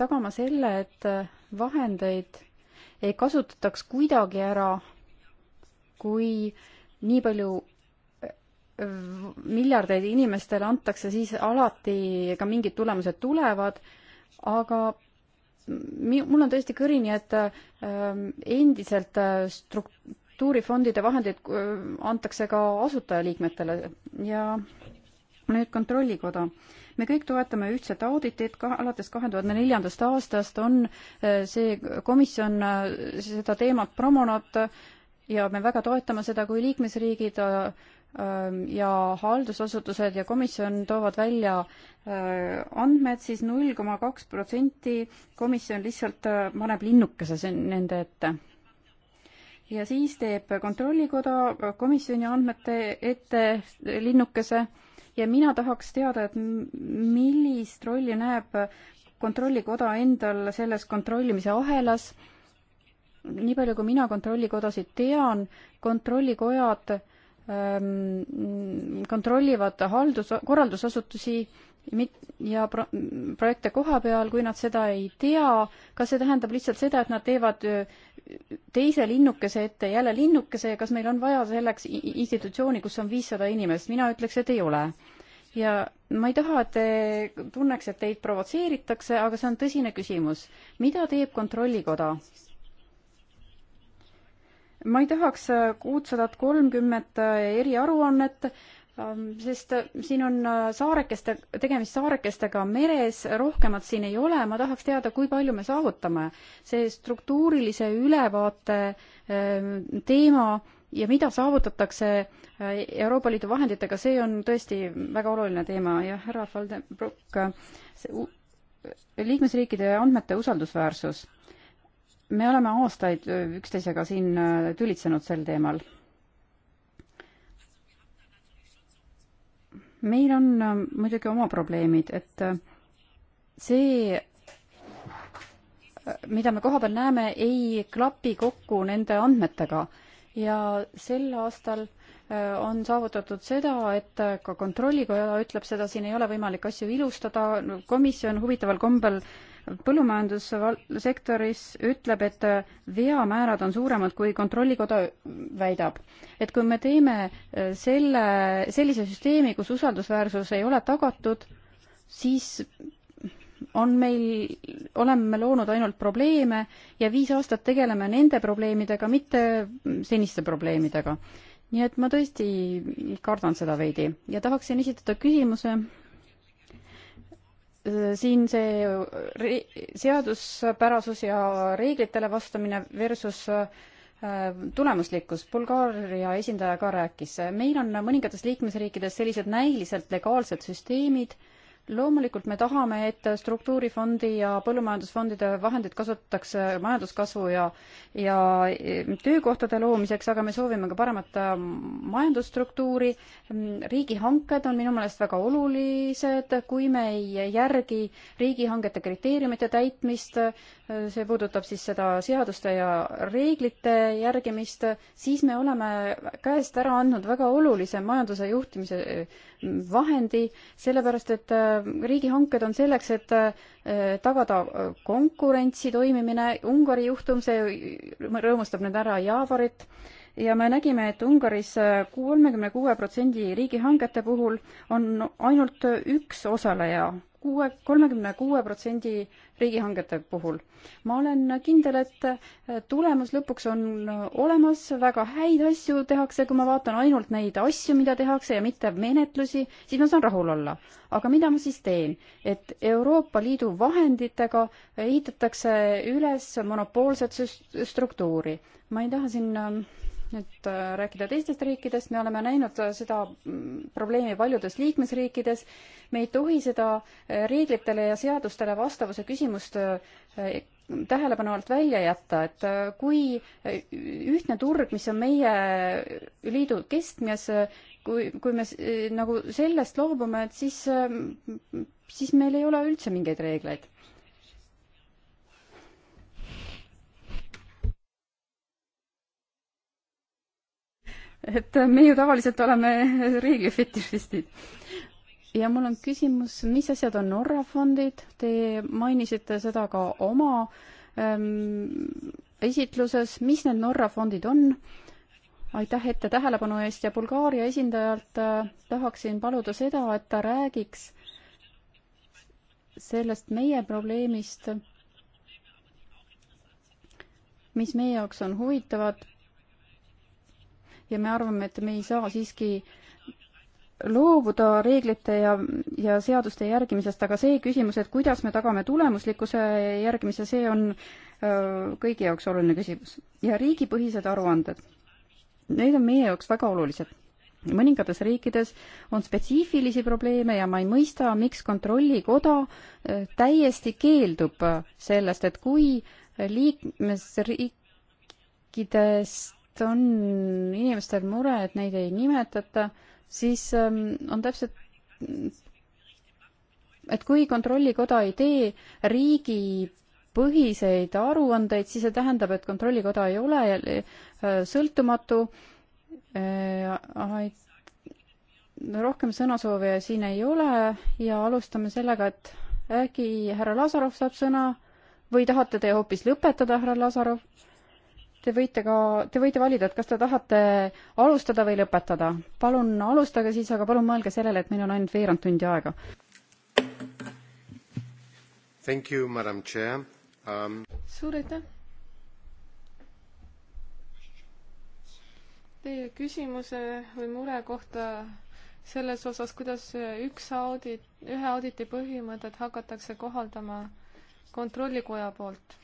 tagama selle, et vahendeid ei kasutataks kuidagi ära, kui nii palju miljardeid inimestele antakse, siis alati ka mingid tulemused tulevad, aga mi-, mul on tõesti kõrini, et ähm, endiselt äh, struktuurifondide vahendeid äh, antakse ka asutajaliikmetele ja nüüd Kontrollikoda. me kõik toetame ühtset auditit, ka alates kahe tuhande neljandast aastast on äh, see komisjon seda teemat promonud ja me väga toetame seda, kui liikmesriigid ja haldusasutused ja komisjon toovad välja andmed siis, siis null koma kaks protsenti komisjon lihtsalt paneb linnukese nende ette. ja siis teeb Kontrollikoda komisjoni andmete ette linnukese ja mina tahaks teada, et millist rolli näeb Kontrollikoda endal selles kontrollimise ahelas. nii palju, kui mina Kontrollikodasid tean, kontrollikojad äh, Ähm, kontrollivad haldus, korraldusasutusi ja pro-, projekte koha peal, kui nad seda ei tea, kas see tähendab lihtsalt seda, et nad teevad äh, teise linnukese ette jälle linnukese ja kas meil on vaja selleks institutsiooni, kus on viissada inimest, mina ütleks, et ei ole. ja ma ei taha, et te tunneks, et teid provotseeritakse, aga see on tõsine küsimus. mida teeb Kontrollikoda? ma ei tahaks äh, kuutsadat kolmkümmet äh, eriaruannet, ähm, sest äh, siin on saarekeste, tegemist saarekestega meres, rohkemat siin ei ole, ma tahaks teada, kui palju me saavutame. see struktuurilise ülevaate ähm, teema ja mida saavutatakse Euroopa Liidu vahenditega, see on tõesti väga oluline teema ja härra Faldenbrock, liikmesriikide andmete usaldusväärsus me oleme aastaid üksteisega siin tülitsenud sel teemal. meil on muidugi oma probleemid, et see, mida me kohapeal näeme, ei klapi kokku nende andmetega ja sel aastal on saavutatud seda, et ka kontrollikoja ütleb seda, siin ei ole võimalik asju ilustada, komisjon huvitaval kombel äh, põllumajandussektoris ütleb, et veamäärad on suuremad, kui Kontrollikoda väidab. et kui me teeme äh, selle, sellise süsteemi, kus usaldusväärsus ei ole tagatud, siis on meil, oleme loonud ainult probleeme ja viis aastat tegeleme nende probleemidega, mitte seniste probleemidega. nii et ma tõesti kardan seda veidi ja tahaksin esitada küsimuse, siin see re-, seaduspärasus ja reeglitele vastamine versus äh, tulemuslikkus, Bulgaaria esindaja ka rääkis, meil on mõningates liikmesriikides sellised näiliselt legaalsed süsteemid, loomulikult me tahame, et struktuurifondi ja põllumajandusfondide vahendeid kasutatakse majanduskasvu ja, ja töökohtade loomiseks, aga me soovime ka paremat äh, majandusstruktuuri. riigihanked on minu meelest väga olulised, kui me ei järgi riigihangete kriteeriumite täitmist, see puudutab siis seda seaduste ja reeglite järgimist, siis me oleme käest ära andnud väga olulise majanduse juhtimise eh, vahendi, sellepärast et eh, riigihanked on selleks, et eh, tagada konkurentsi toimimine. Ungari juhtum, see rõõmustab nüüd ära Javarit ja me nägime, et Ungaris kolmekümne kuue protsendi riigihangete puhul on ainult üks osaleja kuue, kolmekümne kuue protsendi riigihangete puhul. ma olen kindel, et tulemus lõpuks on olemas, väga häid asju tehakse, kui ma vaatan ainult neid asju, mida tehakse ja mitte menetlusi, siis ma saan rahul olla. aga mida ma siis teen? et Euroopa Liidu vahenditega ehitatakse üles monopoolset struktuuri. ma ei taha siin ähm, nüüd äh, rääkida teistest riikidest, me oleme näinud äh, seda mm, probleemi paljudes liikmesriikides. me ei tohi seda äh, reeglitele ja seadustele vastavuse küsimust e, tähelepanu alt välja jätta, et kui ühtne turg, mis on meie liidu keskmes, kui, kui me nagu sellest loobume, et siis, siis meil ei ole üldse mingeid reegleid. et me ju tavaliselt oleme reeglifetišistid. ja mul on küsimus, mis asjad on Norra fondid, te mainisite seda ka oma ähm, esitluses, mis need Norra fondid on? aitäh ette tähelepanu eest ja Bulgaaria esindajalt äh, tahaksin paluda seda, et ta räägiks sellest meie probleemist, mis meie jaoks on huvitavad ja me arvame, et me ei saa siiski loobuda reeglite ja, ja seaduste järgimisest, aga see küsimus, et kuidas me tagame tulemuslikkuse järgimise, see on öö, kõigi jaoks oluline küsimus. ja riigipõhised aruanded, need on meie jaoks väga olulised mõningates riikides on spetsiifilisi probleeme ja ma ei mõista, miks Kontrollikoda täiesti keeldub sellest, et kui liikmesriikidest et on inimestel mure, et neid ei nimetata, siis ähm, on täpselt et kui Kontrollikoda ei tee riigipõhiseid aruandeid, siis see tähendab, et Kontrollikoda ei ole äh, sõltumatu. Äh, rohkem sõnasoove siin ei ole ja alustame sellega, et äkki härra Lazarov saab sõna või tahate te hoopis lõpetada, härra Lazarov? Te võite ka, te võite valida, et kas te tahate alustada või lõpetada. palun alustage siis, aga palun mõelge sellele, et meil on ainult veerand tundi aega. Thank you, madam chair um.... suur aitäh. Teie küsimuse või mure kohta selles osas, kuidas üks audit, ühe auditi põhimõtet hakatakse kohaldama kontrollikoja poolt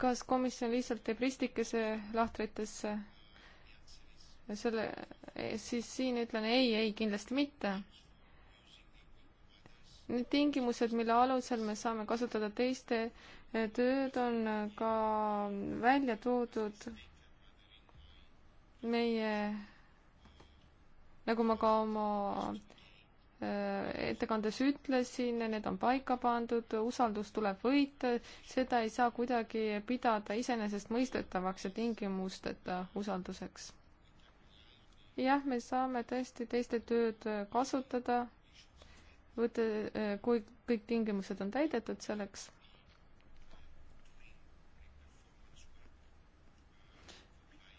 kas komisjon lihtsalt teeb ristikese lahtritesse? selle, siis siin ütlen ei, ei kindlasti mitte. Need tingimused, mille alusel me saame kasutada teiste eh, tööd, on eh, ka välja toodud meie, nagu ma ka oma Äh, ettekandes ütlesin, need on paika pandud, usaldus tuleb võita, seda ei saa kuidagi pidada iseenesestmõistetavaks ja tingimusteta usalduseks. jah, me saame tõesti teiste tööd äh, kasutada, võtta, äh, kui kõik tingimused on täidetud selleks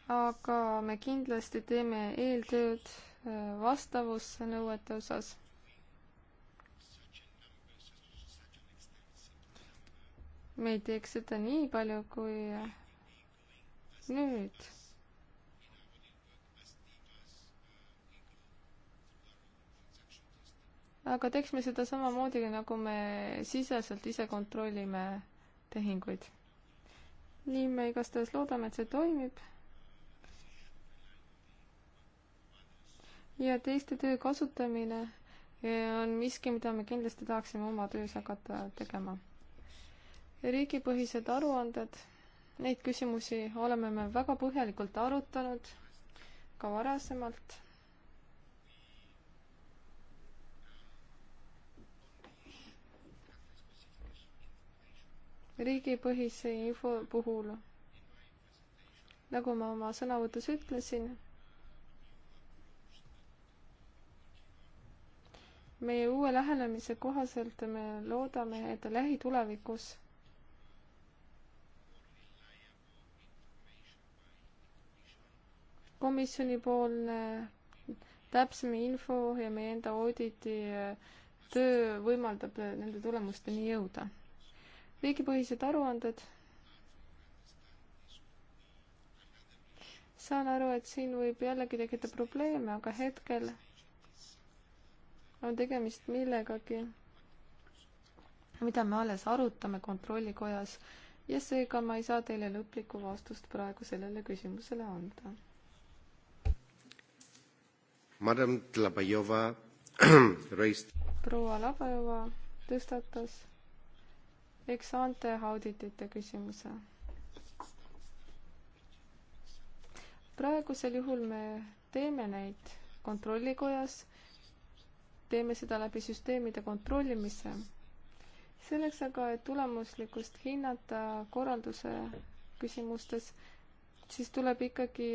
aga me kindlasti teeme eeltööd vastavusnõuete osas. me ei teeks seda nii palju kui nüüd. aga teeks me seda samamoodi, nagu me siseselt ise kontrollime tehinguid. nii me igastahes loodame, et see toimib ja teiste töö kasutamine on miski, mida me kindlasti tahaksime oma töös hakata tegema riigipõhised aruanded, neid küsimusi oleme me väga põhjalikult arutanud ka varasemalt. riigipõhise info puhul, nagu ma oma sõnavõtus ütlesin meie uue lähenemise kohaselt me loodame, et lähitulevikus komisjonipoolne täpsem info ja meie enda auditi eh, töö võimaldab eh, nende tulemusteni jõuda. riigipõhised aruanded. saan aru, et siin võib jällegi tekkida probleeme, aga hetkel on tegemist millegagi, mida me alles arutame kontrollikojas ja seega ma ei saa teile lõplikku vastust praegu sellele küsimusele anda Madam Tlabajova raised proua Labajova tõstatas eksante auditite küsimuse. praegusel juhul me teeme neid kontrollikojas, teeme seda läbi süsteemide kontrollimise. selleks aga, et tulemuslikkust hinnata korralduse küsimustes, siis tuleb ikkagi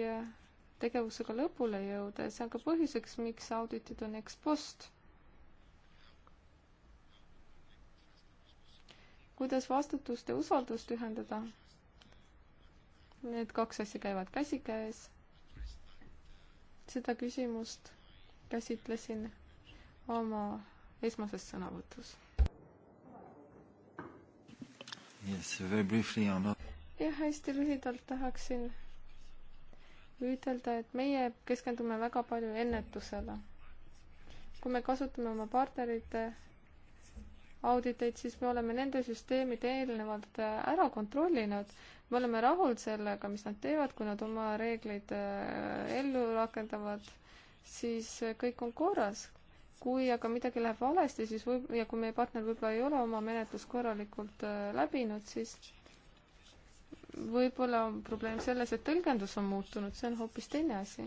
tegevusega lõpule jõuda ja see on ka põhjuseks, miks auditid on ekspost. kuidas vastutust ja usaldust ühendada? Need kaks asja käivad käsikäes. seda küsimust käsitlesin oma esmases sõnavõtus. jah, hästi lühidalt tahaksin ütelda, et meie keskendume väga palju ennetusele. kui me kasutame oma partnerite auditeid, siis me oleme nende süsteemid eelnevalt ära kontrollinud. me oleme rahul sellega, mis nad teevad, kui nad oma reegleid äh, ellu rakendavad, siis kõik on korras. kui aga midagi läheb valesti, siis võib, ja kui meie partner võib-olla ei ole oma menetlust korralikult äh, läbinud, siis võib-olla on probleem selles, et tõlgendus on muutunud, see on hoopis teine asi.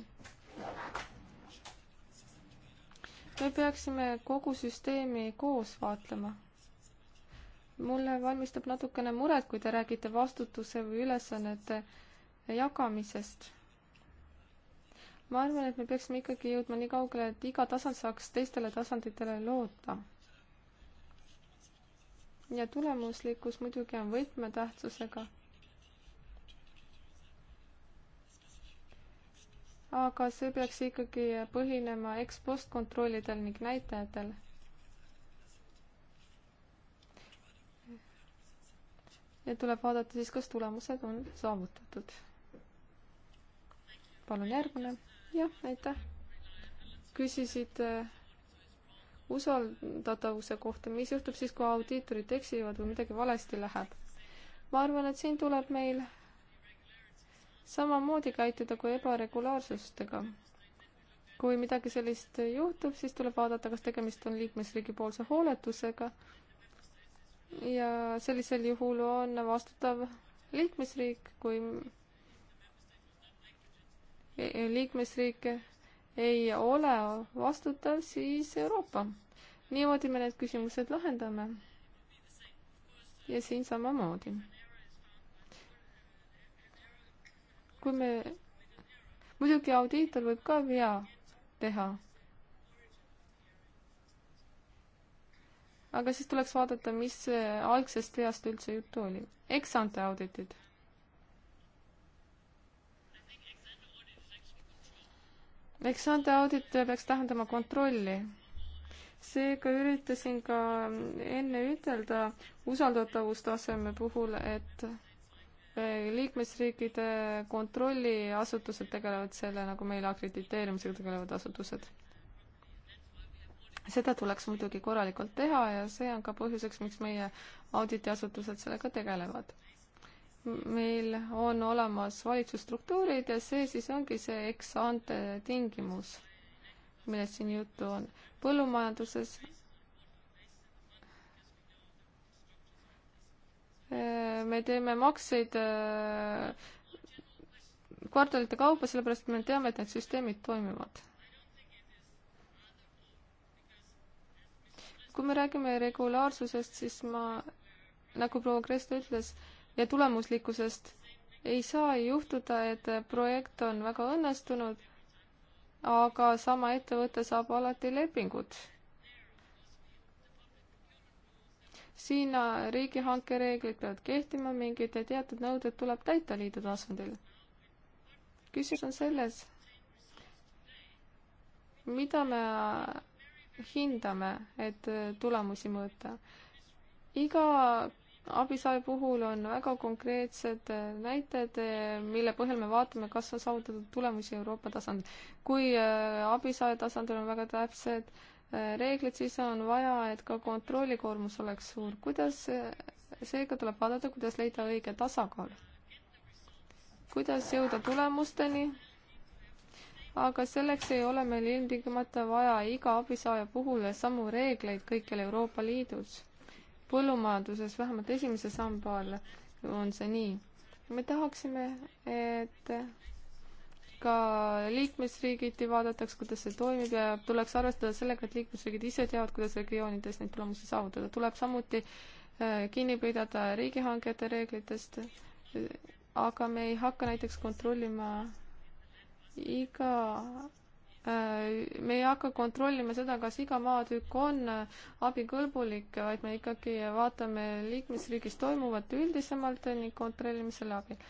me peaksime kogu süsteemi koos vaatlema. mulle valmistab natukene muret, kui te räägite vastutuse või ülesannete jagamisest ma arvan, et me peaksime ikkagi jõudma nii kaugele, et iga tasand saaks teistele tasanditele loota. ja tulemuslikkus muidugi on võtmetähtsusega. aga see peaks ikkagi põhinema ex-post kontrollidel ning näitajatel. ja tuleb vaadata siis, kas tulemused on saavutatud. palun järgmine. jah, aitäh. küsisid äh, usaldatavuse kohta, mis juhtub siis, kui audiitorid eksivad või midagi valesti läheb? ma arvan, et siin tuleb meil samamoodi käituda kui ebaregulaarsustega. kui midagi sellist juhtub, siis tuleb vaadata, kas tegemist on liikmesriigi poolse hooletusega ja sellisel juhul on vastutav liikmesriik, kui liikmesriik ei ole vastutav, siis Euroopa. niimoodi me need küsimused lahendame. ja siin samamoodi kui me, muidugi audiitor võib ka vea teha. aga siis tuleks vaadata, mis algsest veast üldse juttu oli. Ex-ante auditid eks anda audit peaks tähendama kontrolli. seega üritasin ka enne ütelda usaldatavustaseme puhul, et Äh, liikmesriikide kontrolliasutused tegelevad selle, nagu meil akrediteerimisega tegelevad asutused. seda tuleks muidugi korralikult teha ja see on ka põhjuseks, miks meie auditiasutused sellega tegelevad. meil on olemas valitsusstruktuurid ja see siis ongi see ex-ante tingimus, millest siin juttu on. põllumajanduses Äh, me teeme makseid äh, kvartalite kaupa, sellepärast et me teame, et need süsteemid toimivad. kui me räägime regulaarsusest, siis ma, nagu proua Kresta ütles, ja tulemuslikkusest, ei saa juhtuda, et projekt on väga õnnestunud, aga sama ettevõte saab alati lepingut siin äh, riigihanke reeglid peavad kehtima, mingid teatud nõuded tuleb täita liidu tasandil. küsimus on selles, mida me äh, hindame, et äh, tulemusi mõõta. iga abisaaja puhul on väga konkreetsed näited, mille põhjal me vaatame, kas on saavutatud tulemusi Euroopa tasandil. kui abisaaja tasandil on väga täpsed äh, reeglid, siis on vaja, et ka kontrollikoormus oleks suur. kuidas, seega tuleb vaadata, kuidas leida õige tasakaal. kuidas jõuda tulemusteni, aga selleks ei ole meil ilmtingimata vaja iga abisaaja puhul samu reegleid kõikjal Euroopa Liidus. põllumajanduses vähemalt esimese samba all on see nii. me tahaksime, et ka liikmesriigiti vaadatakse, kuidas see toimib ja tuleks arvestada sellega, et liikmesriigid ise teavad, kuidas regioonides neid tulemusi saavutada. tuleb samuti äh, kinni pidada riigihangete reeglitest, aga me ei hakka näiteks kontrollima iga, äh, me ei hakka kontrollima seda, kas iga maatükk on äh, abikõlbulik, vaid me ikkagi vaatame liikmesriigis toimuvat üldisemalt ning kontrollime selle abil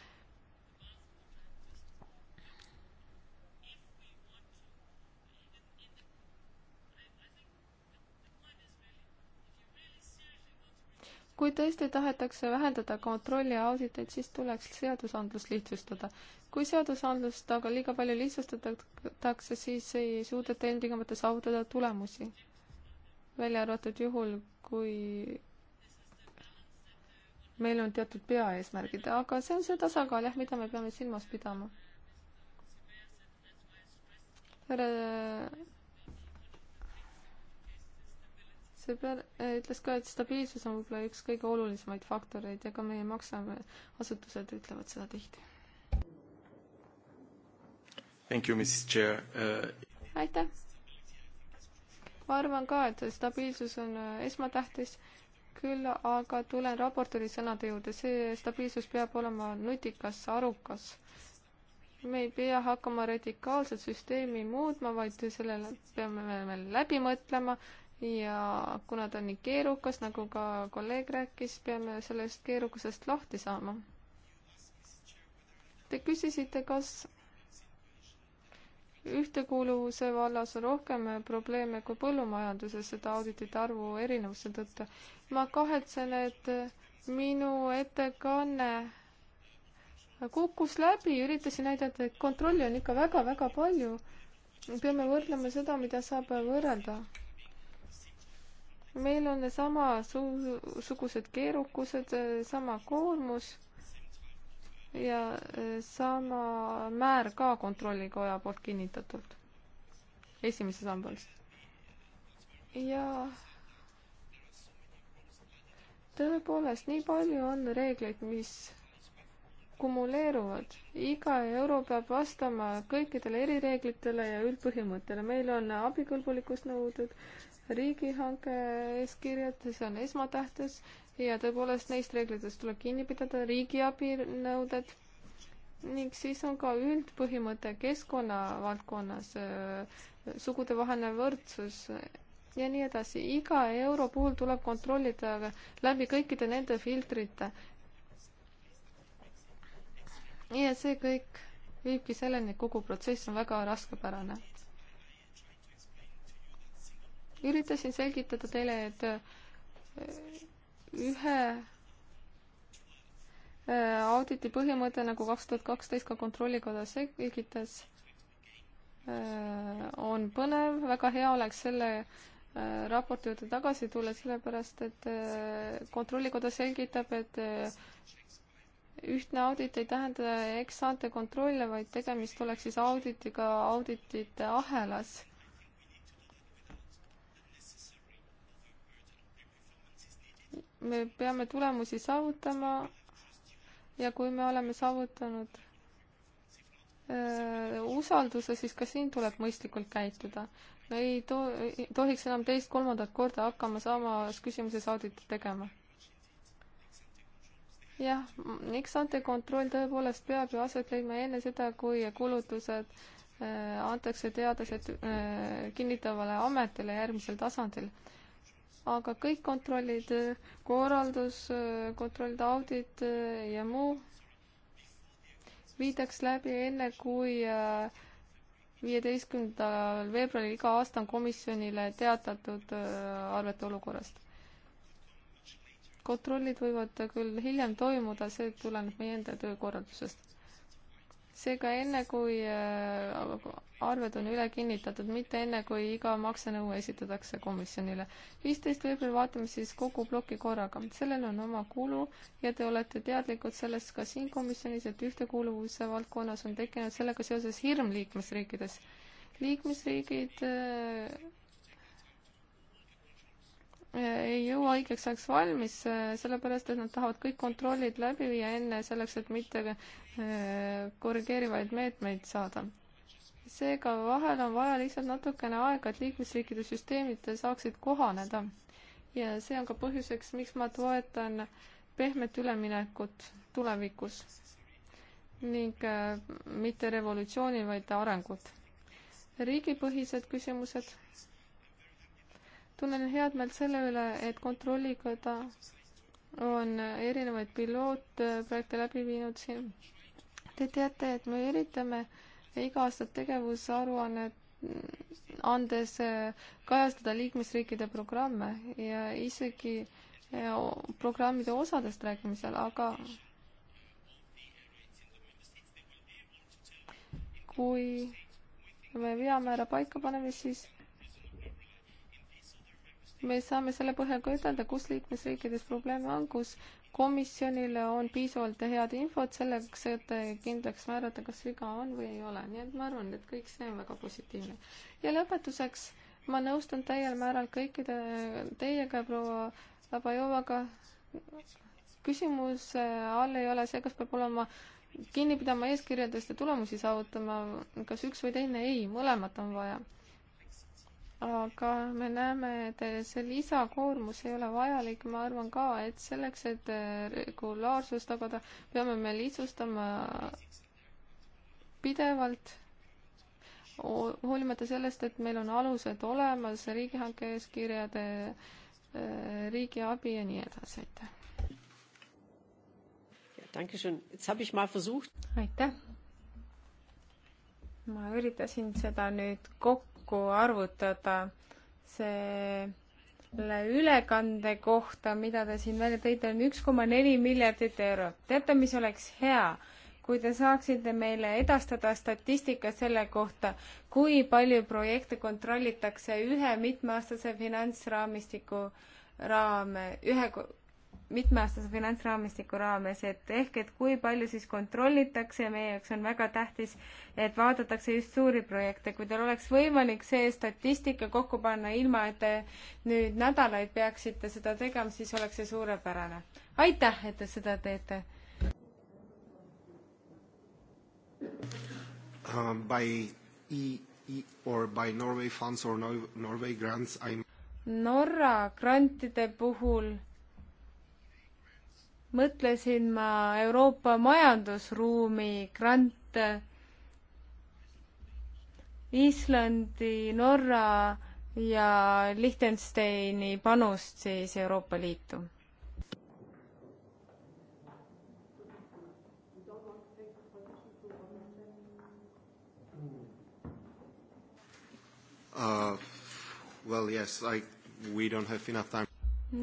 kui tõesti tahetakse vähendada kontrolli ja auditeid, siis tuleks seadusandlust lihtsustada. kui seadusandlust aga liiga palju lihtsustatakse, siis ei suudeta ilmtingimata saavutada tulemusi. välja arvatud juhul, kui meil on teatud peaeesmärgid, aga see on see tasakaal jah, mida me peame silmas pidama. härra Weber äh, ütles ka, et stabiilsus on võib-olla üks kõige olulisemaid faktoreid ja ka meie makseasutused ütlevad seda tihti. Uh... aitäh! ma arvan ka, et stabiilsus on äh, esmatähtis, küll aga tulen raportööri sõnade juurde, see stabiilsus peab olema nutikas, arukas me ei pea hakkama radikaalset süsteemi muutma, vaid sellele peame me läbi mõtlema ja kuna ta on nii keerukas, nagu ka kolleeg rääkis, peame sellest keerukusest lahti saama. Te küsisite, kas ühtekuuluvuse vallas on rohkem probleeme kui põllumajanduses seda auditite arvu erinevuse tõttu. ma kahetsen, et minu ettekanne kukkus läbi, üritasin näidata, et kontrolli on ikka väga-väga palju. peame võrdlema seda, mida saab võrrelda meil on samasugused keerukused, sama koormus ja e, sama määr ka kontrollikoja poolt kinnitatud esimesest sambast. ja tõepoolest, nii palju on reegleid, mis kumuleeruvad. iga euro peab vastama kõikidele erireeglitele ja üldpõhimõttele. meil on abikõlbulikkusnõuded, riigihanke eeskirjad, see on esmatähtis ja tõepoolest neist reeglitest tuleb kinni pidada, riigiabi nõuded ning siis on ka üldpõhimõte keskkonna valdkonnas, äh, sugudevaheline võrdsus ja nii edasi. iga euro puhul tuleb kontrollida läbi kõikide nende filtrite. ja see kõik viibki selleni, et kogu protsess on väga raskepärane üritasin selgitada teile, et äh, ühe äh, auditi põhimõte, nagu kaks tuhat kaksteist ka Kontrollikoda selgitas, äh, on põnev, väga hea oleks selle raporti juurde tagasi tulla, sellepärast et Kontrollikoda selgitab, et ühtne audit ei tähenda ex-ante kontrolle, vaid tegemist oleks siis auditiga auditite ahelas me peame tulemusi saavutama ja kui me oleme saavutanud öö, äh, usalduse, siis ka siin tuleb mõistlikult käituda. me ei to-, ei tohiks enam teist-kolmandat korda hakkama samas küsimuses auditit tegema. jah, eks antekontroll tõepoolest peab ju aset leidma enne seda, kui kulutused öö, äh, antakse teadlased äh, kinnitavale ametile järgmisel tasandil aga kõik kontrollid, korraldus, kontrollide audit äh, ja muu viidaks läbi enne, kui äh, viieteistkümnendal veebruaril iga aasta on komisjonile teatatud äh, arvete olukorrast. kontrollid võivad küll hiljem toimuda, see tuleneb meie enda töökorraldusest seega enne, kui äh, arved on üle kinnitatud, mitte enne, kui iga maksenõue esitatakse komisjonile. viisteist veebruar vaatame siis kogu ploki korraga, sellel on oma kulu ja te olete teadlikud sellest ka siin komisjonis, et ühtekuuluvuse valdkonnas on tekkinud sellega seoses hirm liikmesriikides. liikmesriigid äh, ei jõua õigeks ajaks valmis, eh, sellepärast et nad tahavad kõik kontrollid läbi viia enne selleks, et mitte eh, korrigeerivaid meetmeid saada. seega vahel on vaja lihtsalt natukene aega, et liikmesriikide süsteemid saaksid kohaneda. ja see on ka põhjuseks, miks ma toetan pehmet üleminekut tulevikus ning eh, mitte revolutsiooni, vaid arengut. riigipõhised küsimused tunnen head meelt selle üle, et kontrollikoda on erinevaid pilootprojekte läbi viinud siin. Te teate, et me üritame iga aastat tegevusaruannet andes äh, kajastada liikmesriikide programme ja isegi äh, programmide osadest rääkimisel, aga kui me veamäära paika paneme, siis me saame selle põhjal ka ütelda, kus liikmesriikides probleeme on, kus komisjonile on piisavalt head infot selleks, et kindlaks määrata, kas viga on või ei ole, nii et ma arvan, et kõik see on väga positiivne. ja lõpetuseks ma nõustun täiel määral kõikide teiega, proua Labajovaga. küsimuse all ei ole see, kas peab olema kinni pidama eeskirjadest ja tulemusi saavutama, kas üks või teine, ei, mõlemat on vaja aga me näeme, et see lisakoormus ei ole vajalik, ma arvan ka, et selleks, et äh, regulaarsus tagada, peame me lihtsustama pidevalt, hoolimata sellest, et meil on alused olemas, riigihanke eeskirjad, äh, riigiabi ja nii edasi, aitäh. aitäh ma üritasin seda nüüd kokku kokku arvutada selle ülekande kohta, mida te siin välja tõite, on üks koma neli miljardit eurot. teate, mis oleks hea? kui te saaksite meile edastada statistika selle kohta, kui palju projekte kontrollitakse ühe mitmeaastase finantsraamistiku raame, ühe mitmeaastase finantsraamistiku raames, et ehk et kui palju siis kontrollitakse ja meie jaoks on väga tähtis, et vaadatakse just suuri projekte, kui teil oleks võimalik see statistika kokku panna, ilma et te nüüd nädalaid peaksite seda tegema, siis oleks see suurepärane. aitäh, et te seda teete uh,. By E E or by Norway funds or Norway grants I Norra grantide puhul mõtlesin ma Euroopa majandusruumi grante Islandi, Norra ja Liechtensteini panust siis Euroopa Liitu Uh, well, yes, I, we don't have enough time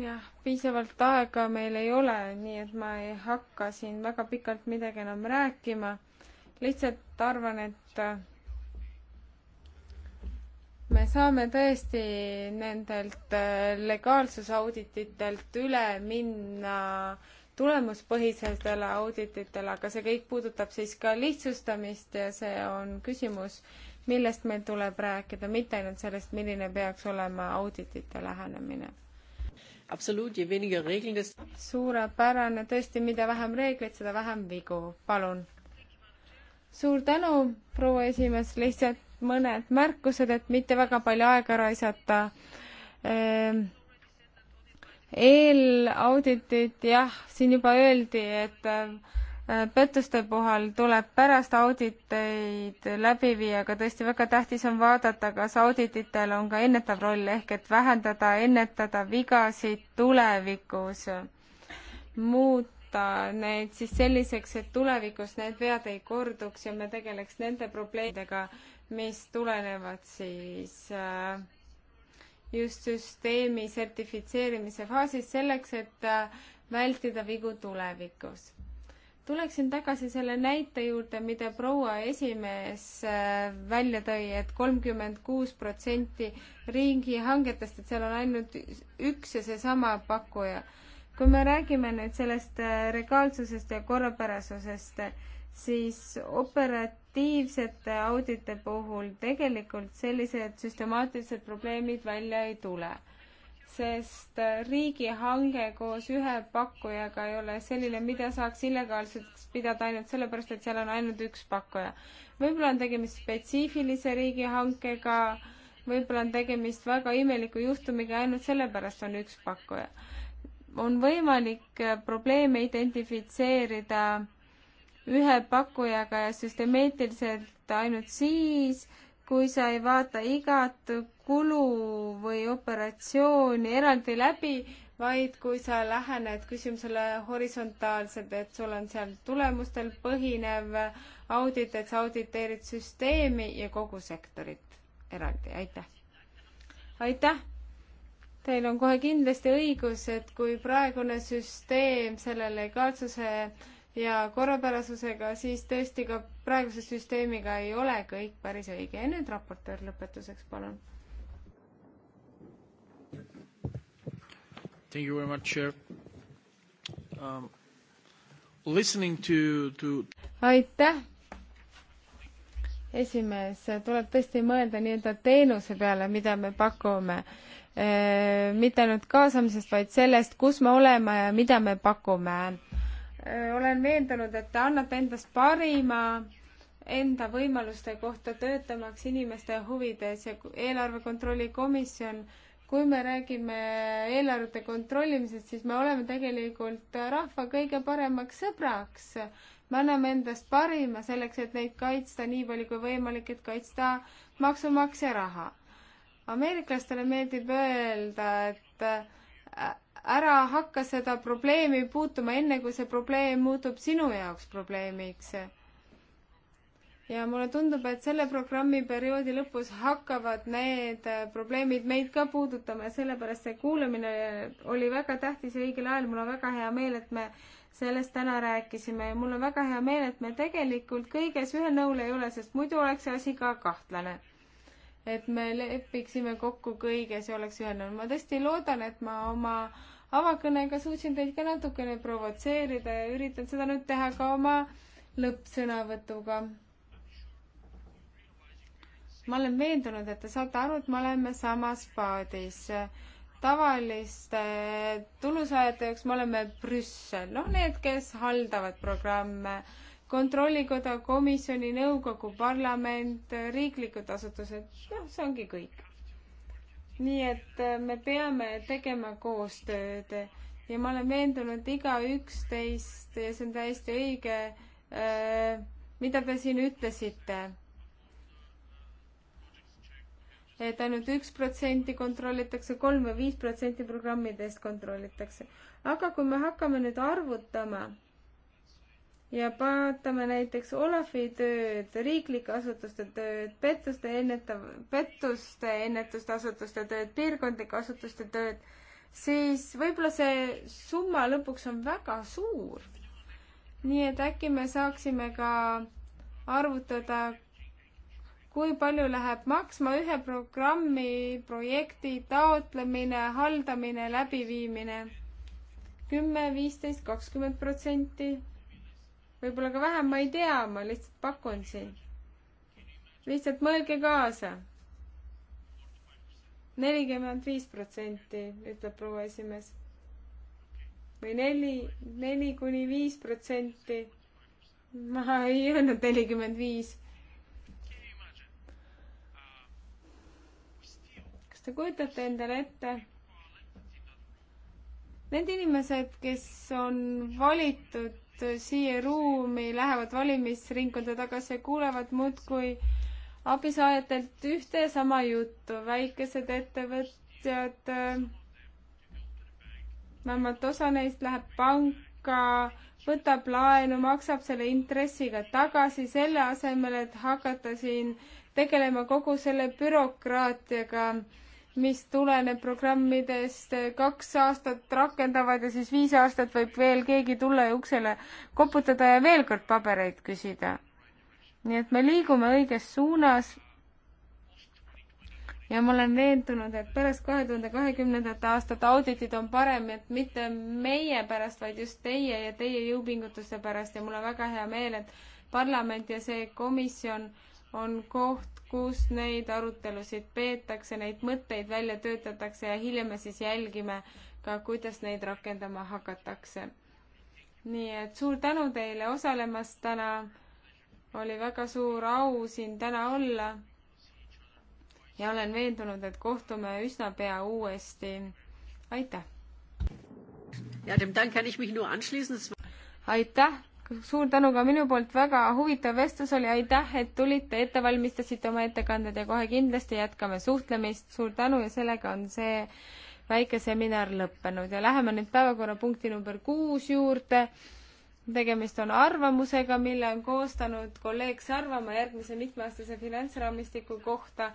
jah, piisavalt aega meil ei ole, nii et ma ei hakka siin väga pikalt midagi enam rääkima. lihtsalt arvan, et äh, me saame tõesti nendelt äh, legaalsusaudititelt üle minna tulemuspõhisetele audititele, aga see kõik puudutab siis ka lihtsustamist ja see on küsimus, millest meil tuleb rääkida, mitte ainult sellest, milline peaks olema auditite lähenemine suurepärane, tõesti, mida vähem reegleid, seda vähem vigu, palun. suur tänu, proua esimees, lihtsalt mõned märkused, et mitte väga palju aega raisata. Ehm, eelauditid, jah, siin juba öeldi, et Äh, pettuste puhul tuleb pärast auditeid läbi viia, aga tõesti väga tähtis on vaadata, kas auditel on ka ennetav roll ehk et vähendada, ennetada vigasid tulevikus, muuta need siis selliseks, et tulevikus need vead ei korduks ja me tegeleks nende probleemidega, mis tulenevad siis äh, just süsteemi sertifitseerimise faasis selleks, et äh, vältida vigu tulevikus tuleksin tagasi selle näite juurde, mida proua esimees äh, välja tõi et, et kolmkümmend kuus protsenti riigihangetest, et seal on ainult üks ja seesama pakkuja. kui me räägime nüüd sellest äh, regaalsusest ja korrapärasusest, siis operatiivsete audite puhul tegelikult sellised süstemaatilised probleemid välja ei tule sest riigihange koos ühe pakkujaga ei ole selline, mida saaks illegaalseks pidada ainult sellepärast, et seal on ainult üks pakkuja. võib-olla on tegemist spetsiifilise riigihankega, võib-olla on tegemist väga imeliku juhtumiga, ainult sellepärast on üks pakkuja. on võimalik äh, probleeme identifitseerida ühe pakkujaga ja süstemeetiliselt ainult siis, kui sa ei vaata igat kulu või operatsiooni eraldi läbi, vaid kui sa lähened küsimusele horisontaalselt, et sul on seal tulemustel põhinev audit, et sa auditeerid süsteemi ja kogu sektorit eraldi, aitäh. aitäh! Teil on kohe kindlasti õigus, et kui praegune süsteem selle legaalsuse ja korrapärasusega, siis tõesti ka praeguse süsteemiga ei ole kõik päris õige ja nüüd raportöör lõpetuseks, palun. Thank you very much, Chair um,. Listening to, to aitäh! esimees, tuleb tõesti mõelda nii-öelda teenuse peale, mida me pakume mitte ainult kaasamisest, vaid sellest, kus me oleme ja mida me pakume. olen veendunud, et te annate endast parima enda võimaluste kohta töötamaks inimeste huvides ja eelarve kontrolli komisjon, kui me räägime eelarvete kontrollimisest, siis me oleme tegelikult rahva kõige paremaks sõbraks. me anname endast parima selleks, et neid kaitsta nii palju kui võimalik, et kaitsta maksumaksja raha. ameeriklastele meeldib öelda, et äh, ära hakka seda probleemi puutuma, enne kui see probleem muutub sinu jaoks probleemiks ja mulle tundub, et selle programmi perioodi lõpus hakkavad need äh, probleemid meid ka puudutama ja sellepärast see kuulamine oli väga tähtis ja õigel ajal. mul on väga hea meel, et me sellest täna rääkisime ja mul on väga hea meel, et me tegelikult kõiges ühel nõul ei ole, sest muidu oleks see asi ka kahtlane. et me lepiksime kokku kõiges ja oleks ühel nõul. ma tõesti loodan, et ma oma avakõnega suutsin teid ka natukene provotseerida ja üritan seda nüüd teha ka oma lõppsõnavõtuga ma olen veendunud, et te saate aru, et me oleme samas paadis. tavaliste tulusaajate jaoks me oleme Brüssel, noh, need, kes haldavad programme, kontrollikoda, komisjoni, nõukogu, parlament, riiklikud asutused, noh, see ongi kõik. nii et äh, me peame tegema koostööd ja ma olen veendunud igaüks teist ja see on täiesti õige, äh, mida te siin ütlesite et ainult üks protsenti kontrollitakse, kolm või viis protsenti programmidest kontrollitakse. aga kui me hakkame nüüd arvutama ja vaatame näiteks Olafi tööd, riiklike asutuste tööd, pettuste ennetav, pettuste ennetusasutuste tööd, piirkondlike asutuste tööd, siis võib-olla see summa lõpuks on väga suur. nii et äkki me saaksime ka arvutada, kui palju läheb maksma ühe programmi projekti taotlemine, haldamine, läbiviimine. kümme, viisteist, kakskümmend protsenti, võib-olla ka vähem, ma ei tea, ma lihtsalt pakun siin. lihtsalt mõelge kaasa. nelikümmend viis protsenti, ütleb proua esimees. või neli, neli kuni viis protsenti. ma ei öelnud nelikümmend viis Te kujutate endale ette, need inimesed, kes on valitud siia ruumi, lähevad valimisringkonda tagasi ja kuulevad muudkui abisaajatelt ühte ja sama juttu, väikesed ettevõtjad, vähemalt osa neist läheb panka, võtab laenu, maksab selle intressiga tagasi, selle asemel, et hakata siin tegelema kogu selle bürokraatiaga mis tuleneb programmidest, kaks aastat rakendavad ja siis viis aastat võib veel keegi tulla ja uksele koputada ja veel kord pabereid küsida. nii et me liigume õiges suunas. ja ma olen veendunud, et pärast kahe tuhande kahekümnendat aastat auditid on parem, et mitte meie pärast, vaid just teie ja teie jõupingutuste pärast ja mul on väga hea meel, et parlament ja see komisjon äh, on koht, kus neid arutelusid peetakse, neid mõtteid välja töötatakse ja hiljem me siis jälgime ka, kuidas neid rakendama hakatakse. nii et suur tänu teile osalemast täna. oli väga suur au siin täna olla. ja olen veendunud, et kohtume üsna pea uuesti. aitäh! aitäh! suur tänu ka minu poolt, väga huvitav vestlus oli, aitäh, et tulite, ette valmistasite oma ettekanded ja kohe kindlasti jätkame suhtlemist, suur tänu ja sellega on see väike seminar lõppenud ja läheme nüüd päevakorrapunkti number kuus juurde. tegemist on arvamusega, mille on koostanud kolleeg Sarvamaa järgmise mitmeaastase finantsraamistiku kohta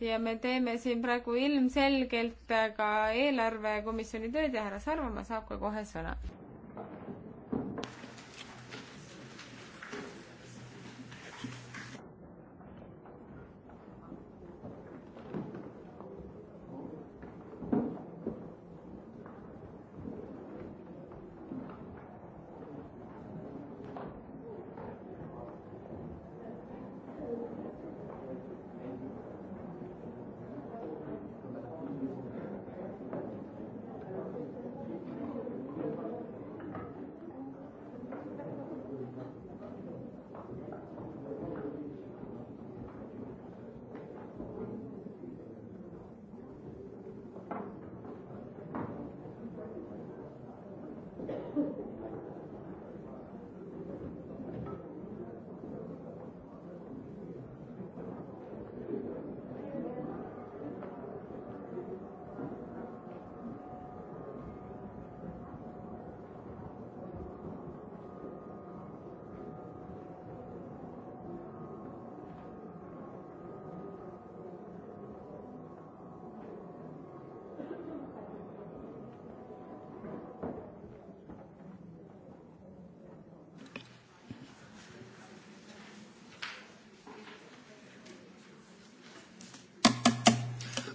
ja me teeme siin praegu ilmselgelt ka eelarvekomisjoni tööd ja härra Sarvamaa saab ka kohe sõna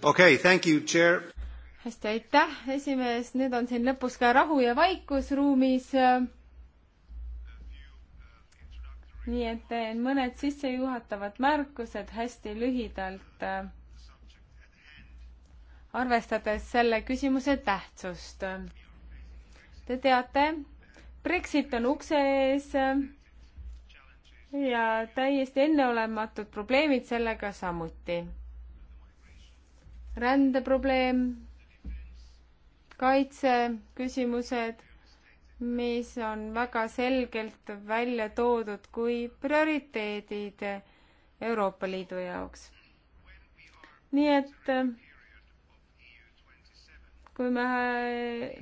okei okay,, thank you, chair. hästi, aitäh, esimees, nüüd on siin lõpus ka rahu ja vaikus ruumis. nii et teen mõned sissejuhatavad märkused hästi lühidalt, arvestades selle küsimuse tähtsust. Te teate, Brexit on ukse ees ja täiesti enneolematud probleemid sellega samuti rändeprobleem, kaitseküsimused, mis on väga selgelt välja toodud kui prioriteedid Euroopa Liidu jaoks. nii et kui me,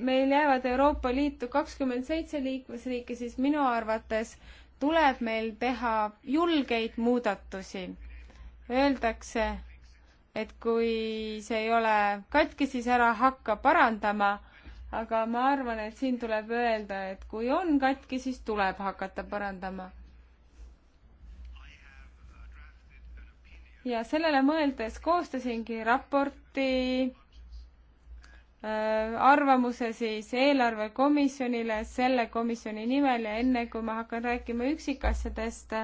meil jäävad Euroopa Liitu kakskümmend seitse liikmesriiki, siis minu arvates tuleb meil teha julgeid muudatusi. Öeldakse, et kui see ei ole katki, siis ära hakka parandama, aga ma arvan, et siin tuleb öelda, et kui on katki, siis tuleb hakata parandama. ja sellele mõeldes koostasingi raporti äh, arvamuse siis eelarvekomisjonile selle komisjoni nimel ja enne kui ma hakkan rääkima üksikasjadest,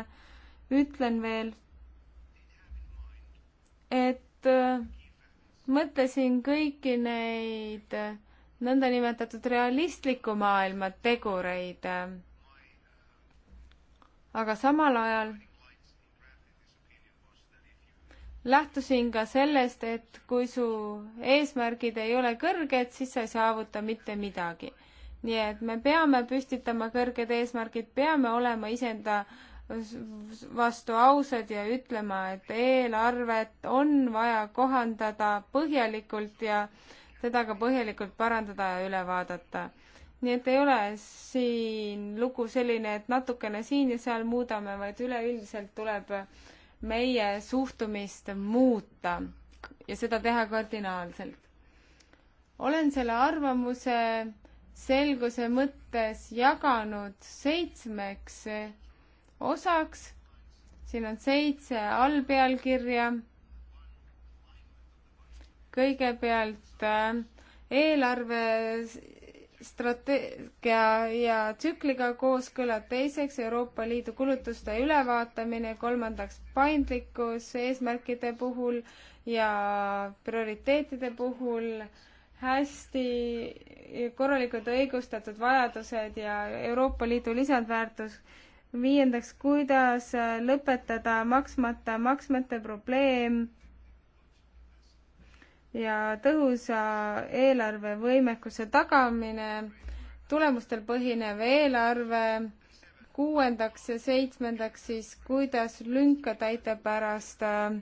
ütlen veel, et Äh, mõtlesin kõiki neid äh, nõndanimetatud realistliku maailma tegureid. Äh. aga samal ajal lähtusin ka sellest, et kui su eesmärgid ei ole kõrged, siis sa ei saavuta mitte midagi. nii et me peame püstitama kõrged eesmärgid, peame olema iseenda äh, vastu ausad ja ütlema, et eelarvet on vaja kohandada põhjalikult ja teda ka põhjalikult parandada ja üle vaadata. nii et ei ole siin lugu selline, et natukene siin ja seal muudame, vaid üleüldiselt tuleb meie suhtumist muuta ja seda teha kardinaalselt. olen selle arvamuse selguse mõttes jaganud seitsmeks osaks. siin on seitse allpealkirja. kõigepealt äh, eelarve strateegia ja tsükliga kooskõla, teiseks Euroopa Liidu kulutuste ülevaatamine, kolmandaks paindlikkus eesmärkide puhul ja prioriteetide puhul, hästi korralikult õigustatud vajadused ja Euroopa Liidu lisandväärtus viiendaks, kuidas äh, lõpetada maksmata maksmete probleem ja tõhusa eelarvevõimekuse tagamine, tulemustel põhinev eelarve, kuuendaks ja seitsmendaks siis, kuidas lünka täita pärast äh,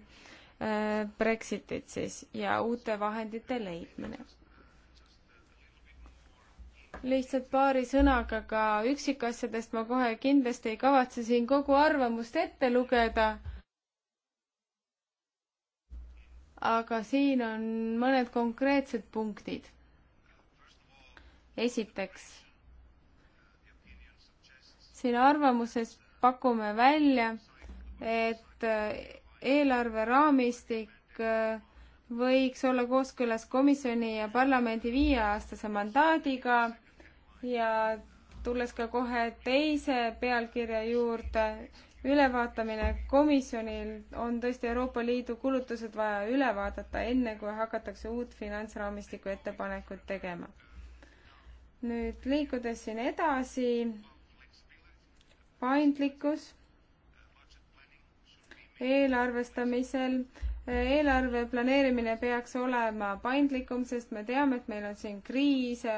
Brexitit siis ja uute vahendite leidmine lihtsalt paari sõnaga ka üksikasjadest ma kohe kindlasti ei kavatse siin kogu arvamust ette lugeda. aga siin on mõned konkreetsed punktid. esiteks, siin arvamuses pakume välja, et äh, eelarveraamistik äh, võiks olla kooskõlas komisjoni ja parlamendi viieaastase mandaadiga ja tulles ka kohe teise pealkirja juurde, ülevaatamine komisjonil on tõesti Euroopa Liidu kulutused vaja üle vaadata, enne kui hakatakse uut finantsraamistiku ettepanekut tegema. nüüd liikudes siin edasi, paindlikkus eelarvestamisel eelarve planeerimine peaks olema paindlikum, sest me teame, et meil on siin kriise,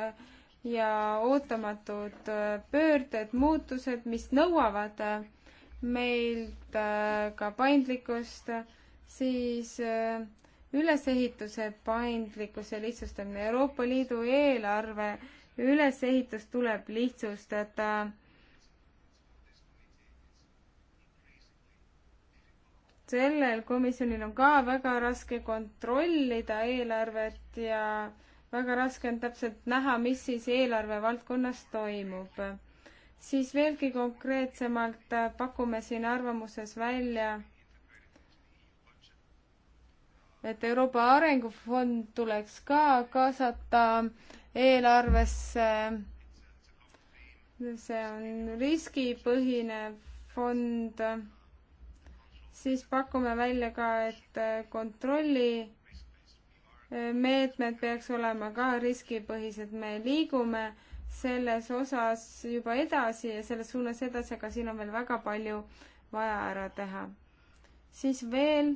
ja ootamatud äh, pöörded, muutused, mis nõuavad äh, meilt äh, ka paindlikkust, siis ülesehituse paindlikkuse lihtsustamine, Euroopa Liidu eelarve ülesehitust tuleb lihtsustada. sellel komisjonil on ka väga raske kontrollida eelarvet ja äh, väga raske on täpselt näha, mis siis eelarve valdkonnas toimub. siis veelgi konkreetsemalt äh, pakume siin arvamuses välja, et Euroopa Arengufond tuleks ka kaasata eelarvesse. see on riskipõhine fond. siis pakume välja ka, et äh, kontrolli meetmed peaks olema ka riskipõhised, me liigume selles osas juba edasi ja selles suunas edasi, aga siin on veel väga palju vaja ära teha. siis veel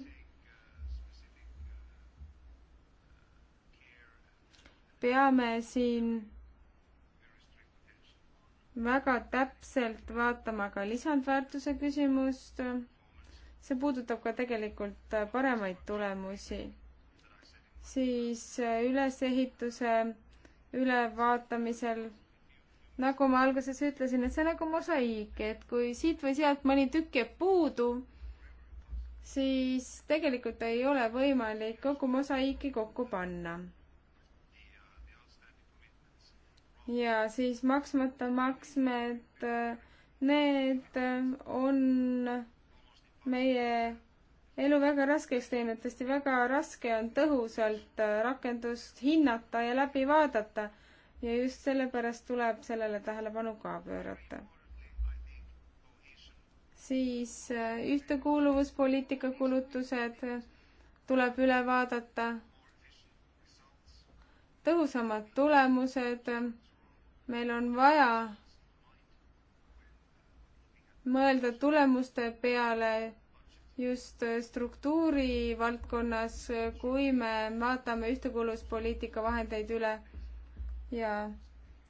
peame siin väga täpselt vaatama ka lisandväärtuse küsimust. see puudutab ka tegelikult paremaid tulemusi siis äh, ülesehituse ülevaatamisel, nagu ma alguses ütlesin, et see on nagu mosaiik, et kui siit või sealt mõni tükk jääb puudu, siis tegelikult ei ole võimalik kogu mosaiiki kokku panna. ja siis maksmata maksmed, äh, need äh, on meie elu väga raskeks teinud, tõesti väga raske on tõhusalt äh, rakendust hinnata ja läbi vaadata. ja just sellepärast tuleb sellele tähelepanu ka pöörata. siis äh, ühtekuuluvuspoliitika kulutused äh, tuleb üle vaadata. tõhusamad tulemused, meil on vaja mõelda tulemuste peale just äh, struktuuri valdkonnas, kui me vaatame ühtekuuluvuspoliitika vahendeid üle ja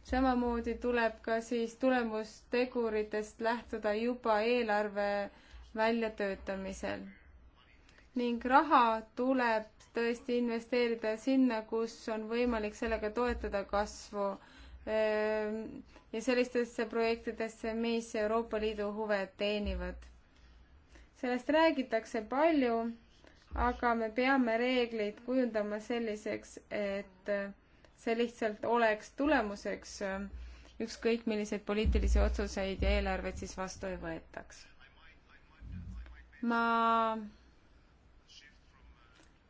samamoodi tuleb ka siis tulemusteguritest lähtuda juba eelarve väljatöötamisel. ning raha tuleb tõesti investeerida sinna, kus on võimalik sellega toetada kasvu ähm, ja sellistesse projektidesse, mis Euroopa Liidu huve teenivad sellest räägitakse palju, aga me peame reeglid kujundama selliseks, et see lihtsalt oleks tulemuseks, ükskõik milliseid poliitilisi otsuseid ja eelarveid siis vastu ei võetaks. ma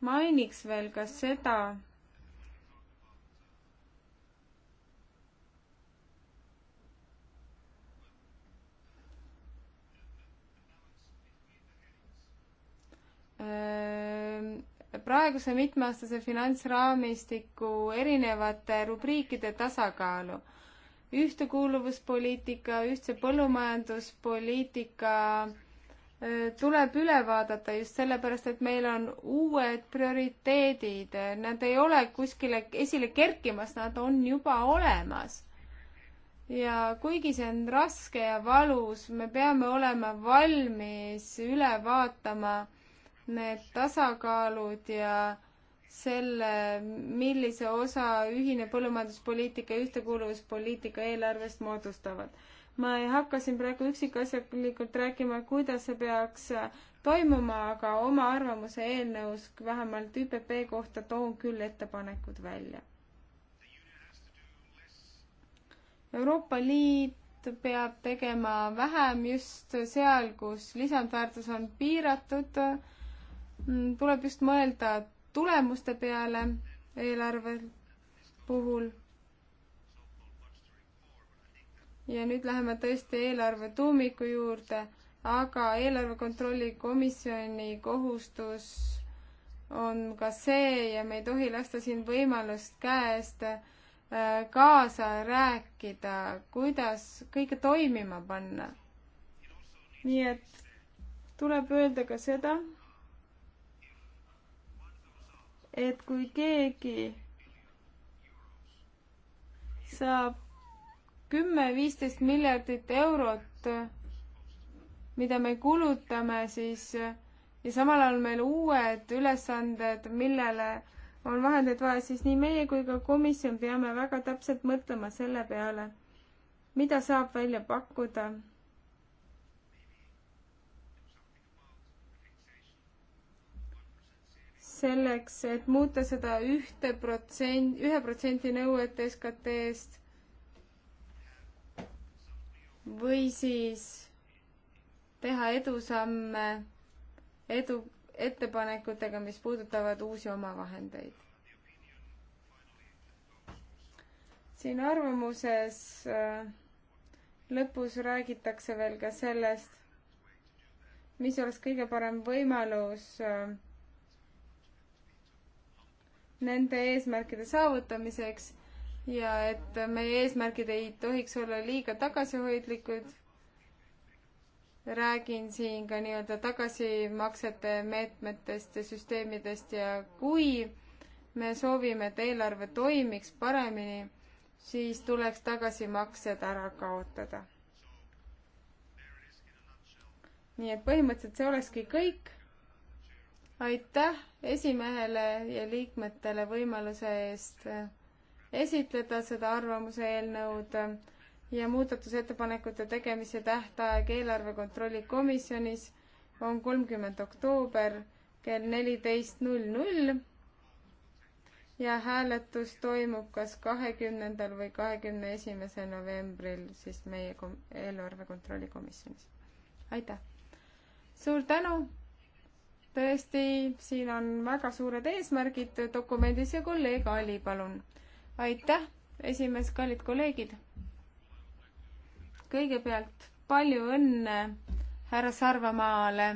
mainiks veel ka seda, praeguse mitmeaastase finantsraamistiku erinevate rubriikide tasakaalu. ühtekuuluvuspoliitika, ühtse põllumajanduspoliitika tuleb üle vaadata just sellepärast, et meil on uued prioriteedid, nad ei ole kuskile esile kerkimas, nad on juba olemas. ja kuigi see on raske ja valus, me peame olema valmis üle vaatama need tasakaalud ja selle, millise osa ühine põllumajanduspoliitika ja ühtekuuluvuspoliitika eelarvest moodustavad. ma ei hakka siin praegu üksikasjalikult rääkima, kuidas see peaks toimuma, aga oma arvamuse eelnõus vähemalt ÜPP kohta toon küll ettepanekud välja. Euroopa Liit peab tegema vähem just seal, kus lisandväärtus on piiratud tuleb just mõelda tulemuste peale eelarve puhul. ja nüüd läheme tõesti eelarve tuumiku juurde, aga eelarve kontrolli komisjoni kohustus on ka see ja me ei tohi lasta siin võimalust käest äh, kaasa rääkida, kuidas kõike toimima panna. nii et tuleb öelda ka seda et kui keegi saab kümme, viisteist miljardit eurot, mida me kulutame, siis ja samal ajal meil uued ülesanded, millele on vahendeid vaja, siis nii meie kui ka komisjon peame väga täpselt mõtlema selle peale, mida saab välja pakkuda selleks, et muuta seda ühte protsent, ühe protsendi nõuet SKT-st või siis teha edusamme edu, ettepanekutega, mis puudutavad uusi omavahendeid. siin arvamuses äh, lõpus räägitakse veel ka sellest, mis oleks kõige parem võimalus äh, nende eesmärkide saavutamiseks ja et meie eesmärgid ei tohiks olla liiga tagasihoidlikud. räägin siin ka nii-öelda tagasimaksete meetmetest ja süsteemidest ja kui me soovime, et eelarve toimiks paremini, siis tuleks tagasimaksed ära kaotada. nii et põhimõtteliselt see olekski kõik aitäh esimehele ja liikmetele võimaluse eest esitleda seda arvamuse eelnõud ja muudatusettepanekute tegemise tähtaeg eelarve kontrolli komisjonis on kolmkümmend oktoober kell neliteist null null ja hääletus toimub kas kahekümnendal või kahekümne esimesel novembril siis meie kom-, eelarve kontrolli komisjonis. aitäh! suur tänu! tõesti, siin on väga suured eesmärgid dokumendis ja kolleeg Ali, palun. aitäh, esimees, kallid kolleegid. kõigepealt palju õnne härra Sarvamaale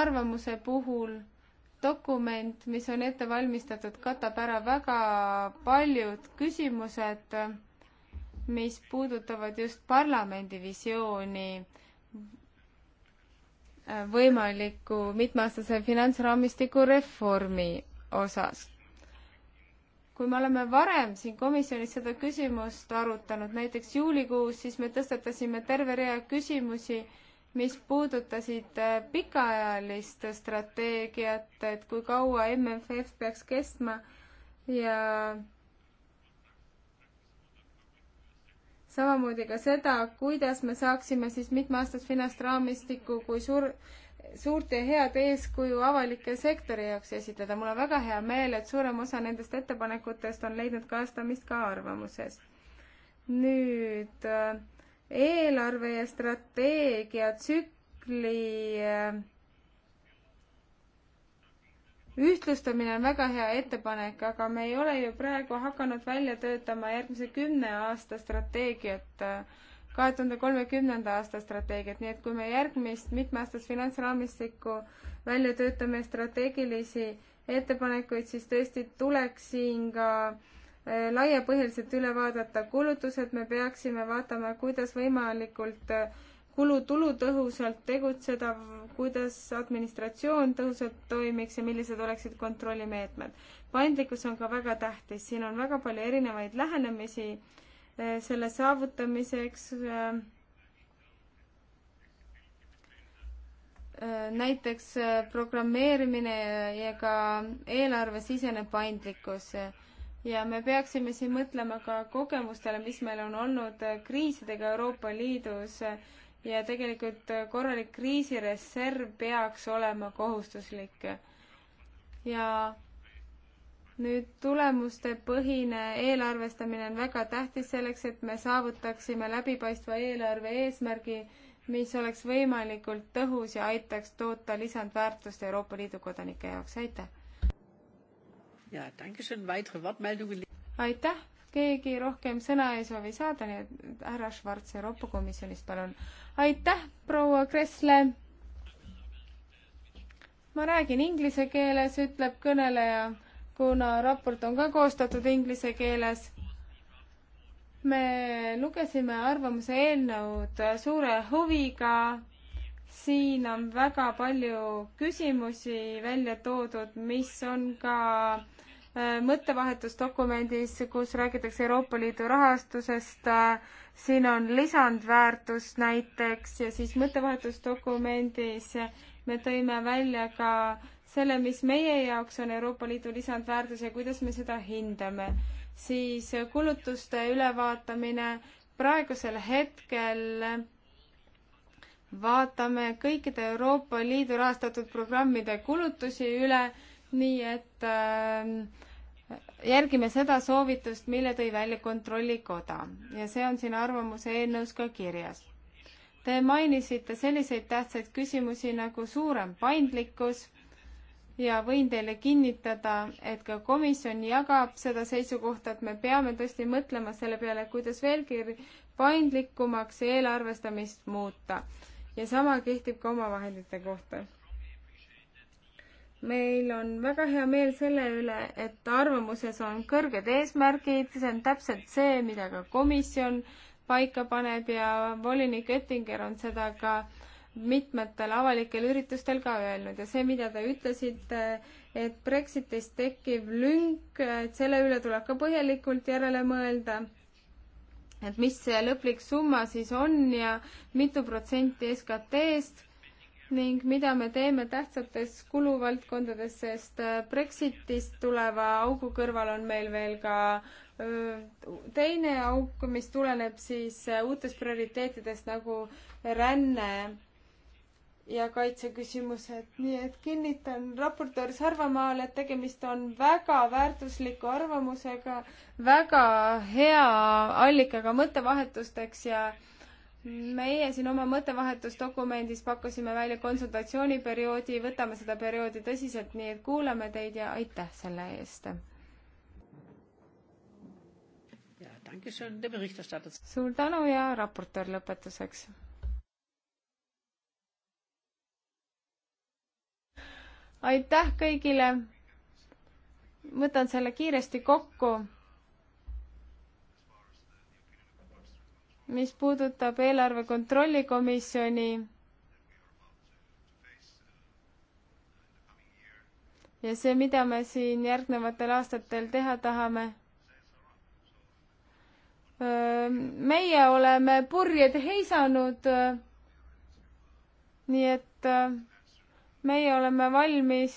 arvamuse puhul dokument, mis on ette valmistatud, katab ära väga paljud küsimused, mis puudutavad just parlamendi visiooni võimaliku mitmeaastase finantsraamistiku reformi osas. kui me oleme varem siin komisjonis seda küsimust arutanud, näiteks juulikuus, siis me tõstatasime terve rea küsimusi, mis puudutasid äh, pikaajalist strateegiat, et kui kaua MFF peaks kestma ja samamoodi ka seda, kuidas me saaksime siis mitmeaastast finantsraamistikku kui suur, suurt ja head eeskuju avalike sektori jaoks esitada. mul on väga hea meel, et suurem osa nendest ettepanekutest on leidnud kajastamist ka arvamuses. nüüd äh, eelarve ja strateegiatsükli äh, ühtlustamine on väga hea ettepanek, aga me ei ole ju praegu hakanud välja töötama järgmise kümne aasta strateegiat, kahe tuhande kolmekümnenda aasta strateegiat, nii et kui me järgmist mitmeaastast finantsraamistikku välja töötame strateegilisi ettepanekuid, siis tõesti tuleks siin ka eh, laiapõhjaliselt üle vaadata kulutused, me peaksime vaatama, kuidas võimalikult äh, kulutulutõhusalt tegutseda, kuidas administratsioon tõhusalt toimiks ja millised oleksid kontrollimeetmed. paindlikkus on ka väga tähtis, siin on väga palju erinevaid lähenemisi eh, selle saavutamiseks. Eh, eh, näiteks programmeerimine ja ka eelarvesisene paindlikkus ja me peaksime siin mõtlema ka kogemustele, mis meil on olnud kriisidega Euroopa Liidus ja tegelikult korralik kriisireserv peaks olema kohustuslik. ja nüüd tulemustepõhine eelarvestamine on väga tähtis selleks, et me saavutaksime läbipaistva eelarve eesmärgi, mis oleks võimalikult tõhus ja aitaks toota lisandväärtust Euroopa Liidu kodanike jaoks, aitäh! aitäh, keegi rohkem sõna ei soovi saada, nii et härra Schwarz Euroopa Komisjonist, palun aitäh, proua Kressle. ma räägin inglise keeles, ütleb kõneleja, kuna raport on ka koostatud inglise keeles. me lugesime arvamuse eelnõud suure huviga. siin on väga palju küsimusi välja toodud, mis on ka mõttevahetusdokumendis, kus räägitakse Euroopa Liidu rahastusest, siin on lisandväärtus näiteks ja siis mõttevahetusdokumendis me tõime välja ka selle, mis meie jaoks on Euroopa Liidu lisandväärtus ja kuidas me seda hindame. siis kulutuste ülevaatamine praegusel hetkel vaatame kõikide Euroopa Liidu rahastatud programmide kulutusi üle nii et äh, järgime seda soovitust, mille tõi välja Kontrollikoda ja see on siin arvamuse eelnõus ka kirjas. Te mainisite selliseid tähtsaid küsimusi nagu suurem paindlikkus ja võin teile kinnitada, et ka komisjon jagab seda seisukohta, et me peame tõesti mõtlema selle peale, kuidas veelgi paindlikumaks eelarvestamist muuta. ja sama kehtib ka omavahendite kohta meil on väga hea meel selle üle, et arvamuses on kõrged eesmärgid, see on täpselt see, mida ka komisjon paika paneb ja volinik Oettinger on seda ka mitmetel avalikel üritustel ka öelnud ja see, mida te ütlesite, et Brexitist tekkiv lünk, et selle üle tuleb ka põhjalikult järele mõelda, et mis see lõplik summa siis on ja mitu protsenti SKT-st ning mida me teeme tähtsates kuluvaldkondades, sest äh, Brexitist tuleva augu kõrval on meil veel ka äh, teine auk, mis tuleneb siis äh, uutest prioriteetidest nagu ränne ja kaitseküsimused, nii et kinnitan raportöör Sarvamaal, et tegemist on väga väärtusliku arvamusega, väga hea allikaga mõttevahetusteks ja äh, meie siin oma mõttevahetusdokumendis pakkusime välja konsultatsiooniperioodi, võtame seda perioodi tõsiselt, nii et kuulame teid ja aitäh selle eest. suur tänu ja raportöör lõpetuseks. aitäh kõigile. võtan selle kiiresti kokku mis puudutab eelarve kontrolli komisjoni ja see, mida me siin järgnevatel aastatel teha tahame. meie oleme purjed heisanud. nii et meie oleme valmis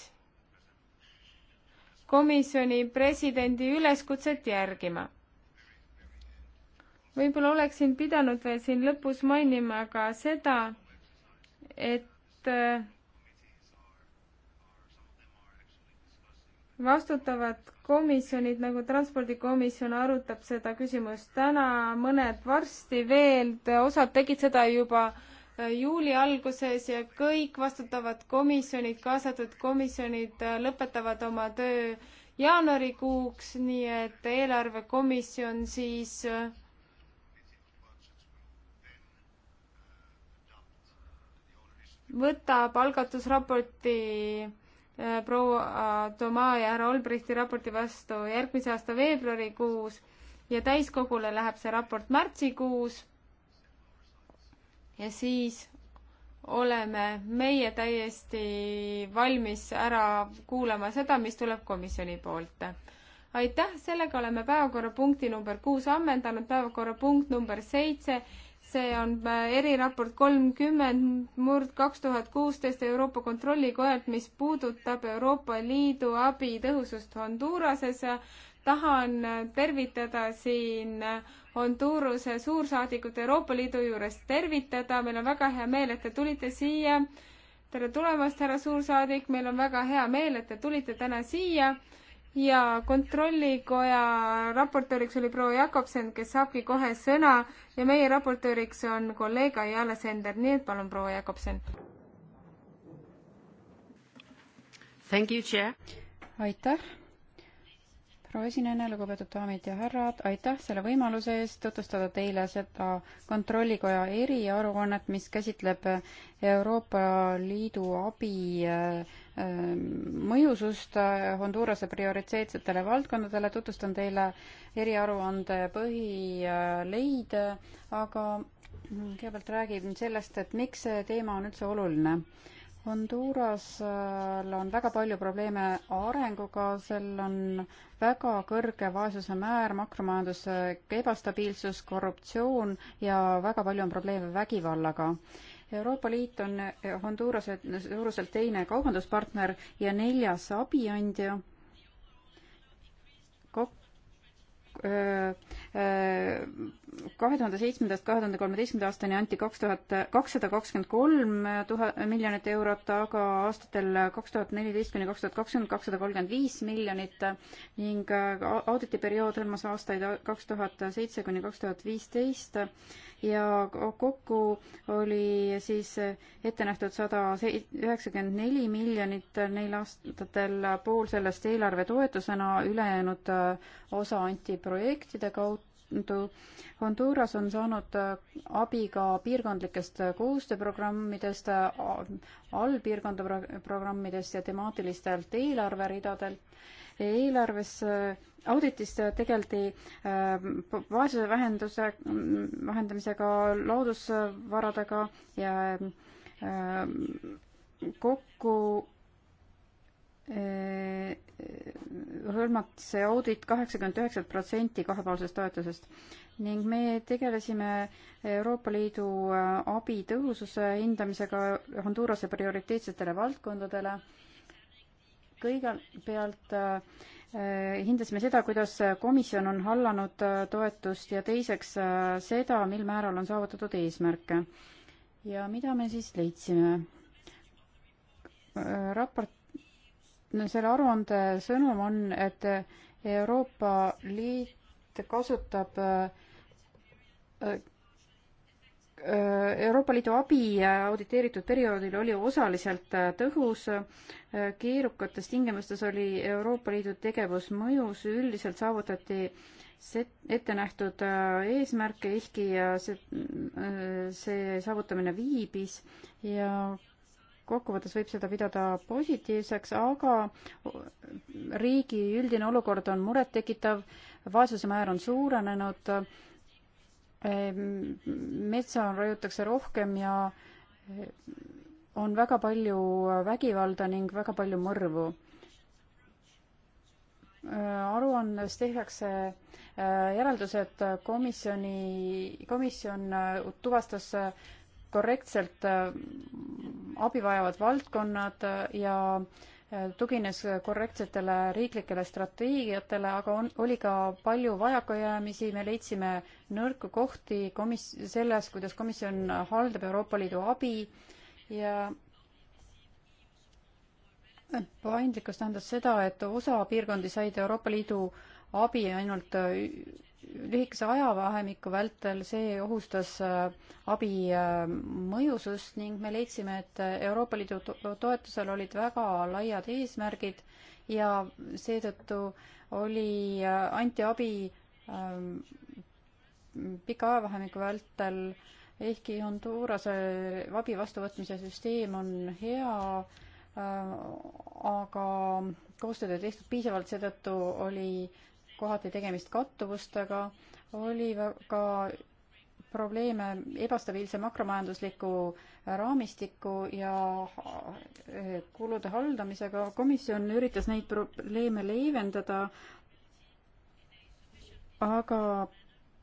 komisjoni presidendi üleskutset järgima võib-olla oleksin pidanud veel siin lõpus mainima ka seda, et äh, vastutavad komisjonid nagu transpordikomisjon arutab seda küsimust täna, mõned varsti veel, osad tegid seda juba äh, juuli alguses ja kõik vastutavad komisjonid, kaasatud komisjonid äh, lõpetavad oma töö jaanuarikuuks, nii et eelarvekomisjon siis äh, võtab algatusraporti äh, proua äh, Toma ja härra Olbrichti raporti vastu järgmise aasta veebruarikuus ja täiskogule läheb see raport märtsikuus. ja siis oleme meie täiesti valmis ära kuulama seda, mis tuleb komisjoni poolt. aitäh, sellega oleme päevakorrapunkti number kuus ammendanud, päevakorrapunkt number seitse see on äh, eriraport kolmkümmend murd kaks tuhat kuusteist Euroopa Kontrollikojalt, mis puudutab Euroopa Liidu abi tõhusust Honduras'es. tahan äh, tervitada siin äh, Honduruse suursaadikut Euroopa Liidu juures, tervitada, meil on väga hea meel, et te tulite siia. tere tulemast, härra suursaadik, meil on väga hea meel, et te tulite täna siia ja kontrollikoja raportööriks oli proua Jakobsen, kes saabki kohe sõna ja meie raportööriks on kolleeg Ayala Sender, nii et palun, proua Jakobsen. aitäh, proua esinejana, lugupeetud daamid ja härrad, aitäh selle võimaluse eest tutvustada teile seda Kontrollikoja eriaruannet, mis käsitleb Euroopa Liidu abi äh, mõjusust Hondurase prioriteetsetele valdkondadele, tutvustan teile eriaruande põhileide, aga kõigepealt räägin sellest, et miks see teema on üldse oluline. Hondurasel on väga palju probleeme arenguga, seal on väga kõrge vaesuse määr, makromajanduse ebastabiilsus, korruptsioon ja väga palju on probleeme vägivallaga Euroopa Liit on Hondurase suuruselt teine kaubanduspartner ja neljas abiandja. kokku äh, äh, kahe tuhande seitsmendast kahe tuhande kolmeteistkümnenda aastani anti kaks tuhat kakssada kakskümmend kolm tuhat miljonit eurot, aga aastatel kaks tuhat neliteist kuni kaks tuhat kakskümmend kakssada kolmkümmend viis miljonit ning äh, auditiperiood hõlmas aastaid kaks tuhat seitse kuni kaks tuhat viisteist ja kokku oli siis ette nähtud sada üheksakümmend neli miljonit neil aastatel, pool sellest eelarve toetusena, ülejäänud osa anti projektide kaudu. Honduras on saanud abi ka piirkondlikest koostööprogrammidest, allpiirkondade programmidest ja temaatilistelt eelarveridadelt eelarves auditis tegeldi ähm, vaesuse vähenduse, vähendamisega, loodusvaradega ja ähm, kokku äh, hõlmati see audit kaheksakümmend üheksa protsenti kahepoolsest toetusest ning me tegelesime Euroopa Liidu äh, abi tõhususe hindamisega Hondurase prioriteetsetele valdkondadele kõigepealt äh, hindasime seda, kuidas komisjon on hallanud äh, toetust ja teiseks äh, seda, mil määral on saavutatud eesmärke. ja mida me siis leidsime? raport, selle aruande sõnum on, et Euroopa Liit kasutab Äh, Euroopa Liidu abi äh, auditeeritud perioodil oli osaliselt äh, tõhus, keerukates tingimustes oli Euroopa Liidu tegevus mõjus, üldiselt saavutati ette nähtud eesmärke, ehkki see, see saavutamine viibis ja kokkuvõttes võib seda pidada positiivseks, aga riigi üldine olukord on murettekitav, vaesuse määr on suurenenud Ehm, metsa raiutakse rohkem ja eh, on väga palju vägivalda ning väga palju mõrvu. Ehm, aruandes tehakse eh, järeldused komisjoni, komisjon eh, tuvastas korrektselt abi vajavad valdkonnad ja äh, tugines korrektsetele riiklikele strateegiatele, aga on, oli ka palju vajakajäämisi, me leidsime nõrku kohti komis-, selles, kuidas komisjon haldab Euroopa Liidu abi ja paindlikkus tähendas seda, et osa piirkondi said Euroopa Liidu abi ainult lühikese ajavahemiku vältel, see ohustas äh, abi äh, mõjusust ning me leidsime, et Euroopa Liidu toetusel olid väga laiad eesmärgid ja seetõttu oli, äh, anti abi ähm, pika ajavahemiku vältel, ehkki Hondurase abi vastuvõtmise süsteem on hea, aga koostööd ei tehtud piisavalt, seetõttu oli kohati tegemist kattuvustega, oli väga probleeme ebastabiilse makromajandusliku raamistiku ja eh, kulude haldamisega. komisjon üritas neid probleeme leevendada, aga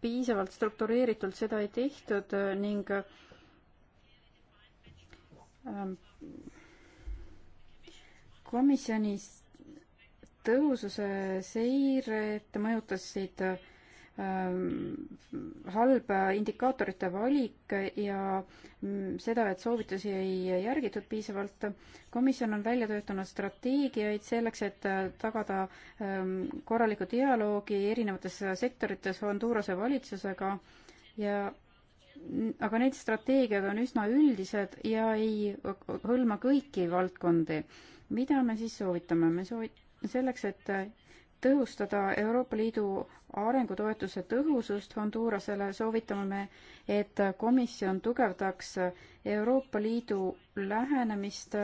piisavalt struktureeritult seda ei tehtud ning ähm, komisjonis tõhususe seiret mõjutasid ähm, halb indikaatorite valik ja mm, seda, et soovitusi ei järgitud piisavalt. komisjon on välja töötanud strateegiaid selleks, et äh, tagada ähm, korralikku dialoogi erinevates sektorites Hondurase valitsusega ja aga need strateegiad on üsna üldised ja ei hõlma kõiki valdkondi. mida me siis soovitame? me soovit-, selleks, et tõhustada Euroopa Liidu arengutoetuse tõhusust Hondurasele soovitame me, et komisjon tugevdaks Euroopa Liidu lähenemist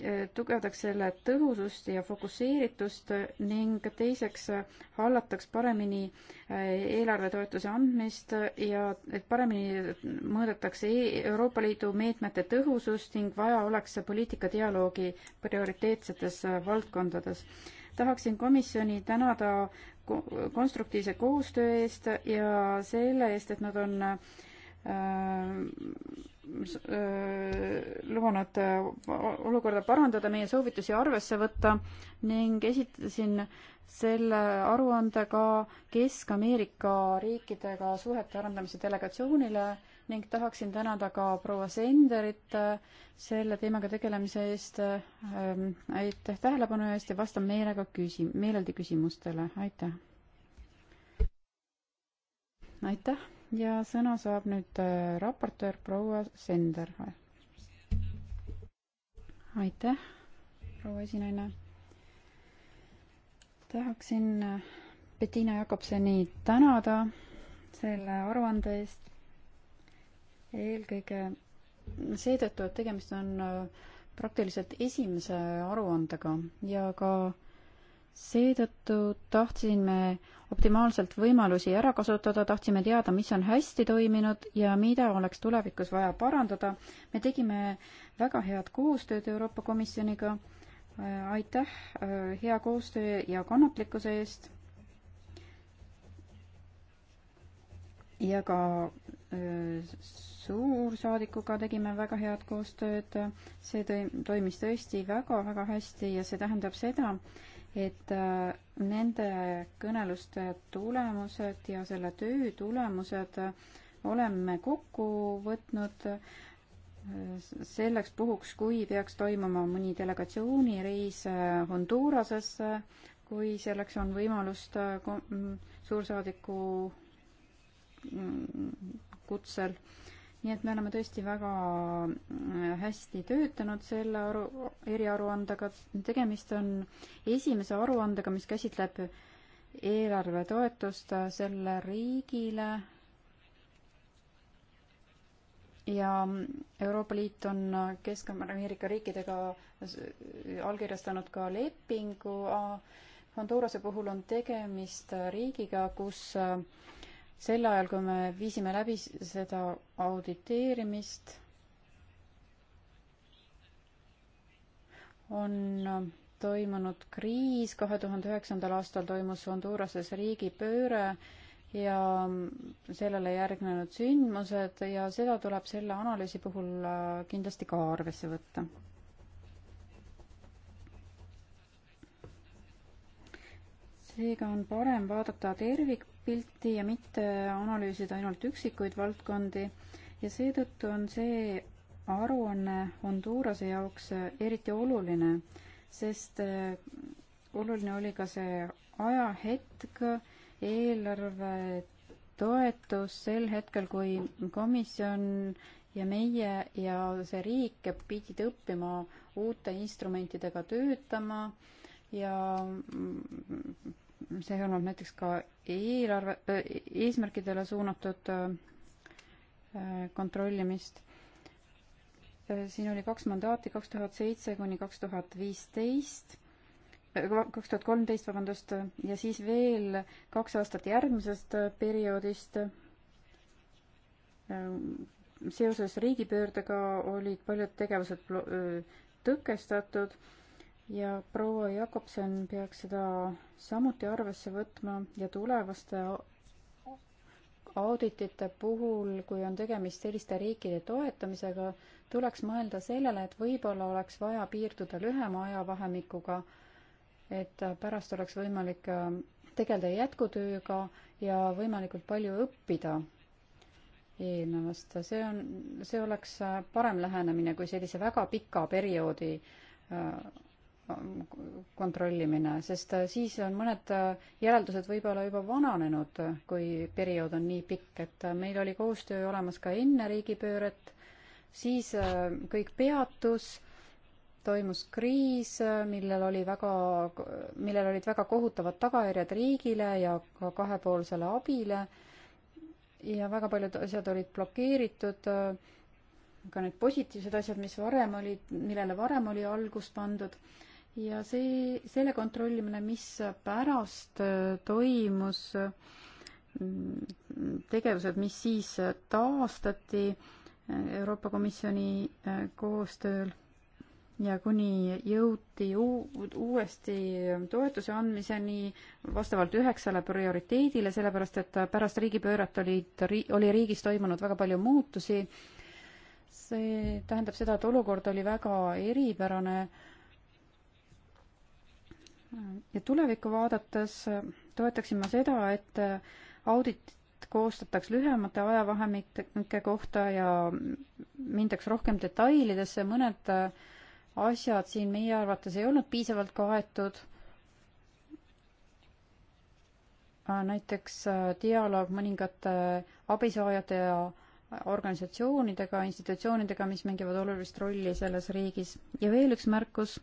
Äh, tugevdaks selle tõhusust ja fokusseeritust ning teiseks äh, hallataks paremini äh, eelarvetoetuse andmist ja et paremini mõõdetakse e-, Euroopa Liidu meetmete tõhusust ning vaja oleks poliitikadialoogi prioriteetsetes valdkondades. tahaksin komisjoni tänada konstruktiivse koostöö eest ja selle eest, et nad on äh, lubanud olukorda parandada, meie soovitusi arvesse võtta ning esitasin selle aruande ka Kesk-Ameerika riikidega suhete arendamise delegatsioonile ning tahaksin tänada ka proua Senderit äh, selle teemaga tegelemise eest. Ähm, aitäh tähelepanu eest ja vastan meelega küsi-, meeleldi küsimustele, aitäh. aitäh ja sõna saab nüüd äh, raportöör proua Sender. aitäh, proua esinaine. tahaksin äh, Bettina Jakobseni tänada selle aruande eest. eelkõige seetõttu, et tegemist on äh, praktiliselt esimese aruandega ja ka äh, seetõttu tahtsime optimaalselt võimalusi ära kasutada, tahtsime teada, mis on hästi toiminud ja mida oleks tulevikus vaja parandada. me tegime väga head koostööd Euroopa Komisjoniga. aitäh äh, hea koostöö ja kannatlikkuse eest. ja ka äh, suursaadikuga tegime väga head koostööd. see tõi, toimis tõesti väga-väga hästi ja see tähendab seda, et äh, nende kõneluste tulemused ja selle töö tulemused oleme kokku võtnud äh, selleks puhuks, kui peaks toimuma mõni delegatsioonireis äh, Hondurasesse, kui selleks on võimalust suursaadiku mm, kutsel nii et me oleme tõesti väga äh, hästi töötanud selle aru, eriaruandega. tegemist on esimese aruandega, mis käsitleb eelarvetoetust selle riigile. ja Euroopa Liit on Kesk-Ameerika riikidega allkirjastanud ka lepingu. Hondurase puhul on tegemist riigiga, kus äh, sel ajal, kui me viisime läbi seda auditeerimist, on toimunud kriis, kahe tuhande üheksandal aastal toimus Honduras'es riigipööre ja sellele järgnenud sündmused ja seda tuleb selle analüüsi puhul äh, kindlasti ka arvesse võtta. seega on parem vaadata tervik pilti ja mitte analüüsida ainult üksikuid valdkondi ja seetõttu on see aruanne Hondurase jaoks eriti oluline, sest äh, oluline oli ka see ajahetk, eelarve toetus sel hetkel, kui komisjon ja meie ja see riik pidid õppima uute instrumentidega töötama ja see hõlmab näiteks ka eelarve, eesmärkidele suunatud kontrollimist. siin oli kaks mandaati, kaks tuhat seitse kuni kaks tuhat viisteist, kaks tuhat kolmteist, vabandust, ja siis veel kaks aastat järgmisest perioodist. seoses riigipöördega olid paljud tegevused tõkestatud ja proua Jakobson peaks seda samuti arvesse võtma ja tulevaste auditite puhul, kui on tegemist selliste riikide toetamisega, tuleks mõelda sellele, et võib-olla oleks vaja piirduda lühema ajavahemikuga, et pärast oleks võimalik äh, tegeleda jätkutööga ja võimalikult palju õppida eelnevast. see on, see oleks äh, parem lähenemine kui sellise väga pika perioodi äh, kontrollimine, sest äh, siis on mõned äh, järeldused võib-olla juba vananenud, äh, kui periood on nii pikk, et meil oli koostöö olemas ka enne riigipööret, siis kõik peatus, toimus kriis, millel oli väga, millel olid väga kohutavad tagajärjed riigile ja ka kahepoolsele abile ja väga paljud asjad olid blokeeritud ka need positiivsed asjad, mis varem olid, millele varem oli algus pandud ja see, selle kontrollimine, mis pärast äh, toimus, mm, tegevused, mis siis taastati äh, Euroopa Komisjoni äh, koostööl ja kuni jõuti uuesti toetuse andmiseni vastavalt üheksale prioriteedile, sellepärast et pärast riigipööret olid, oli riigis toimunud väga palju muutusi. see tähendab seda, et olukord oli väga eripärane ja tulevikku vaadates äh, toetaksin ma seda, et äh, audit koostataks lühemate ajavahemike kohta ja mindaks rohkem detailidesse, mõned äh, asjad siin meie arvates ei olnud piisavalt kaetud. näiteks dialoog mõningate abisaajate ja organisatsioonidega, institutsioonidega, mis mängivad olulist rolli selles riigis. ja veel üks märkus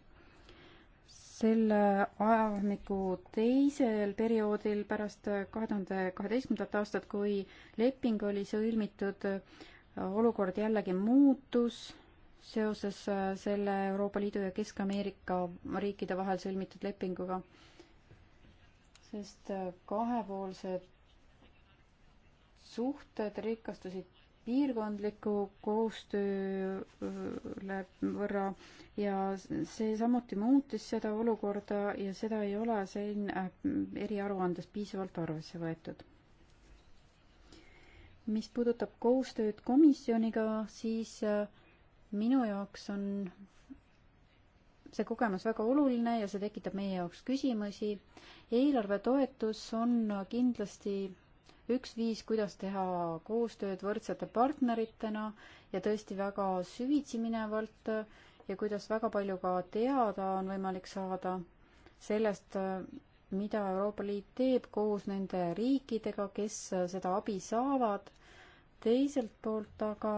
selle ajavahemiku teisel perioodil pärast kahe tuhande kaheteistkümnendat aastat, kui leping oli sõlmitud, olukord jällegi muutus seoses äh, selle Euroopa Liidu ja Kesk-Ameerika riikide vahel sõlmitud lepinguga, sest äh, kahepoolsed suhted rikastusid piirkondliku koostööle võrra ja see samuti muutis seda olukorda ja seda ei ole siin äh, eriaruandes piisavalt arvesse võetud. mis puudutab koostööd komisjoniga, siis äh, minu jaoks on see kogemus väga oluline ja see tekitab meie jaoks küsimusi. eelarve toetus on kindlasti üks viis, kuidas teha koostööd võrdsete partneritena ja tõesti väga süvitsi minevalt ja kuidas väga palju ka teada on võimalik saada sellest, mida Euroopa Liit teeb koos nende riikidega, kes seda abi saavad. teiselt poolt aga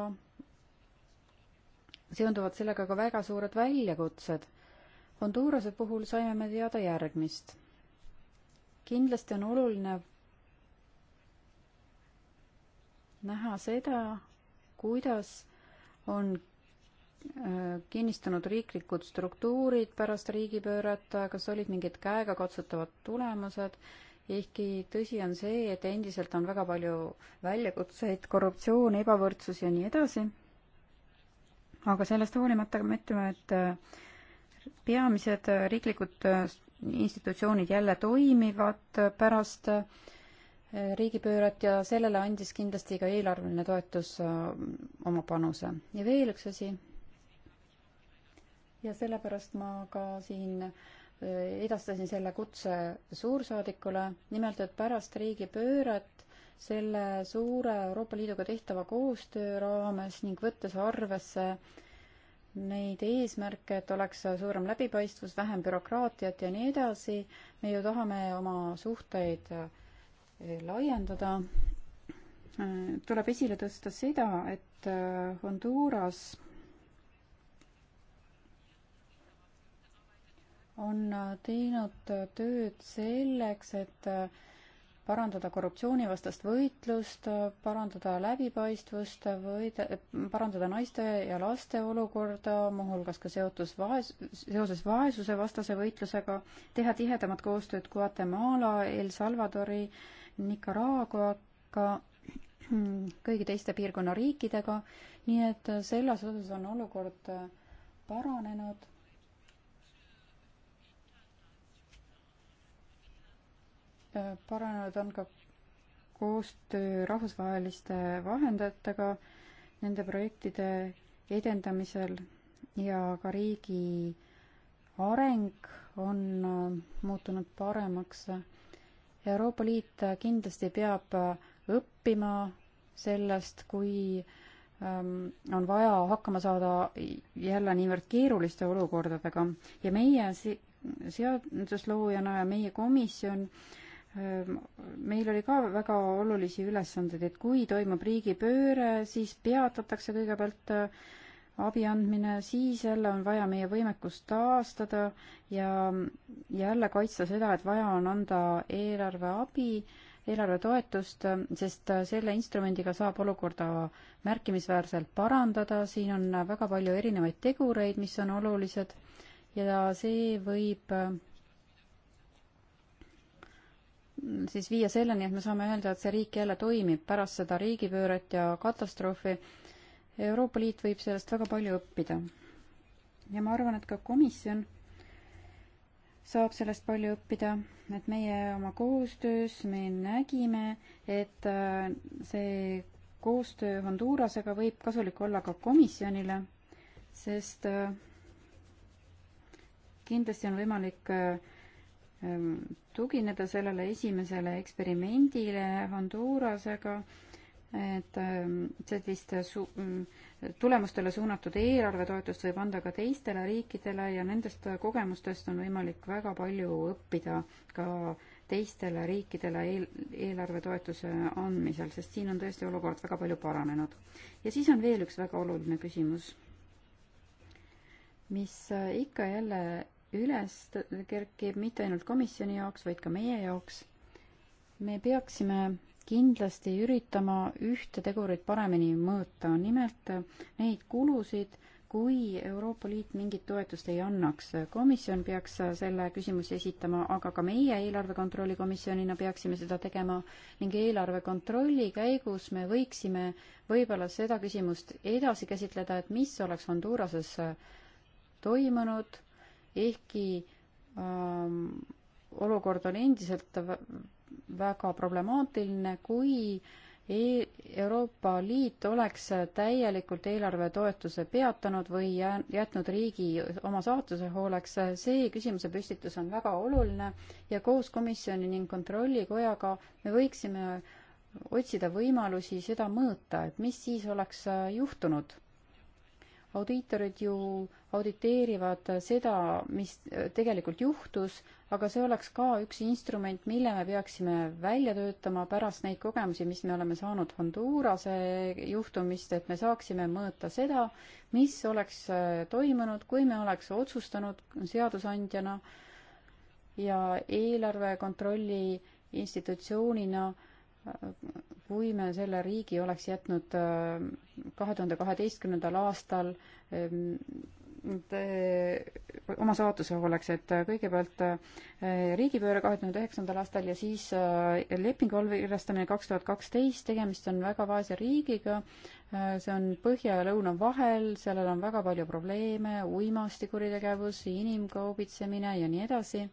seonduvad sellega ka väga suured väljakutsed. Hondurase puhul saime me teada järgmist. kindlasti on oluline näha seda, kuidas on äh, kinnistunud riiklikud struktuurid pärast riigipööret, kas olid mingid käegakatsutavad tulemused, ehkki tõsi on see, et endiselt on väga palju väljakutseid, korruptsioon, ebavõrdsus ja nii edasi. aga sellest hoolimata me ütleme, et äh, peamised äh, riiklikud institutsioonid jälle toimivad pärast äh, riigipööret ja sellele andis kindlasti ka eelarveline toetus äh, oma panuse. ja veel üks asi. ja sellepärast ma ka siin äh, edastasin selle kutse suursaadikule, nimelt et pärast riigipööret selle suure Euroopa Liiduga tehtava koostöö raames ning võttes arvesse neid eesmärke, et oleks suurem läbipaistvus, vähem bürokraatiat ja nii edasi, me ju tahame oma suhteid äh, laiendada. tuleb esile tõsta seda, et äh, Honduras on äh, teinud äh, tööd selleks, et parandada korruptsioonivastast võitlust, parandada läbipaistvust, võida-, parandada naiste ja laste olukorda, muuhulgas ka seotus vaes-, seoses vaesusevastase võitlusega, teha tihedamat koostööd Guatemala, El Salvadori äh, Nicaraguaga, kõigi teiste piirkonna riikidega, nii et selles osas on olukord paranenud. paranenud on ka koostöö rahvusvaheliste vahendajatega nende projektide edendamisel ja ka riigi areng on muutunud paremaks Euroopa Liit kindlasti peab äh, õppima sellest, kui ähm, on vaja hakkama saada jälle niivõrd keeruliste olukordadega ja meie seadusloojana ja meie komisjon ähm, meil oli ka väga olulisi ülesandeid, et kui toimub riigipööre, siis peatatakse kõigepealt äh, abi andmine, siis jälle on vaja meie võimekust taastada ja jälle kaitsta seda, et vaja on anda eelarve abi, eelarve toetust, sest selle instrumendiga saab olukorda märkimisväärselt parandada, siin on väga palju erinevaid tegureid, mis on olulised ja see võib mm, siis viia selleni, et me saame öelda, et see riik jälle toimib pärast seda riigipööret ja katastroofi Euroopa Liit võib sellest väga palju õppida. ja ma arvan, et ka komisjon saab sellest palju õppida, et meie oma koostöös me nägime, et äh, see koostöö Hondurasega võib kasulik olla ka komisjonile, sest äh, kindlasti on võimalik äh, tugineda sellele esimesele eksperimendile Hondurasega et ähm, sellist su-, mm, tulemustele suunatud eelarvetoetust võib anda ka teistele riikidele ja nendest kogemustest on võimalik väga palju õppida ka teistele riikidele eel, eelarvetoetuse andmisel, sest siin on tõesti olukord väga palju paranenud. ja siis on veel üks väga oluline küsimus, mis ikka jälle üles kerkib mitte ainult komisjoni jaoks, vaid ka meie jaoks. me peaksime kindlasti üritama ühte tegurit paremini mõõta, nimelt neid kulusid, kui Euroopa Liit mingit toetust ei annaks. komisjon peaks selle küsimuse esitama, aga ka meie eelarve kontrolli komisjonina peaksime seda tegema ning eelarve kontrolli käigus me võiksime võib-olla seda küsimust edasi käsitleda, et mis oleks Honduras'es toimunud, ehkki ähm, olukord on endiselt väga problemaatiline, kui e-, Euroopa Liit oleks täielikult eelarvetoetuse peatanud või jätnud riigi oma saatuse hooleks, see küsimuse püstitus on väga oluline ja koos komisjoni ning kontrollikojaga me võiksime otsida võimalusi seda mõõta, et mis siis oleks juhtunud audiitorid ju auditeerivad seda, mis tegelikult juhtus, aga see oleks ka üks instrument, mille me peaksime välja töötama pärast neid kogemusi, mis me oleme saanud Hondurase juhtumist, et me saaksime mõõta seda, mis oleks äh, toimunud, kui me oleks otsustanud seadusandjana ja eelarve kontrolli institutsioonina äh, kui me selle riigi oleks jätnud äh, kahe tuhande kaheteistkümnendal aastal ähm, te, äh, oma saatuse oleks, et äh, kõigepealt riigipööre kahe tuhande üheksandal aastal ja siis lepingu allkirjastamine kaks tuhat kaksteist, tegemist on väga vaese riigiga, see on põhja ja lõuna vahel, sellel on väga palju probleeme, uimastikuritegevus, inimkaubitsemine ja nii edasi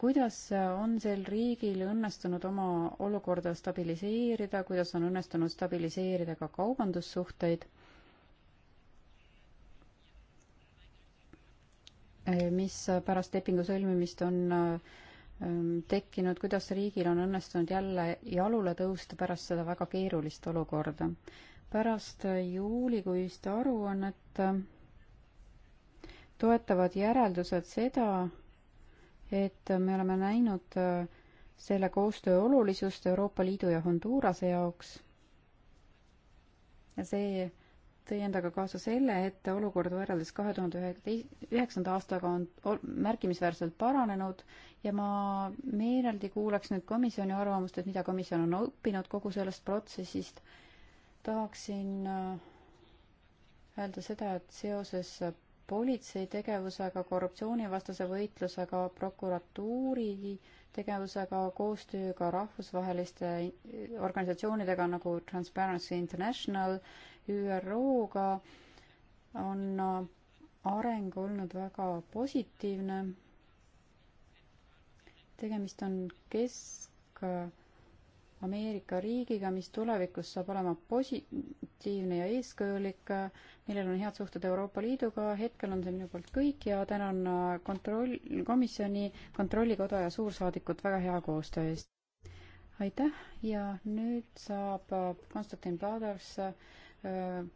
kuidas on sel riigil õnnestunud oma olukorda stabiliseerida, kuidas on õnnestunud stabiliseerida ka kaubandussuhteid? mis pärast lepingu sõlmimist on ähm, tekkinud, kuidas riigil on õnnestunud jälle jalule tõusta pärast seda väga keerulist olukorda. pärast juulikuist aruannet äh, toetavad järeldused seda, et me oleme näinud äh, selle koostöö olulisust Euroopa Liidu ja Hondurase jaoks. ja see tõi endaga kaasa selle, et olukord võrreldes kahe tuhande üheksanda aastaga on märkimisväärselt paranenud ja ma meeleldi kuulaks nüüd komisjoni arvamust, et mida komisjon on õppinud kogu sellest protsessist. tahaksin äh, öelda seda, et seoses politsei tegevusega, korruptsioonivastase võitlusega, prokuratuuri tegevusega, koostööga rahvusvaheliste organisatsioonidega nagu Transparency International, ÜRO-ga on äh, areng olnud väga positiivne. tegemist on kesk Ameerika riigiga, mis tulevikus saab olema positiivne ja eeskujulik, millel on head suhted Euroopa Liiduga, hetkel on see minu poolt kõik ja tänan äh, kontroll, komisjoni, kontrollikoda ja suursaadikut väga hea koostöö eest. aitäh ja nüüd saab äh, Konstantin Padars äh,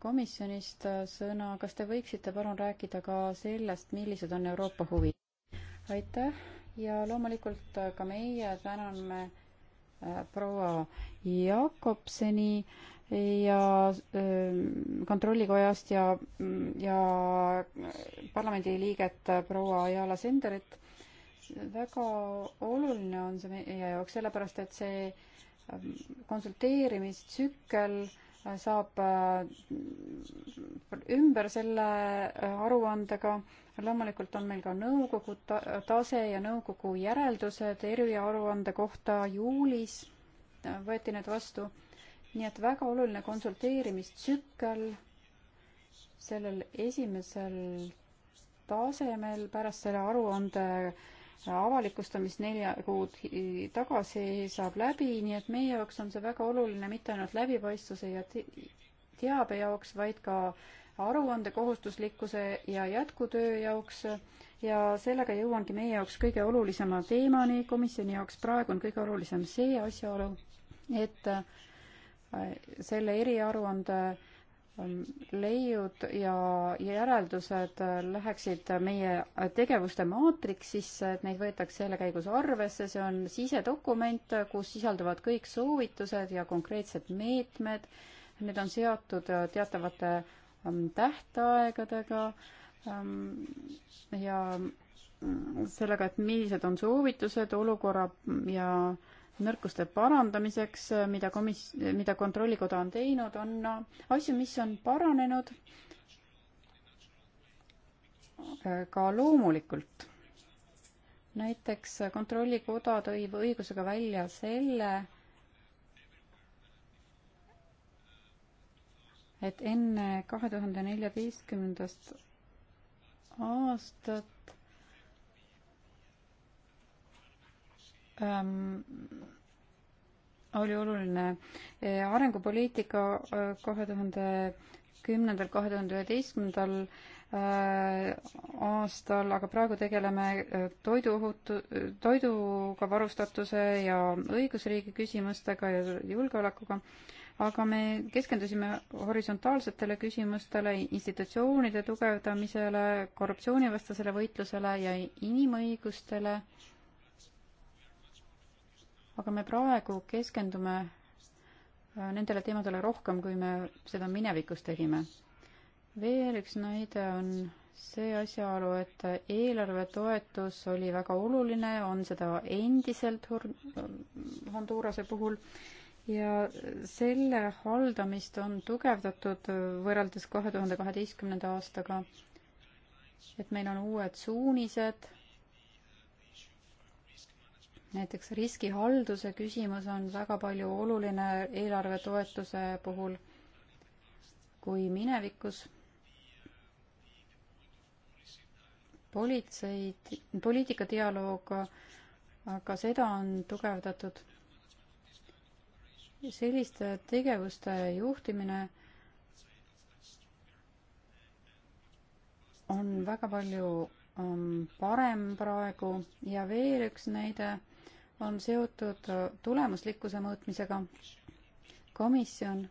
komisjonist sõna, kas te võiksite palun rääkida ka sellest, millised on Euroopa huvid? aitäh ja loomulikult ka meie täname me Äh, proua Jakobseni ja ähm, kontrollikojast ja, ja parlamendiliiget proua Ajala Senderit. väga oluline on see meie jaoks, sellepärast et see ähm, konsulteerimistsükkel äh, saab äh, ümber selle äh, aruandega. loomulikult on meil ka nõukogu tase ja nõukogu järeldused eriaruande kohta juulis äh, võeti need vastu. nii et väga oluline konsulteerimistsükkel sellel esimesel tasemel pärast selle aruande avalikustamist nelja kuud tagasi saab läbi, nii et meie jaoks on see väga oluline mitte ainult läbipaistvuse ja teabe jaoks, vaid ka aruande kohustuslikkuse ja jätkutöö jaoks ja sellega jõuangi meie jaoks kõige olulisema teemani, komisjoni jaoks praegu on kõige olulisem see asjaolu, et äh, selle eriaruande äh, leiud ja järeldused läheksid meie tegevuste maatriksisse, et neid võetakse selle käigus arvesse, see on sisedokument, kus sisalduvad kõik soovitused ja konkreetsed meetmed, need on seotud teatavate um, tähtaegadega um, ja mm, sellega, et millised on soovitused olukorra ja nõrkuste parandamiseks, mida komis-, mida Kontrollikoda on teinud, on äh, asju, mis on paranenud äh, ka loomulikult. näiteks äh, Kontrollikoda tõi õigusega välja selle, et enne kahe tuhande neljateistkümnendast aastat ähm, oli oluline äh, arengupoliitika äh, kahe tuhande kümnendal, kahe tuhande üheteistkümnendal äh, aastal, aga praegu tegeleme toiduohutu, toiduga varustatuse ja õigusriigi küsimustega ja julgeolekuga, aga me keskendusime horisontaalsetele küsimustele, institutsioonide tugevdamisele, korruptsioonivastasele võitlusele ja inimõigustele äh, aga me praegu keskendume äh, nendele teemadele rohkem, kui me seda minevikus tegime. veel üks näide on see asjaolu, et eelarvetoetus oli väga oluline, on seda endiselt Hondurase puhul ja selle haldamist on tugevdatud võrreldes kahe tuhande kaheteistkümnenda aastaga. et meil on uued suunised näiteks riskihalduse küsimus on väga palju oluline eelarvetoetuse puhul kui minevikus. politseid, poliitikadialoog, ka seda on tugevdatud. selliste tegevuste juhtimine on väga palju ähm, parem praegu ja veel üks näide on seotud tulemuslikkuse mõõtmisega. komisjon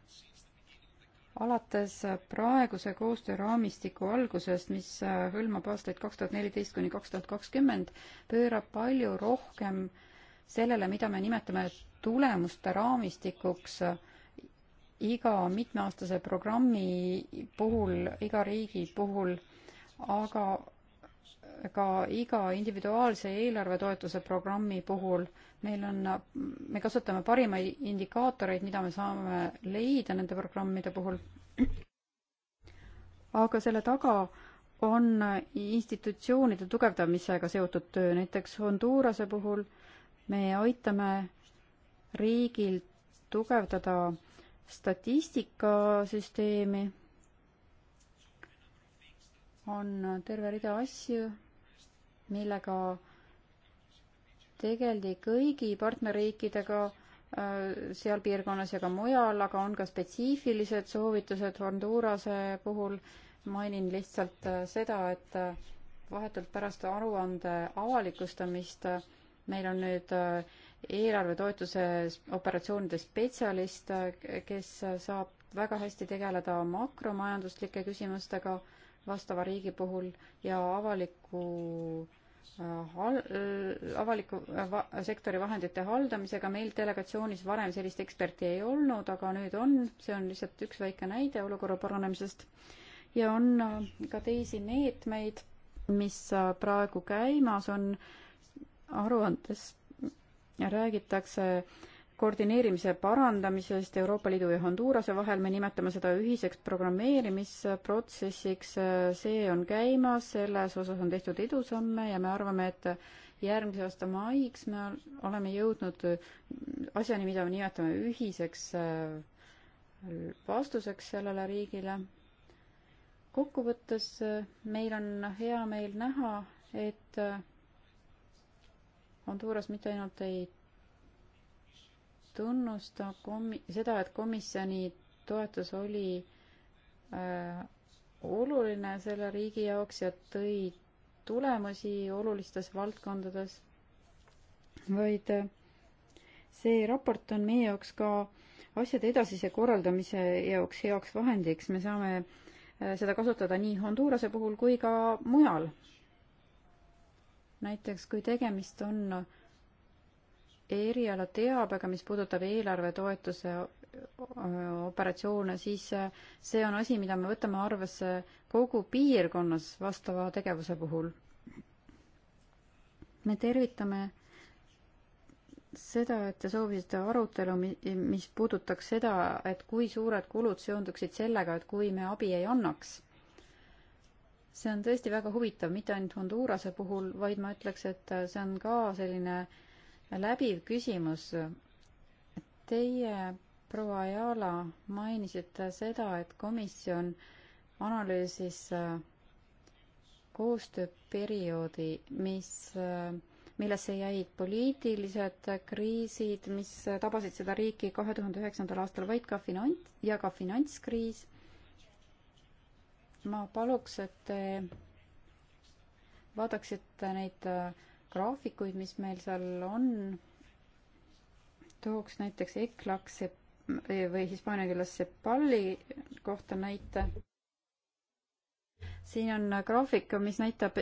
alates praeguse koostööraamistiku algusest, mis hõlmab aastaid kaks tuhat neliteist kuni kaks tuhat kakskümmend, pöörab palju rohkem sellele, mida me nimetame tulemuste raamistikuks iga mitmeaastase programmi puhul, iga riigi puhul, aga ka iga individuaalse eelarvetoetuse programmi puhul meil on, me kasutame parimaid indikaatoreid, mida me saame leida nende programmide puhul. aga selle taga on institutsioonide tugevdamisega seotud töö, näiteks Hondurase puhul me aitame riigil tugevdada statistikasüsteemi, on terve rida asju millega tegeldi kõigi partnerriikidega äh, seal piirkonnas ja ka mujal, aga on ka spetsiifilised soovitused Hondurase puhul. mainin lihtsalt äh, seda, et äh, vahetult pärast aruande avalikustamist meil on nüüd eelarvetoetuse operatsioonide spetsialist, kes saab väga hästi tegeleda makromajanduslike küsimustega vastava riigi puhul ja avaliku äh, hal-, äh, avaliku äh, va-, sektori vahendite haldamisega meil delegatsioonis varem sellist eksperti ei olnud, aga nüüd on, see on lihtsalt üks väike näide olukorra paranemisest. ja on ka teisi meetmeid, mis praegu käimas on, aruandes räägitakse äh, koordineerimise parandamisest Euroopa Liidu ja Hondurase vahel, me nimetame seda ühiseks programmeerimisprotsessiks, see on käimas, selles osas on tehtud edusamme ja me arvame, et järgmise aasta maiks me oleme jõudnud asjani, mida me nimetame ühiseks äh, vastuseks sellele riigile. kokkuvõttes äh, meil on hea meel näha, et äh, Honduras mitte ainult ei tunnusta komi-, seda, et komisjoni toetus oli äh, oluline selle riigi jaoks ja tõi tulemusi olulistes valdkondades, vaid äh, see raport on meie jaoks ka asjade edasise korraldamise jaoks heaks vahendiks, me saame äh, seda kasutada nii Hondurase puhul kui ka mujal. näiteks kui tegemist on äh, eriala teabega, mis puudutab eelarvetoetuse operatsioone, siis see on asi, mida me võtame arvesse kogu piirkonnas vastava tegevuse puhul. me tervitame seda, et te soovisite arutelu, mis puudutaks seda, et kui suured kulud seonduksid sellega, et kui me abi ei annaks. see on tõesti väga huvitav, mitte ainult Hondurase puhul, vaid ma ütleks, et see on ka selline äh, läbiv küsimus. Teie, proua Ajala, mainisite seda, et komisjon analüüsis äh, koostööperioodi, mis, äh, millesse jäid poliitilised kriisid, mis tabasid seda riiki kahe tuhande üheksandal aastal, vaid ka finants ja ka finantskriis. ma paluks, et te vaadaksite neid äh, graafikuid, mis meil seal on, tooks näiteks ECLAX või hispaania keeles Sepalli kohta näite. siin on graafika, mis näitab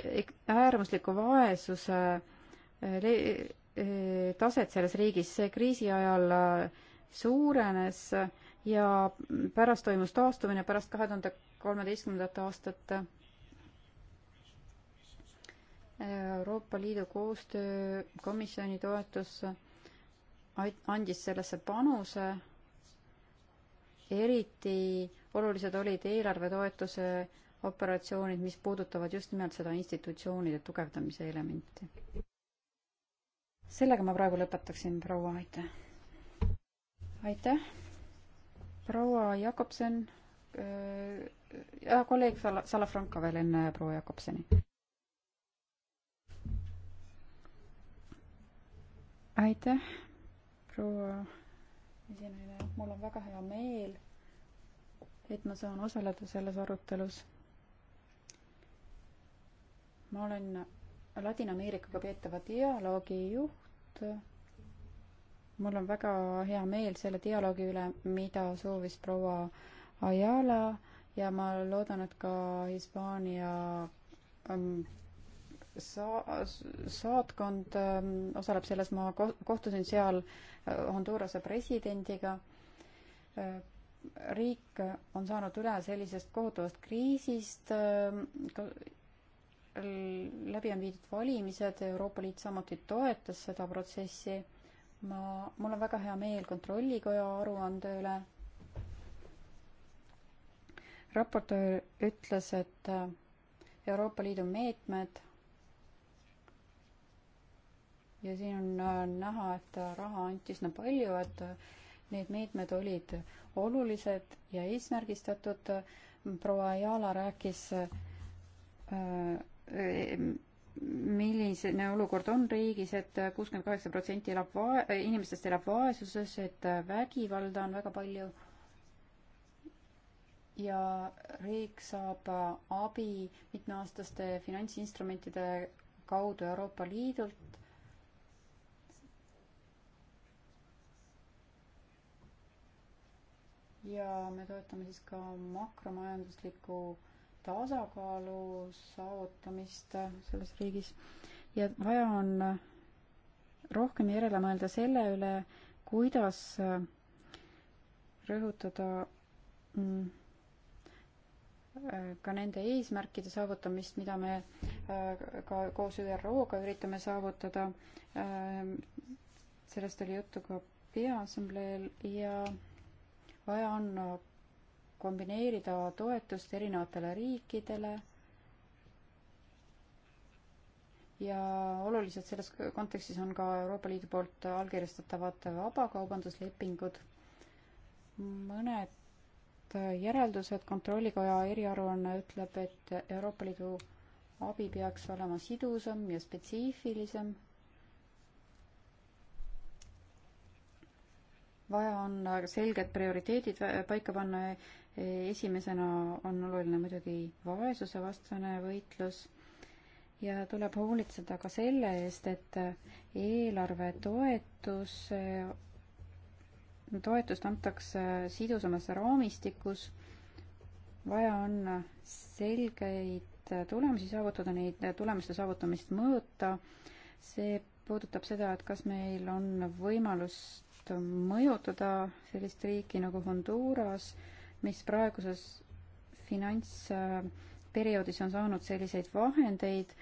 äärmusliku vaesuse eh, eh, taset selles riigis, see kriisi ajal eh, suurenes ja pärast toimus taastumine pärast kahe tuhande kolmeteistkümnendat aastat Euroopa Liidu koostöökomisjoni toetus andis sellesse panuse, eriti olulised olid eelarvetoetuse operatsioonid, mis puudutavad just nimelt seda institutsioonide tugevdamise elementi. sellega ma praegu lõpetaksin, proua, aitäh! aitäh! proua Jakobsen ja äh, äh, kolleeg Sala-, Salafranca veel enne proua Jakobseni aitäh, proua esineja, mul on väga hea meel, et ma saan osaleda selles arutelus. ma olen Ladina-Ameerikaga peetava dialoogi juht. mul on väga hea meel selle dialoogi üle, mida soovis proua Ayala ja ma loodan, et ka Hispaania ähm, saa-, saatkond ähm, osaleb selles, ma kohtusin seal äh, Hondurase presidendiga. Äh, riik on saanud üle sellisest kohutavast kriisist. Ähm, läbi on viidud valimised, Euroopa Liit samuti toetas seda protsessi. ma, mul on väga hea meel Kontrollikoja aruande üle. raportöör ütles, et äh, Euroopa Liidu meetmed ja siin on äh, näha, et äh, raha anti üsna palju, et äh, need meetmed olid olulised ja eesmärgistatud. proua Jaala rääkis, milline olukord on riigis et, et kuuskümmend kaheksa protsenti elab va-, inimestest elab vaesuses, et vägivalda on väga palju ja riik saab abi mitmeaastaste finantsinstrumentide kaudu Euroopa Liidult ja me toetame siis ka makromajandusliku tasakaalu saavutamist selles riigis ja vaja on rohkem järele mõelda selle üle, kuidas rõhutada mm, ka nende eesmärkide saavutamist, mida me äh, ka koos ÜRO-ga üritame saavutada. Äh, sellest oli juttu ka Peaassambleel ja vaja on äh, kombineerida toetust erinevatele riikidele ja olulised selles kontekstis on ka Euroopa Liidu poolt allkirjastatavad vabakaubanduslepingud. mõned järeldused Kontrollikoja eriaruanne ütleb, et Euroopa Liidu abi peaks olema sidusam ja spetsiifilisem vaja on selged prioriteedid paika panna. E, esimesena on oluline muidugi vaesusevastane võitlus ja tuleb hoolitseda ka selle eest, et eelarve toetus, toetust antakse sidusamas raamistikus. vaja on selgeid tulemusi saavutada, neid tulemuste saavutamist mõõta. see puudutab seda, et kas meil on võimalust mõjutada sellist riiki nagu Honduras, mis praeguses finantsperioodis on saanud selliseid vahendeid,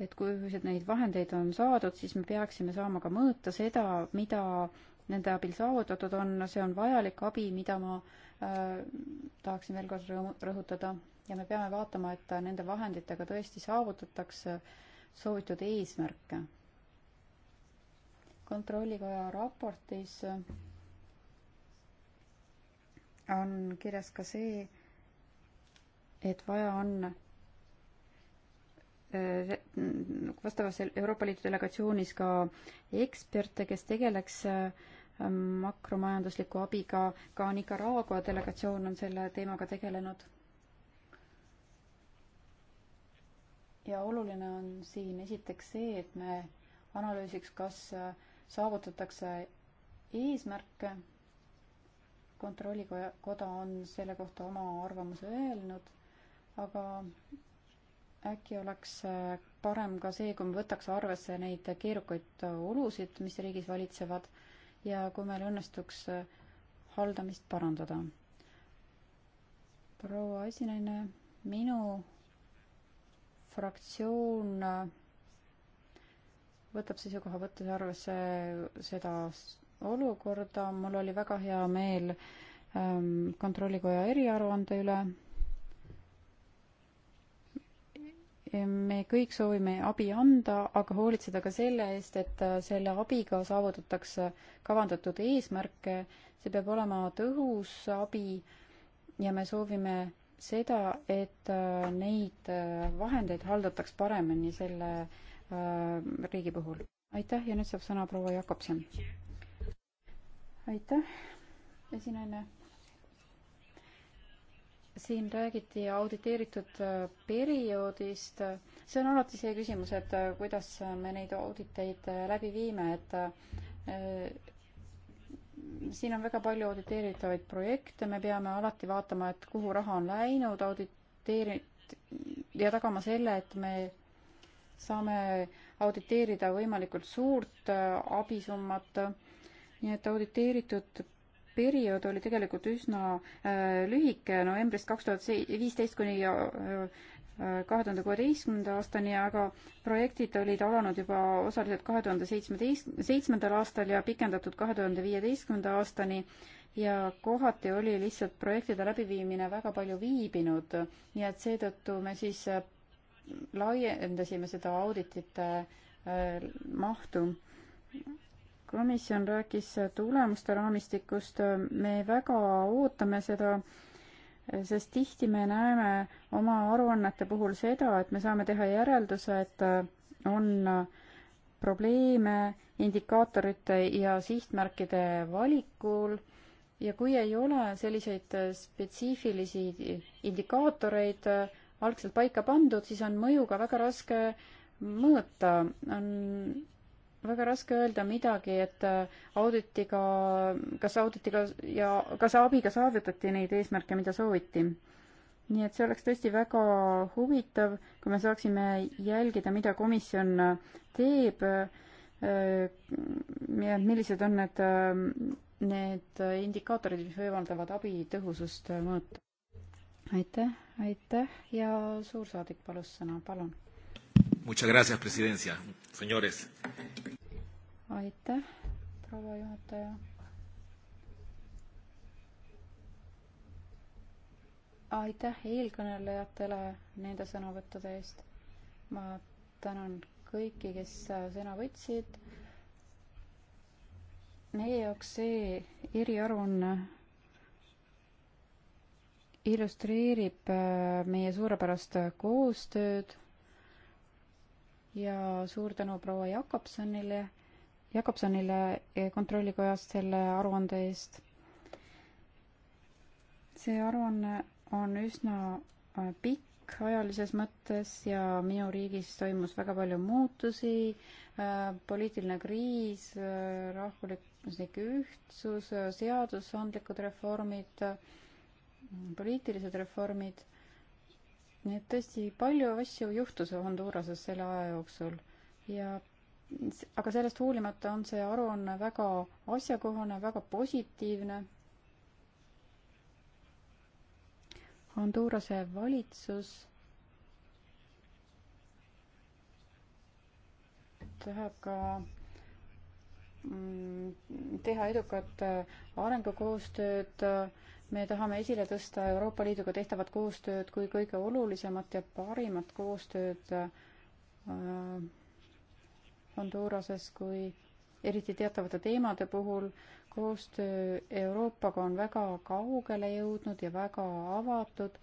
et kui neid vahendeid on saadud, siis me peaksime saama ka mõõta seda, mida nende abil saavutatud on, see on vajalik abi, mida ma äh, tahaksin veel kord rõhutada ja me peame vaatama, et nende vahenditega tõesti saavutatakse soovitud eesmärke kontrollikoja raportis on kirjas ka see, et vaja on äh, vastavas Euroopa Liidu delegatsioonis ka eksperte, kes tegeleks äh, makromajandusliku abiga, ka Nicaragua delegatsioon on selle teemaga tegelenud. ja oluline on siin esiteks see, et me analüüsiks, kas äh, saavutatakse eesmärke. kontrollikoda on selle kohta oma arvamuse öelnud, aga äkki oleks äh, parem ka see, kui me võtaks arvesse neid keerukaid äh, olusid, mis riigis valitsevad ja kui meil õnnestuks äh, haldamist parandada. proua esinaine, minu fraktsioon võtab seisukoha võttes arvesse seda olukorda, mul oli väga hea meel ähm, kontrollikoja eriaruande üle. me kõik soovime abi anda, aga hoolitseda ka selle eest, et äh, selle abiga saavutatakse kavandatud eesmärke, see peab olema tõhus abi ja me soovime seda, et äh, neid äh, vahendeid haldataks paremini selle äh, Äh, riigi puhul. aitäh ja nüüd saab sõna proua Jakobson. aitäh, esinaine. siin räägiti auditeeritud äh, perioodist. see on alati see küsimus, et äh, kuidas me neid auditeid läbi viime, et siin on väga palju auditeeritavaid projekte, me peame alati vaatama, et kuhu raha on läinud, auditeeri- ja tagama selle, et me saame auditeerida võimalikult suurt äh, abisummat. nii et auditeeritud periood oli tegelikult üsna äh, lühike, novembrist kaks tuhat viisteist kuni äh, kahe tuhande kuueteistkümnenda aastani, aga projektid olid alanud juba osaliselt kahe tuhande seitsmeteist, seitsmendal aastal ja pikendatud kahe tuhande viieteistkümnenda aastani ja kohati oli lihtsalt projektide läbiviimine väga palju viibinud, nii et seetõttu me siis laiendasime seda auditite äh, mahtu. komisjon rääkis tulemuste raamistikust, me väga ootame seda, sest tihti me näeme oma aruannete puhul seda, et me saame teha järelduse, et äh, on äh, probleeme indikaatorite ja sihtmärkide valikul ja kui ei ole selliseid spetsiifilisi indikaatoreid, algselt paika pandud, siis on mõjuga väga raske mõõta, on väga raske öelda midagi, et äh, auditiga, kas auditiga ja kas abiga saavutati neid eesmärke, mida sooviti. nii et see oleks tõesti väga huvitav, kui me saaksime jälgida, mida komisjon äh, teeb äh, ja millised on need, need indikaatorid, mis võimaldavad abi tõhusust mõõta aitäh, aitäh ja suursaadik palus sõna, palun. Muchas gracias, presidencia, senores. aitäh, proua juhataja. aitäh eelkõnelejatele nende sõnavõttude eest. ma tänan kõiki, kes sõna võtsid. meie jaoks see eriaruanne illustreerib äh, meie suurepärast koostööd ja suur tänu proua Jakobsonile, Jakobsonile äh, Kontrollikojast selle aruande eest. see aruanne on üsna äh, pikk ajalises mõttes ja minu riigis toimus väga palju muutusi, poliitiline kriis, rahvulik ühtsus, seadusandlikud reformid poliitilised reformid. nii et tõesti palju asju juhtus Honduras'es selle aja jooksul ja aga sellest hoolimata on see aruanne väga asjakohane, väga positiivne. Hondurase valitsus tahab ka mm, teha edukat äh, arengukoostööd äh, me tahame esile tõsta Euroopa Liiduga tehtavat koostööd kui kõige olulisemat ja parimat koostööd äh, Honduras'es kui eriti teatavate teemade puhul. koostöö Euroopaga on väga kaugele jõudnud ja väga avatud.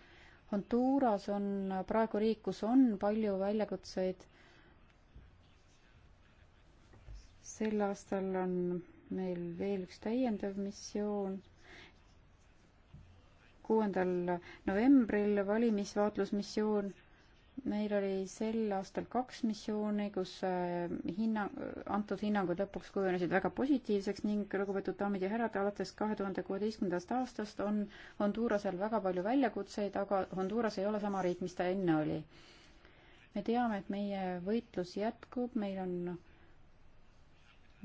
Honduras on praegu riik, kus on palju väljakutseid. sel aastal on meil veel üks täiendav missioon kuuendal novembril valimisvaatlusmissioon. meil oli sel aastal kaks missiooni, kus äh, hinna, antud hinnangud lõpuks kujunesid väga positiivseks ning lugupeetud daamid ja härrad, alates kahe tuhande kuueteistkümnendast aastast on Hondurasel väga palju väljakutseid, aga Honduras ei ole sama riik, mis ta enne oli. me teame, et meie võitlus jätkub, meil on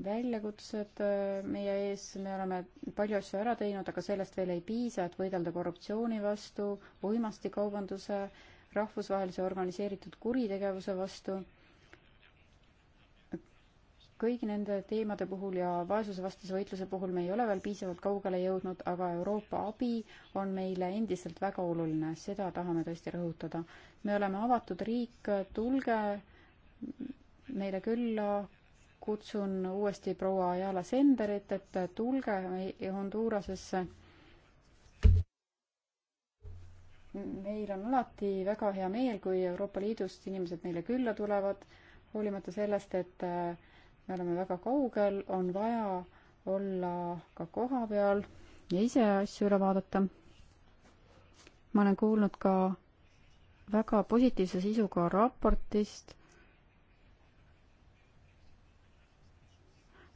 väljakutsed äh, meie ees, me oleme palju asju ära teinud, aga sellest veel ei piisa, et võidelda korruptsiooni vastu, uimastikaubanduse, rahvusvahelise organiseeritud kuritegevuse vastu. kõigi nende teemade puhul ja vaesusevastase võitluse puhul me ei ole veel piisavalt kaugele jõudnud, aga Euroopa abi on meile endiselt väga oluline, seda tahame tõesti rõhutada. me oleme avatud riik, tulge meile külla, kutsun uuesti proua Ayala Senderit, et tulge Hondurasesse. meil on alati väga hea meel, kui Euroopa Liidust inimesed meile külla tulevad, hoolimata sellest, et äh, me oleme väga kaugel, on vaja olla ka kohapeal ja ise asju üle vaadata. ma olen kuulnud ka väga positiivse sisuga raportist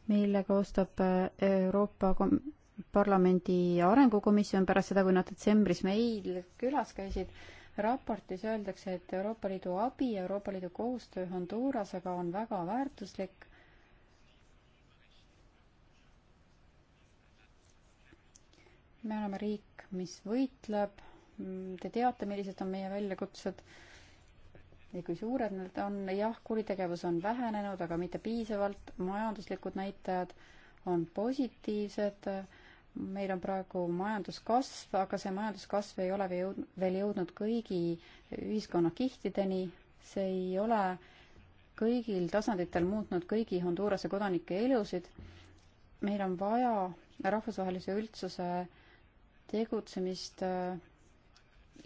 mille koostab äh, Euroopa Kom-, Parlamendi Arengukomisjon pärast seda, kui nad detsembris meil külas käisid. raportis öeldakse, et Euroopa Liidu abi, Euroopa Liidu koostöö Hondurasega on väga väärtuslik me oleme riik, mis võitleb. Mm, te teate, millised on meie väljakutsed ja kui suured need on, jah, kuritegevus on vähenenud, aga mitte piisavalt, majanduslikud näitajad on positiivsed, meil on praegu majanduskasv, aga see majanduskasv ei ole veel jõudnud, veel jõudnud kõigi ühiskonnakihtideni, see ei ole kõigil tasanditel muutnud kõigi Hondurase kodanike elusid. meil on vaja rahvusvahelise üldsuse tegutsemist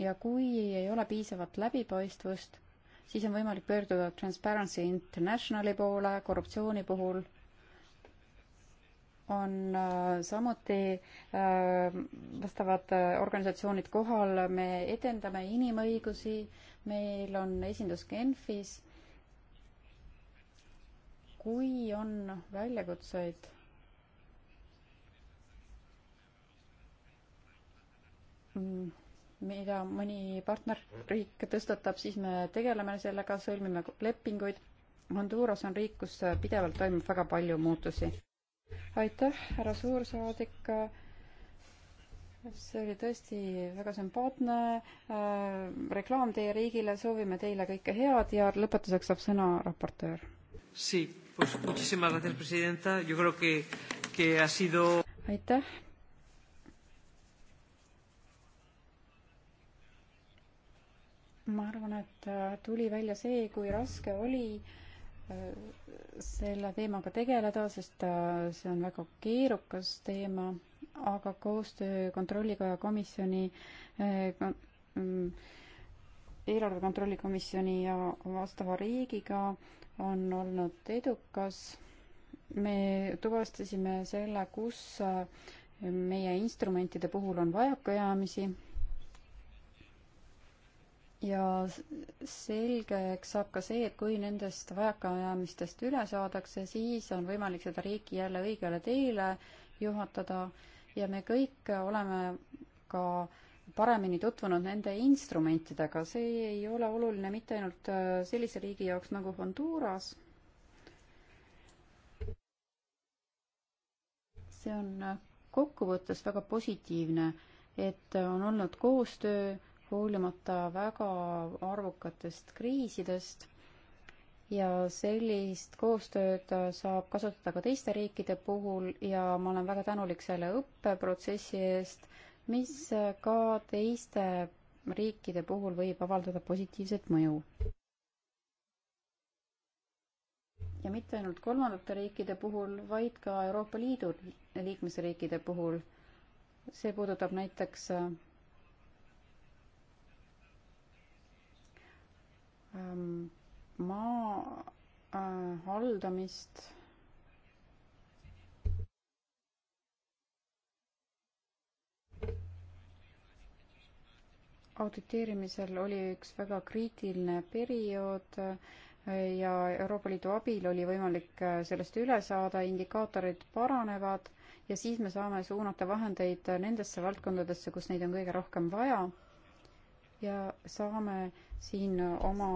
ja kui ei ole piisavat läbipaistvust siis on võimalik pöörduda Transparency Internationali poole, korruptsiooni puhul on äh, samuti äh, vastavad äh, organisatsioonid kohal, me edendame inimõigusi, meil on esindus Genfis. kui on väljakutseid mm mida mõni partnerriik tõstatab, siis me tegeleme sellega, sõlmime lepinguid. Honduras on riik, kus pidevalt toimub väga palju muutusi. aitäh, härra suursaadik. see oli tõesti väga sümpaatne äh, reklaam teie riigile, soovime teile kõike head ja lõpetuseks saab sõna raportöör. aitäh ma arvan, et äh, tuli välja see, kui raske oli äh, selle teemaga tegeleda, sest äh, see on väga keerukas teema, aga koostöö Kontrollikoja komisjoni mm, eelarve kontrolli komisjoni ja vastava riigiga on olnud edukas. me tuvastasime selle, kus meie instrumentide puhul on vajakajäämisi ja selgeks saab ka see, et kui nendest vajakajäämistest üle saadakse, siis on võimalik seda riiki jälle õigele teele juhatada ja me kõik oleme ka paremini tutvunud nende instrumentidega, see ei ole oluline mitte ainult äh, sellise riigi jaoks nagu Honduras, see on äh, kokkuvõttes väga positiivne, et on olnud koostöö hoolimata väga arvukatest kriisidest ja sellist koostööd saab kasutada ka teiste riikide puhul ja ma olen väga tänulik selle õppeprotsessi eest, mis ka teiste riikide puhul võib avaldada positiivset mõju. ja mitte ainult kolmandate riikide puhul, vaid ka Euroopa Liidu liikmesriikide puhul. see puudutab näiteks Ähm, maa äh, haldamist auditeerimisel oli üks väga kriitiline periood äh, ja Euroopa Liidu abil oli võimalik äh, sellest üle saada, indikaatorid paranevad ja siis me saame suunata vahendeid nendesse valdkondadesse, kus neid on kõige rohkem vaja ja saame siin oma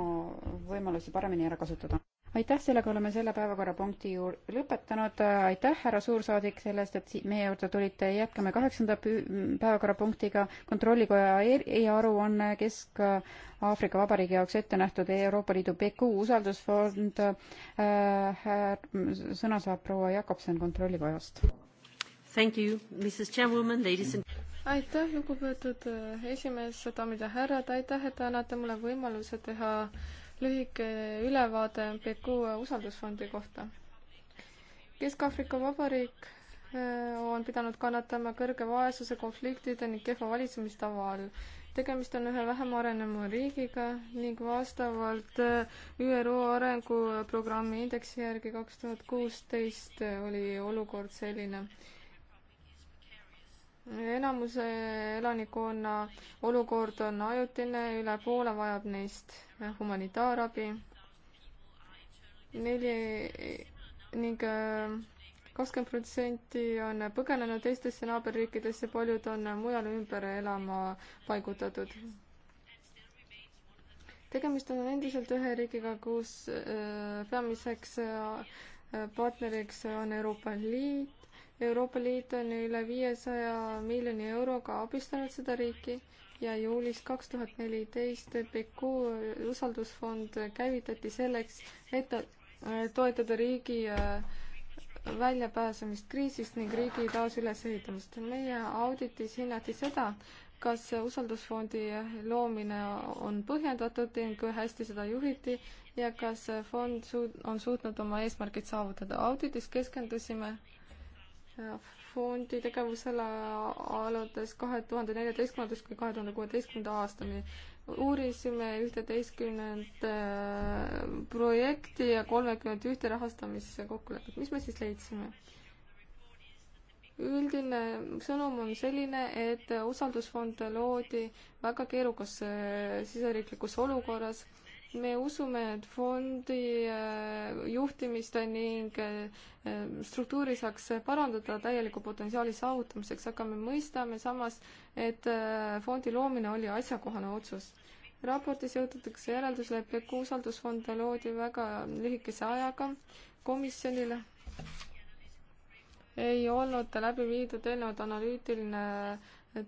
võimalusi paremini ära kasutada. aitäh, sellega oleme selle päevakorrapunkti juur-, lõpetanud, aitäh, härra suursaadik, selle eest, et meie juurde tulite, jätkame kaheksanda päevakorrapunktiga, kontrollikoja eriaruanne Kesk-Aafrika Vabariigi jaoks ette nähtud Euroopa Liidu PQ usaldusfond äh,, sõna saab proua Jakobson Kontrollikojast. Thank you, Mrs Chairwoman, ladies and aitäh, lugupeetud äh, esimees, daamid ja härrad, aitäh, et annate mulle võimaluse teha lühike ülevaade PQ usaldusfondi kohta. Kesk-Aafrika Vabariik äh, on pidanud kannatama kõrge vaesuse, konfliktide ning kehva valitsemistava all. tegemist on ühe vähem arenema riigiga ning vastavalt äh, ÜRO arenguprogrammi indeksi järgi kaks tuhat kuusteist oli olukord selline enamuse elanikkonna olukord on ajutine, üle poole vajab neist humanitaarabi. neli ning äh, kakskümmend protsenti on põgenenud teistesse naaberriikidesse, paljud on mujale ümber elama paigutatud. tegemist on endiselt ühe riigiga, kus äh, peamiseks äh, partneriks on Euroopa Liit, Euroopa Liit on üle viiesaja miljoni euroga abistanud seda riiki ja juulis kaks tuhat neliteist PQ usaldusfond käivitati selleks, et äh, toetada riigi äh, väljapääsemist kriisist ning riigi taasülesehitamist. meie auditis hinnati seda, kas usaldusfondi loomine on põhjendatud ning kui hästi seda juhiti ja kas fond suut-, on suutnud oma eesmärgid saavutada. auditis keskendusime fondi tegevusele alates kahe tuhande neljateistkümnendast kuni kahe tuhande kuueteistkümnenda aastani. uurisime ühteteistkümnend äh, projekti ja kolmekümmet ühte rahastamiskokkulepet. mis me siis leidsime? üldine sõnum on selline, et usaldusfond loodi väga keerukas äh, siseriiklikus olukorras me usume, et fondi äh, juhtimist ning äh, struktuuri saaks parandada täieliku potentsiaali saavutamiseks, aga me mõistame samas, et äh, fondi loomine oli asjakohane otsus. raportis jõutatakse järeldusele, et usaldusfond loodi väga lühikese ajaga komisjonile. ei olnud läbi viidud eelnevalt analüütiline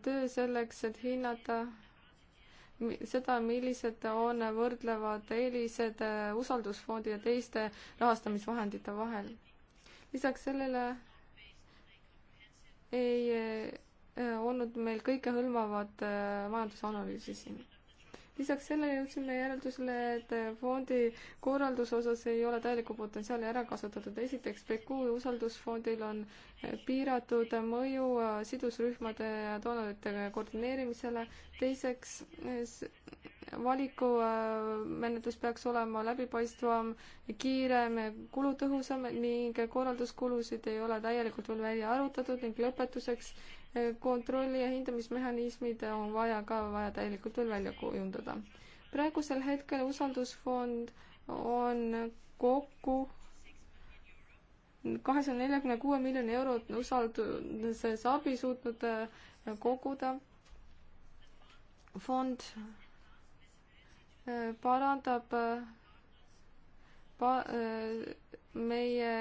töö selleks, et hinnata seda, millised on võrdlevad eelised äh, usaldusfondi ja teiste rahastamisvahendite vahel. lisaks sellele ei äh, olnud meil kõikehõlmavat äh, majandusanalüüsi siin lisaks sellele jõudsime järeldusele, et fondi korralduse osas ei ole täielikku potentsiaali ära kasutatud. esiteks, Beku usaldusfondil on piiratud mõju sidusrühmade ja doonorite koordineerimisele. teiseks, valikumenetlus äh, peaks olema läbipaistvam, kiirem, kulutõhusam ning korralduskulusid ei ole täielikult veel välja arvutatud ning lõpetuseks kontrolli ja hindamismehhanismid on vaja ka vaja täielikult veel välja kujundada. praegusel hetkel usaldusfond on kokku kahesaja neljakümne kuue miljoni eurot usalduses abi suutnud äh, koguda. fond äh, parandab äh, pa, meie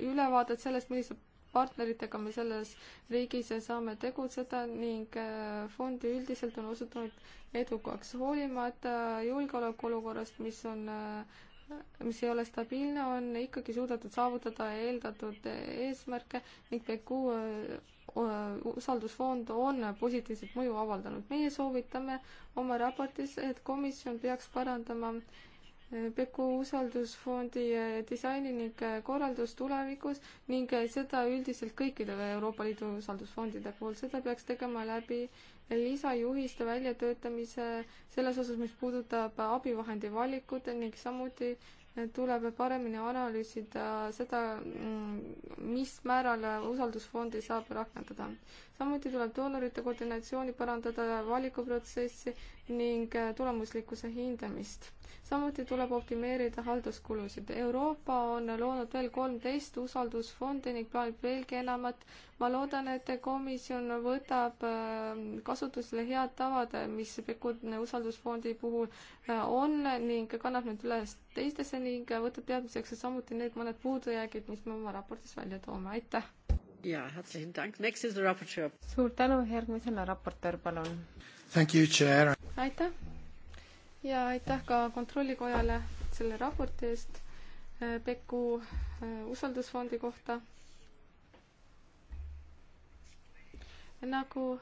ülevaadet sellest, millised partneritega me selles riigis saame tegutseda ning äh, fond üldiselt on osutunud edukaks, hoolimata julgeolekuolukorrast, mis on, äh, mis ei ole stabiilne, on ikkagi suudetud saavutada eeldatud äh, eesmärke ning PQ usaldusfond on positiivset mõju avaldanud. meie soovitame oma raportis, et komisjon peaks parandama äh, Peku usaldusfondi äh, disaini ning äh, korraldus tulevikus ning äh, seda üldiselt kõikide Euroopa Liidu usaldusfondide puhul, seda peaks tegema läbi lisajuhiste väljatöötamise selles osas, mis puudutab abivahendi valikut ning samuti tuleb paremini analüüsida seda, mm, mis määral usaldusfondi saab rakendada. samuti tuleb doonorite koordinatsiooni parandada, valikuprotsessi ning tulemuslikkuse hindamist samuti tuleb optimeerida halduskulusid. Euroopa on loonud veel kolmteist usaldusfondi ning plaanib veelgi enamat. ma loodan, et komisjon võtab ähm, kasutusele head tavad, mis Pekutne usaldusfondi puhul äh, on ning kannab need üles teistesse ning võtab teadmiseks samuti need mõned puudujäägid, mis me oma raportis välja toome. aitäh! jaa, herzlichen Dank, next is the raportöör. suur tänu, järgmisena raportöör, palun. aitäh! ja aitäh ka Kontrollikojale selle raporti eest äh, Peku äh, usaldusfondi kohta. nagu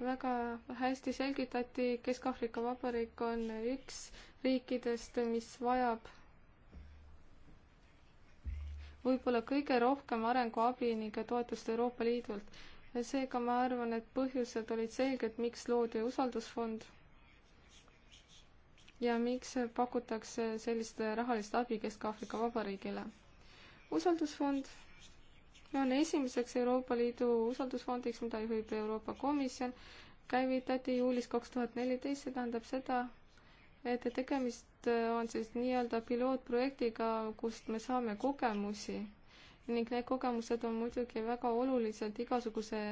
väga hästi selgitati, Kesk-Aafrika Vabariik on üks riikidest, mis vajab võib-olla kõige rohkem arenguabi ning ka toetust Euroopa Liidult. seega ma arvan, et põhjused olid selged, miks loodi usaldusfond ja miks pakutakse sellist rahalist abi Kesk-Aafrika Vabariigile. usaldusfond on esimeseks Euroopa Liidu usaldusfondiks, mida juhib Euroopa Komisjon, käivitati juulis kaks tuhat neliteist, see tähendab seda, et tegemist on siis nii-öelda pilootprojektiga, kust me saame kogemusi ning need kogemused on muidugi väga olulised igasuguse,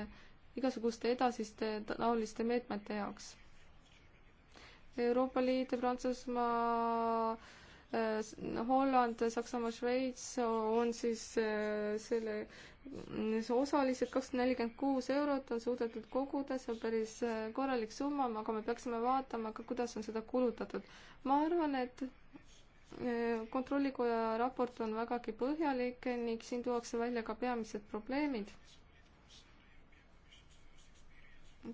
igasuguste edasiste taoliste meetmete jaoks Euroopa Liit, Prantsusmaa, äh, Holland, Saksamaa, Šveits on siis äh, selle osalised kakssada nelikümmend kuus eurot on suudetud koguda, see on päris äh, korralik summa, aga me peaksime vaatama ka, kuidas on seda kulutatud. ma arvan, et kontrollikoja raport on vägagi põhjalik ning siin tuuakse välja ka peamised probleemid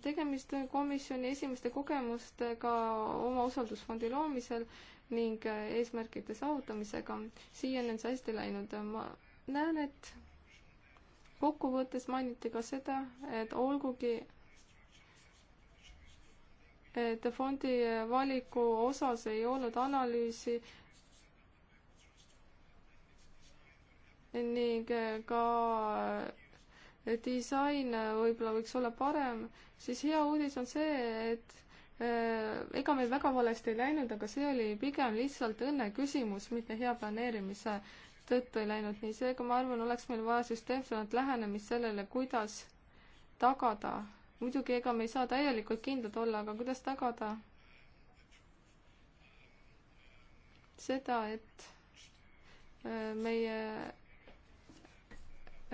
tegemist on komisjoni esimeste kogemustega oma usaldusfondi loomisel ning äh, eesmärkide saavutamisega. siiani on see hästi läinud. ma näen, et kokkuvõttes mainiti ka seda, et olgugi et fondi valiku osas ei olnud analüüsi ning äh, ka disain äh, võib-olla võiks olla parem, siis hea uudis on see, et äh, ega meil väga valesti ei läinud, aga see oli pigem lihtsalt õnne küsimus, mitte hea planeerimise tõttu ei läinud nii. seega ma arvan, oleks meil vaja süsteemsemat lähenemist sellele, kuidas tagada, muidugi ega me ei saa täielikult kindlad olla, aga kuidas tagada seda, et äh, meie,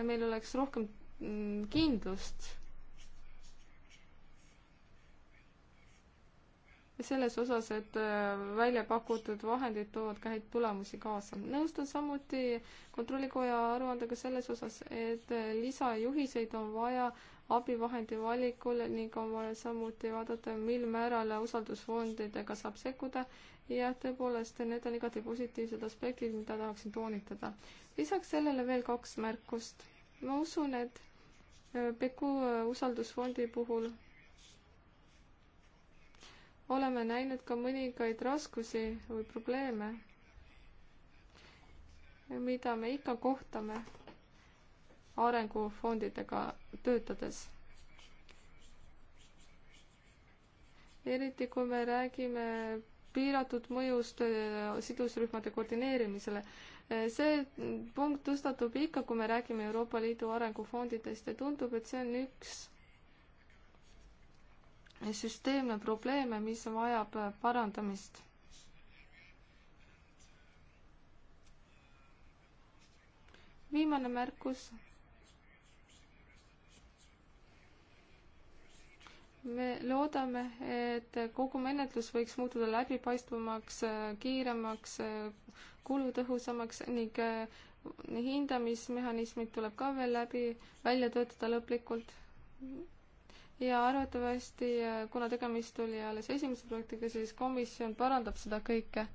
meil oleks rohkem Mm, kindlust selles osas, et äh, välja pakutud vahendid toovad ka häid tulemusi kaasa. nõustun samuti Kontrollikoja aruandega selles osas, et äh, lisajuhiseid on vaja abivahendi valikul ning on vaja samuti vaadata, mil määral usaldusfondidega saab sekkuda ja tõepoolest, need on igati positiivsed aspektid, mida tahaksin toonitada. lisaks sellele veel kaks märkust. ma usun, et Peku äh, usaldusfondi puhul oleme näinud ka mõningaid raskusi või probleeme, mida me ikka kohtame arengufondidega töötades. eriti kui me räägime piiratud mõjust äh, sidusrühmade koordineerimisele see punkt tõstatub ikka, kui me räägime Euroopa Liidu arengufondidest ja tundub, et see on üks süsteemne probleeme, mis vajab parandamist. viimane märkus. me loodame, et kogu menetlus võiks muutuda läbipaistvamaks, kiiremaks, kulutõhusamaks ning äh, hindamismehhanismid tuleb ka veel läbi välja töötada lõplikult. ja arvatavasti, äh, kuna tegemist oli alles esimese projektiga, siis komisjon parandab seda kõike.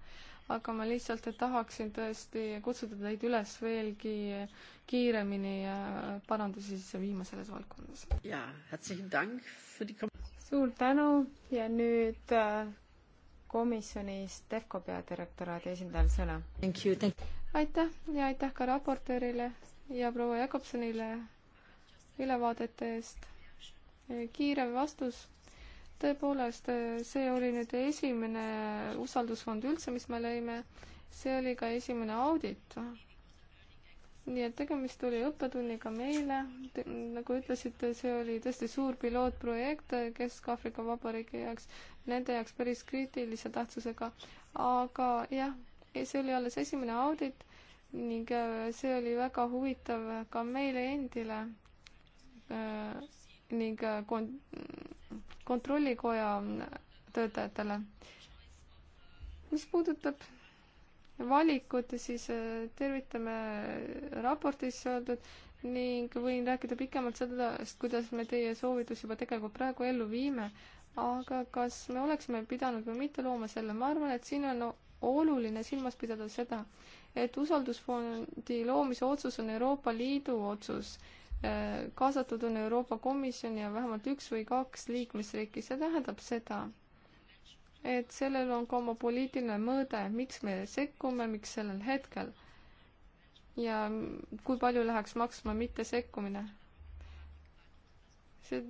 aga ma lihtsalt tahaksin tõesti kutsuda teid üles veelgi kiiremini äh, parandusi sisse viima selles valdkonnas. jaa, suur tänu ja nüüd komisjonis Defco peadirektoraadi esindajal sõna. aitäh ja aitäh ka raportöörile ja proua Jakobsonile ülevaadete eest. kiire vastus. tõepoolest, see oli nüüd esimene usaldusfond üldse, mis me lõime. see oli ka esimene audit. nii et tegemist oli õppetunniga meile. nagu ütlesite, see oli tõesti suur pilootprojekt Kesk-Aafrika Vabariigi jaoks nende jaoks päris kriitilise tähtsusega, aga jah, see oli alles esimene audit ning äh, see oli väga huvitav ka meile endile äh, ning äh, kon-, kontrollikoja töötajatele. mis puudutab valikut, siis tervitame raportis öeldud ning võin rääkida pikemalt sellest, kuidas me teie soovitusi juba tegelikult praegu ellu viime aga kas me oleksime pidanud või mitte looma selle, ma arvan, et siin on oluline silmas pidada seda, et usaldusfondi loomise otsus on Euroopa Liidu otsus. Äh, kaasatud on Euroopa Komisjon ja vähemalt üks või kaks liikmesriiki, see tähendab seda, et sellel on ka oma poliitiline mõõde, miks me sekkume, miks sellel hetkel ja kui palju läheks maksma mittesekkumine. see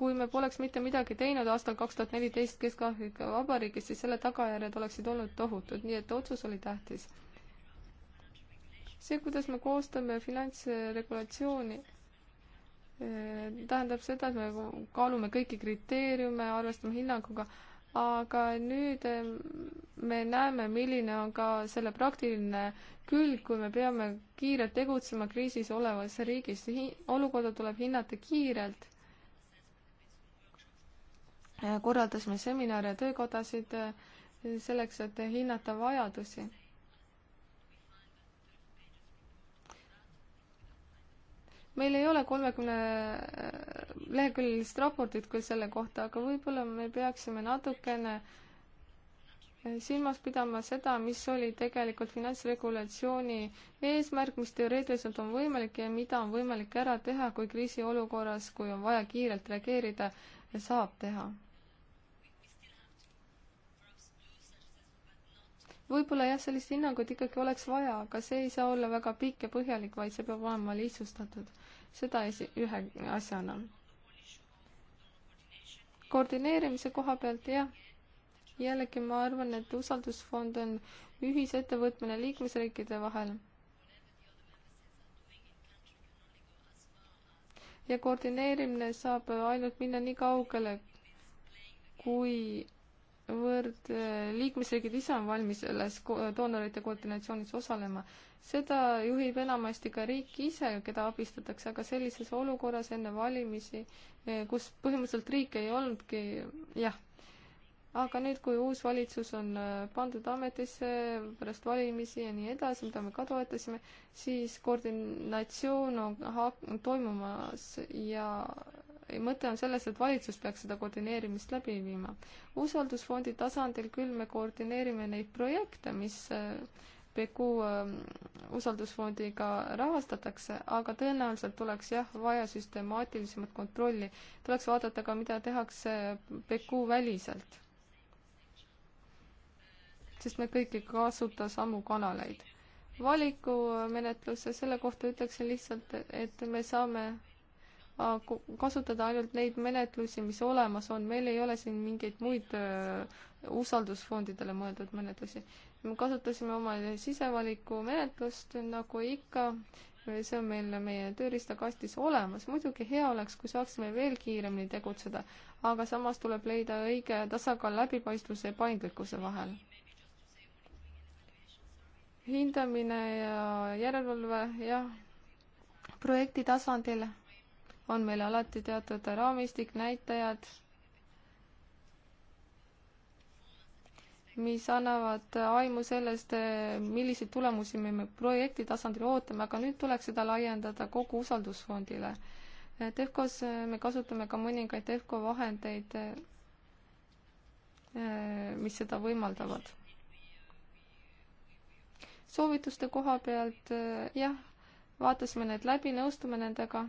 kui me poleks mitte midagi teinud aastal kaks tuhat neliteist Kesk-Aafrika Vabariigis, siis selle tagajärjed oleksid olnud tohutud, nii et otsus oli tähtis. see, kuidas me koostame finantsregulatsiooni, eh, tähendab seda, et me kaalume kõiki kriteeriume, arvestame hinnanguga, aga nüüd eh, me näeme, milline on ka selle praktiline külg, kui me peame kiirelt tegutsema kriisis olevas riigis. olukorda tuleb hinnata kiirelt Äh, korraldasime seminare ja töökodasid äh, selleks, et hinnata vajadusi. meil ei ole kolmekümne äh, leheküljelist raportit küll selle kohta, aga võib-olla me peaksime natukene silmas pidama seda, mis oli tegelikult finantsregulatsiooni eesmärk, mis teoreetiliselt on võimalik ja mida on võimalik ära teha, kui kriisiolukorras, kui on vaja kiirelt reageerida, saab teha. võib-olla jah, sellist hinnangut ikkagi oleks vaja, aga see ei saa olla väga pikk ja põhjalik, vaid see peab olema lihtsustatud. seda esi-, ühe asjana. koordineerimise koha pealt jah, jällegi ma arvan, et usaldusfond on ühisettevõtmine liikmesriikide vahel ja koordineerimine saab ainult minna nii kaugele, kui kuivõrd liikmesriigid ise on valmis selles doonorite koordinatsioonis osalema. seda juhib enamasti ka riik ise, keda abistatakse, aga sellises olukorras enne valimisi, eh, kus põhimõtteliselt riik ei olnudki, jah, aga nüüd, kui uus valitsus on eh, pandud ametisse pärast valimisi ja nii edasi, mida me ka toetasime, siis koordinatsioon on toimumas ja mõte on selles, et valitsus peaks seda koordineerimist läbi viima. usaldusfondi tasandil küll me koordineerime neid projekte, mis äh, PQ äh, usaldusfondiga rahastatakse, aga tõenäoliselt oleks jah, vaja süstemaatilisemat kontrolli. tuleks vaadata ka, mida tehakse äh, PQ väliselt. sest me kõik ei kasuta samu kanaleid valikumenetluse, selle kohta ütleksin lihtsalt, et me saame kasutada ainult neid menetlusi, mis olemas on, meil ei ole siin mingeid muid äh, usaldusfondidele mõeldud menetlusi. me kasutasime oma sisevaliku menetlust nagu ikka, see on meil meie tööriistakastis olemas, muidugi hea oleks, kui saaksime veel kiiremini tegutseda, aga samas tuleb leida õige tasakaal läbipaistvuse ja paindlikkuse vahel hindamine ja järelevalve jah, projekti tasandil on meil alati teatud raamistik, näitajad, mis annavad aimu sellest, milliseid tulemusi me projekti tasandil ootame, aga nüüd tuleks seda laiendada kogu usaldusfondile. TEFCO-s me kasutame ka mõningaid TEFCO vahendeid, mis seda võimaldavad. soovituste koha pealt jah, vaatasime need läbi, nõustume nendega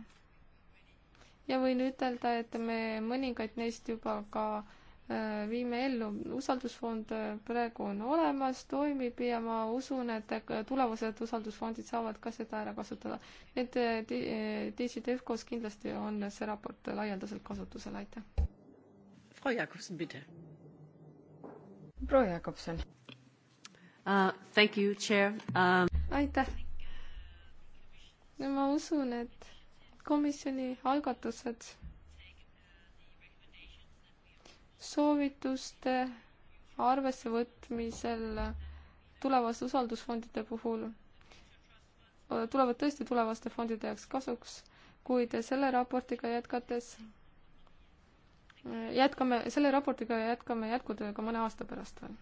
ja võin ütelda, et me mõningaid neist juba ka äh, viime ellu. usaldusfond äh, praegu on olemas, toimib ja ma usun, et äh, tulevased usaldusfondid saavad ka seda ära kasutada. et DG Defcos kindlasti on see raport laialdaselt kasutusel, aitäh. Frau Jakobsen, bitte. proua Jakobsen uh,. Thank you, chair um.... aitäh. ma usun, et komisjoni algatused soovituste arvessevõtmisel tulevaste usaldusfondide puhul tulevad tõesti tulevaste fondide jaoks kasuks, kuid selle raportiga jätkates, jätkame, selle raportiga jätkame jätkutööga mõne aasta pärast veel.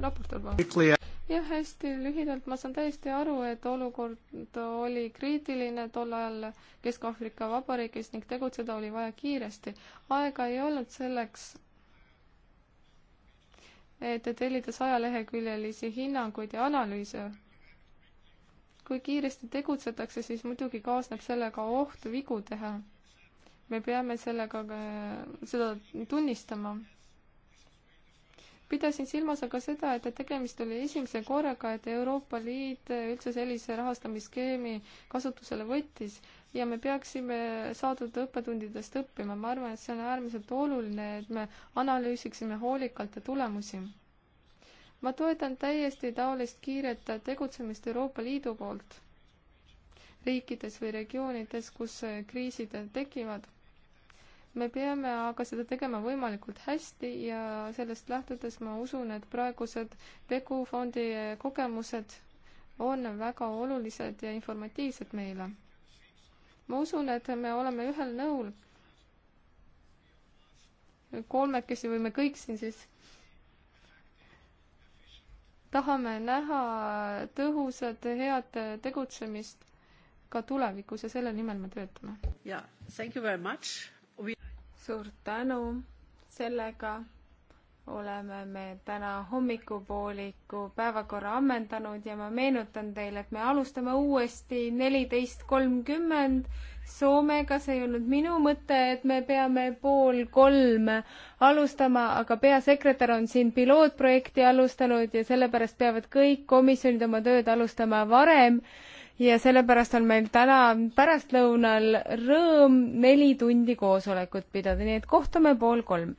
raportöör palun jah, hästi lühidalt, ma saan täiesti aru, et olukord oli kriitiline tol ajal Kesk-Aafrika Vabariigis ning tegutseda oli vaja kiiresti. aega ei olnud selleks, et tellida sajaleheküljelisi hinnanguid ja analüüse. kui kiiresti tegutsetakse, siis muidugi kaasneb sellega oht vigu teha. me peame sellega, eh, seda tunnistama pidasin silmas aga seda, et tegemist oli esimese korraga, et Euroopa Liit üldse sellise rahastamisskeemi kasutusele võttis ja me peaksime saadud õppetundidest õppima. ma arvan, et see on äärmiselt oluline, et me analüüsiksime hoolikalt tulemusi. ma toetan täiesti taolist kiiret tegutsemist Euroopa Liidu poolt riikides või regioonides, kus kriisid tekivad me peame aga seda tegema võimalikult hästi ja sellest lähtudes ma usun, et praegused Peku fondi kogemused on väga olulised ja informatiivsed meile. ma usun, et me oleme ühel nõul. kolmekesi või me kõik siin siis tahame näha tõhusat, head tegutsemist ka tulevikus ja selle nimel me töötame. jaa, thank you very much We suur tänu, sellega oleme me täna hommikupooliku päevakorra ammendanud ja ma meenutan teile, et me alustame uuesti neliteist kolmkümmend Soomega, see ei olnud minu mõte, et me peame pool kolm alustama, aga peasekretär on siin pilootprojekti alustanud ja sellepärast peavad kõik komisjonid oma tööd alustama varem ja sellepärast on meil täna pärastlõunal rõõm neli tundi koosolekut pidada, nii et kohtume pool kolm.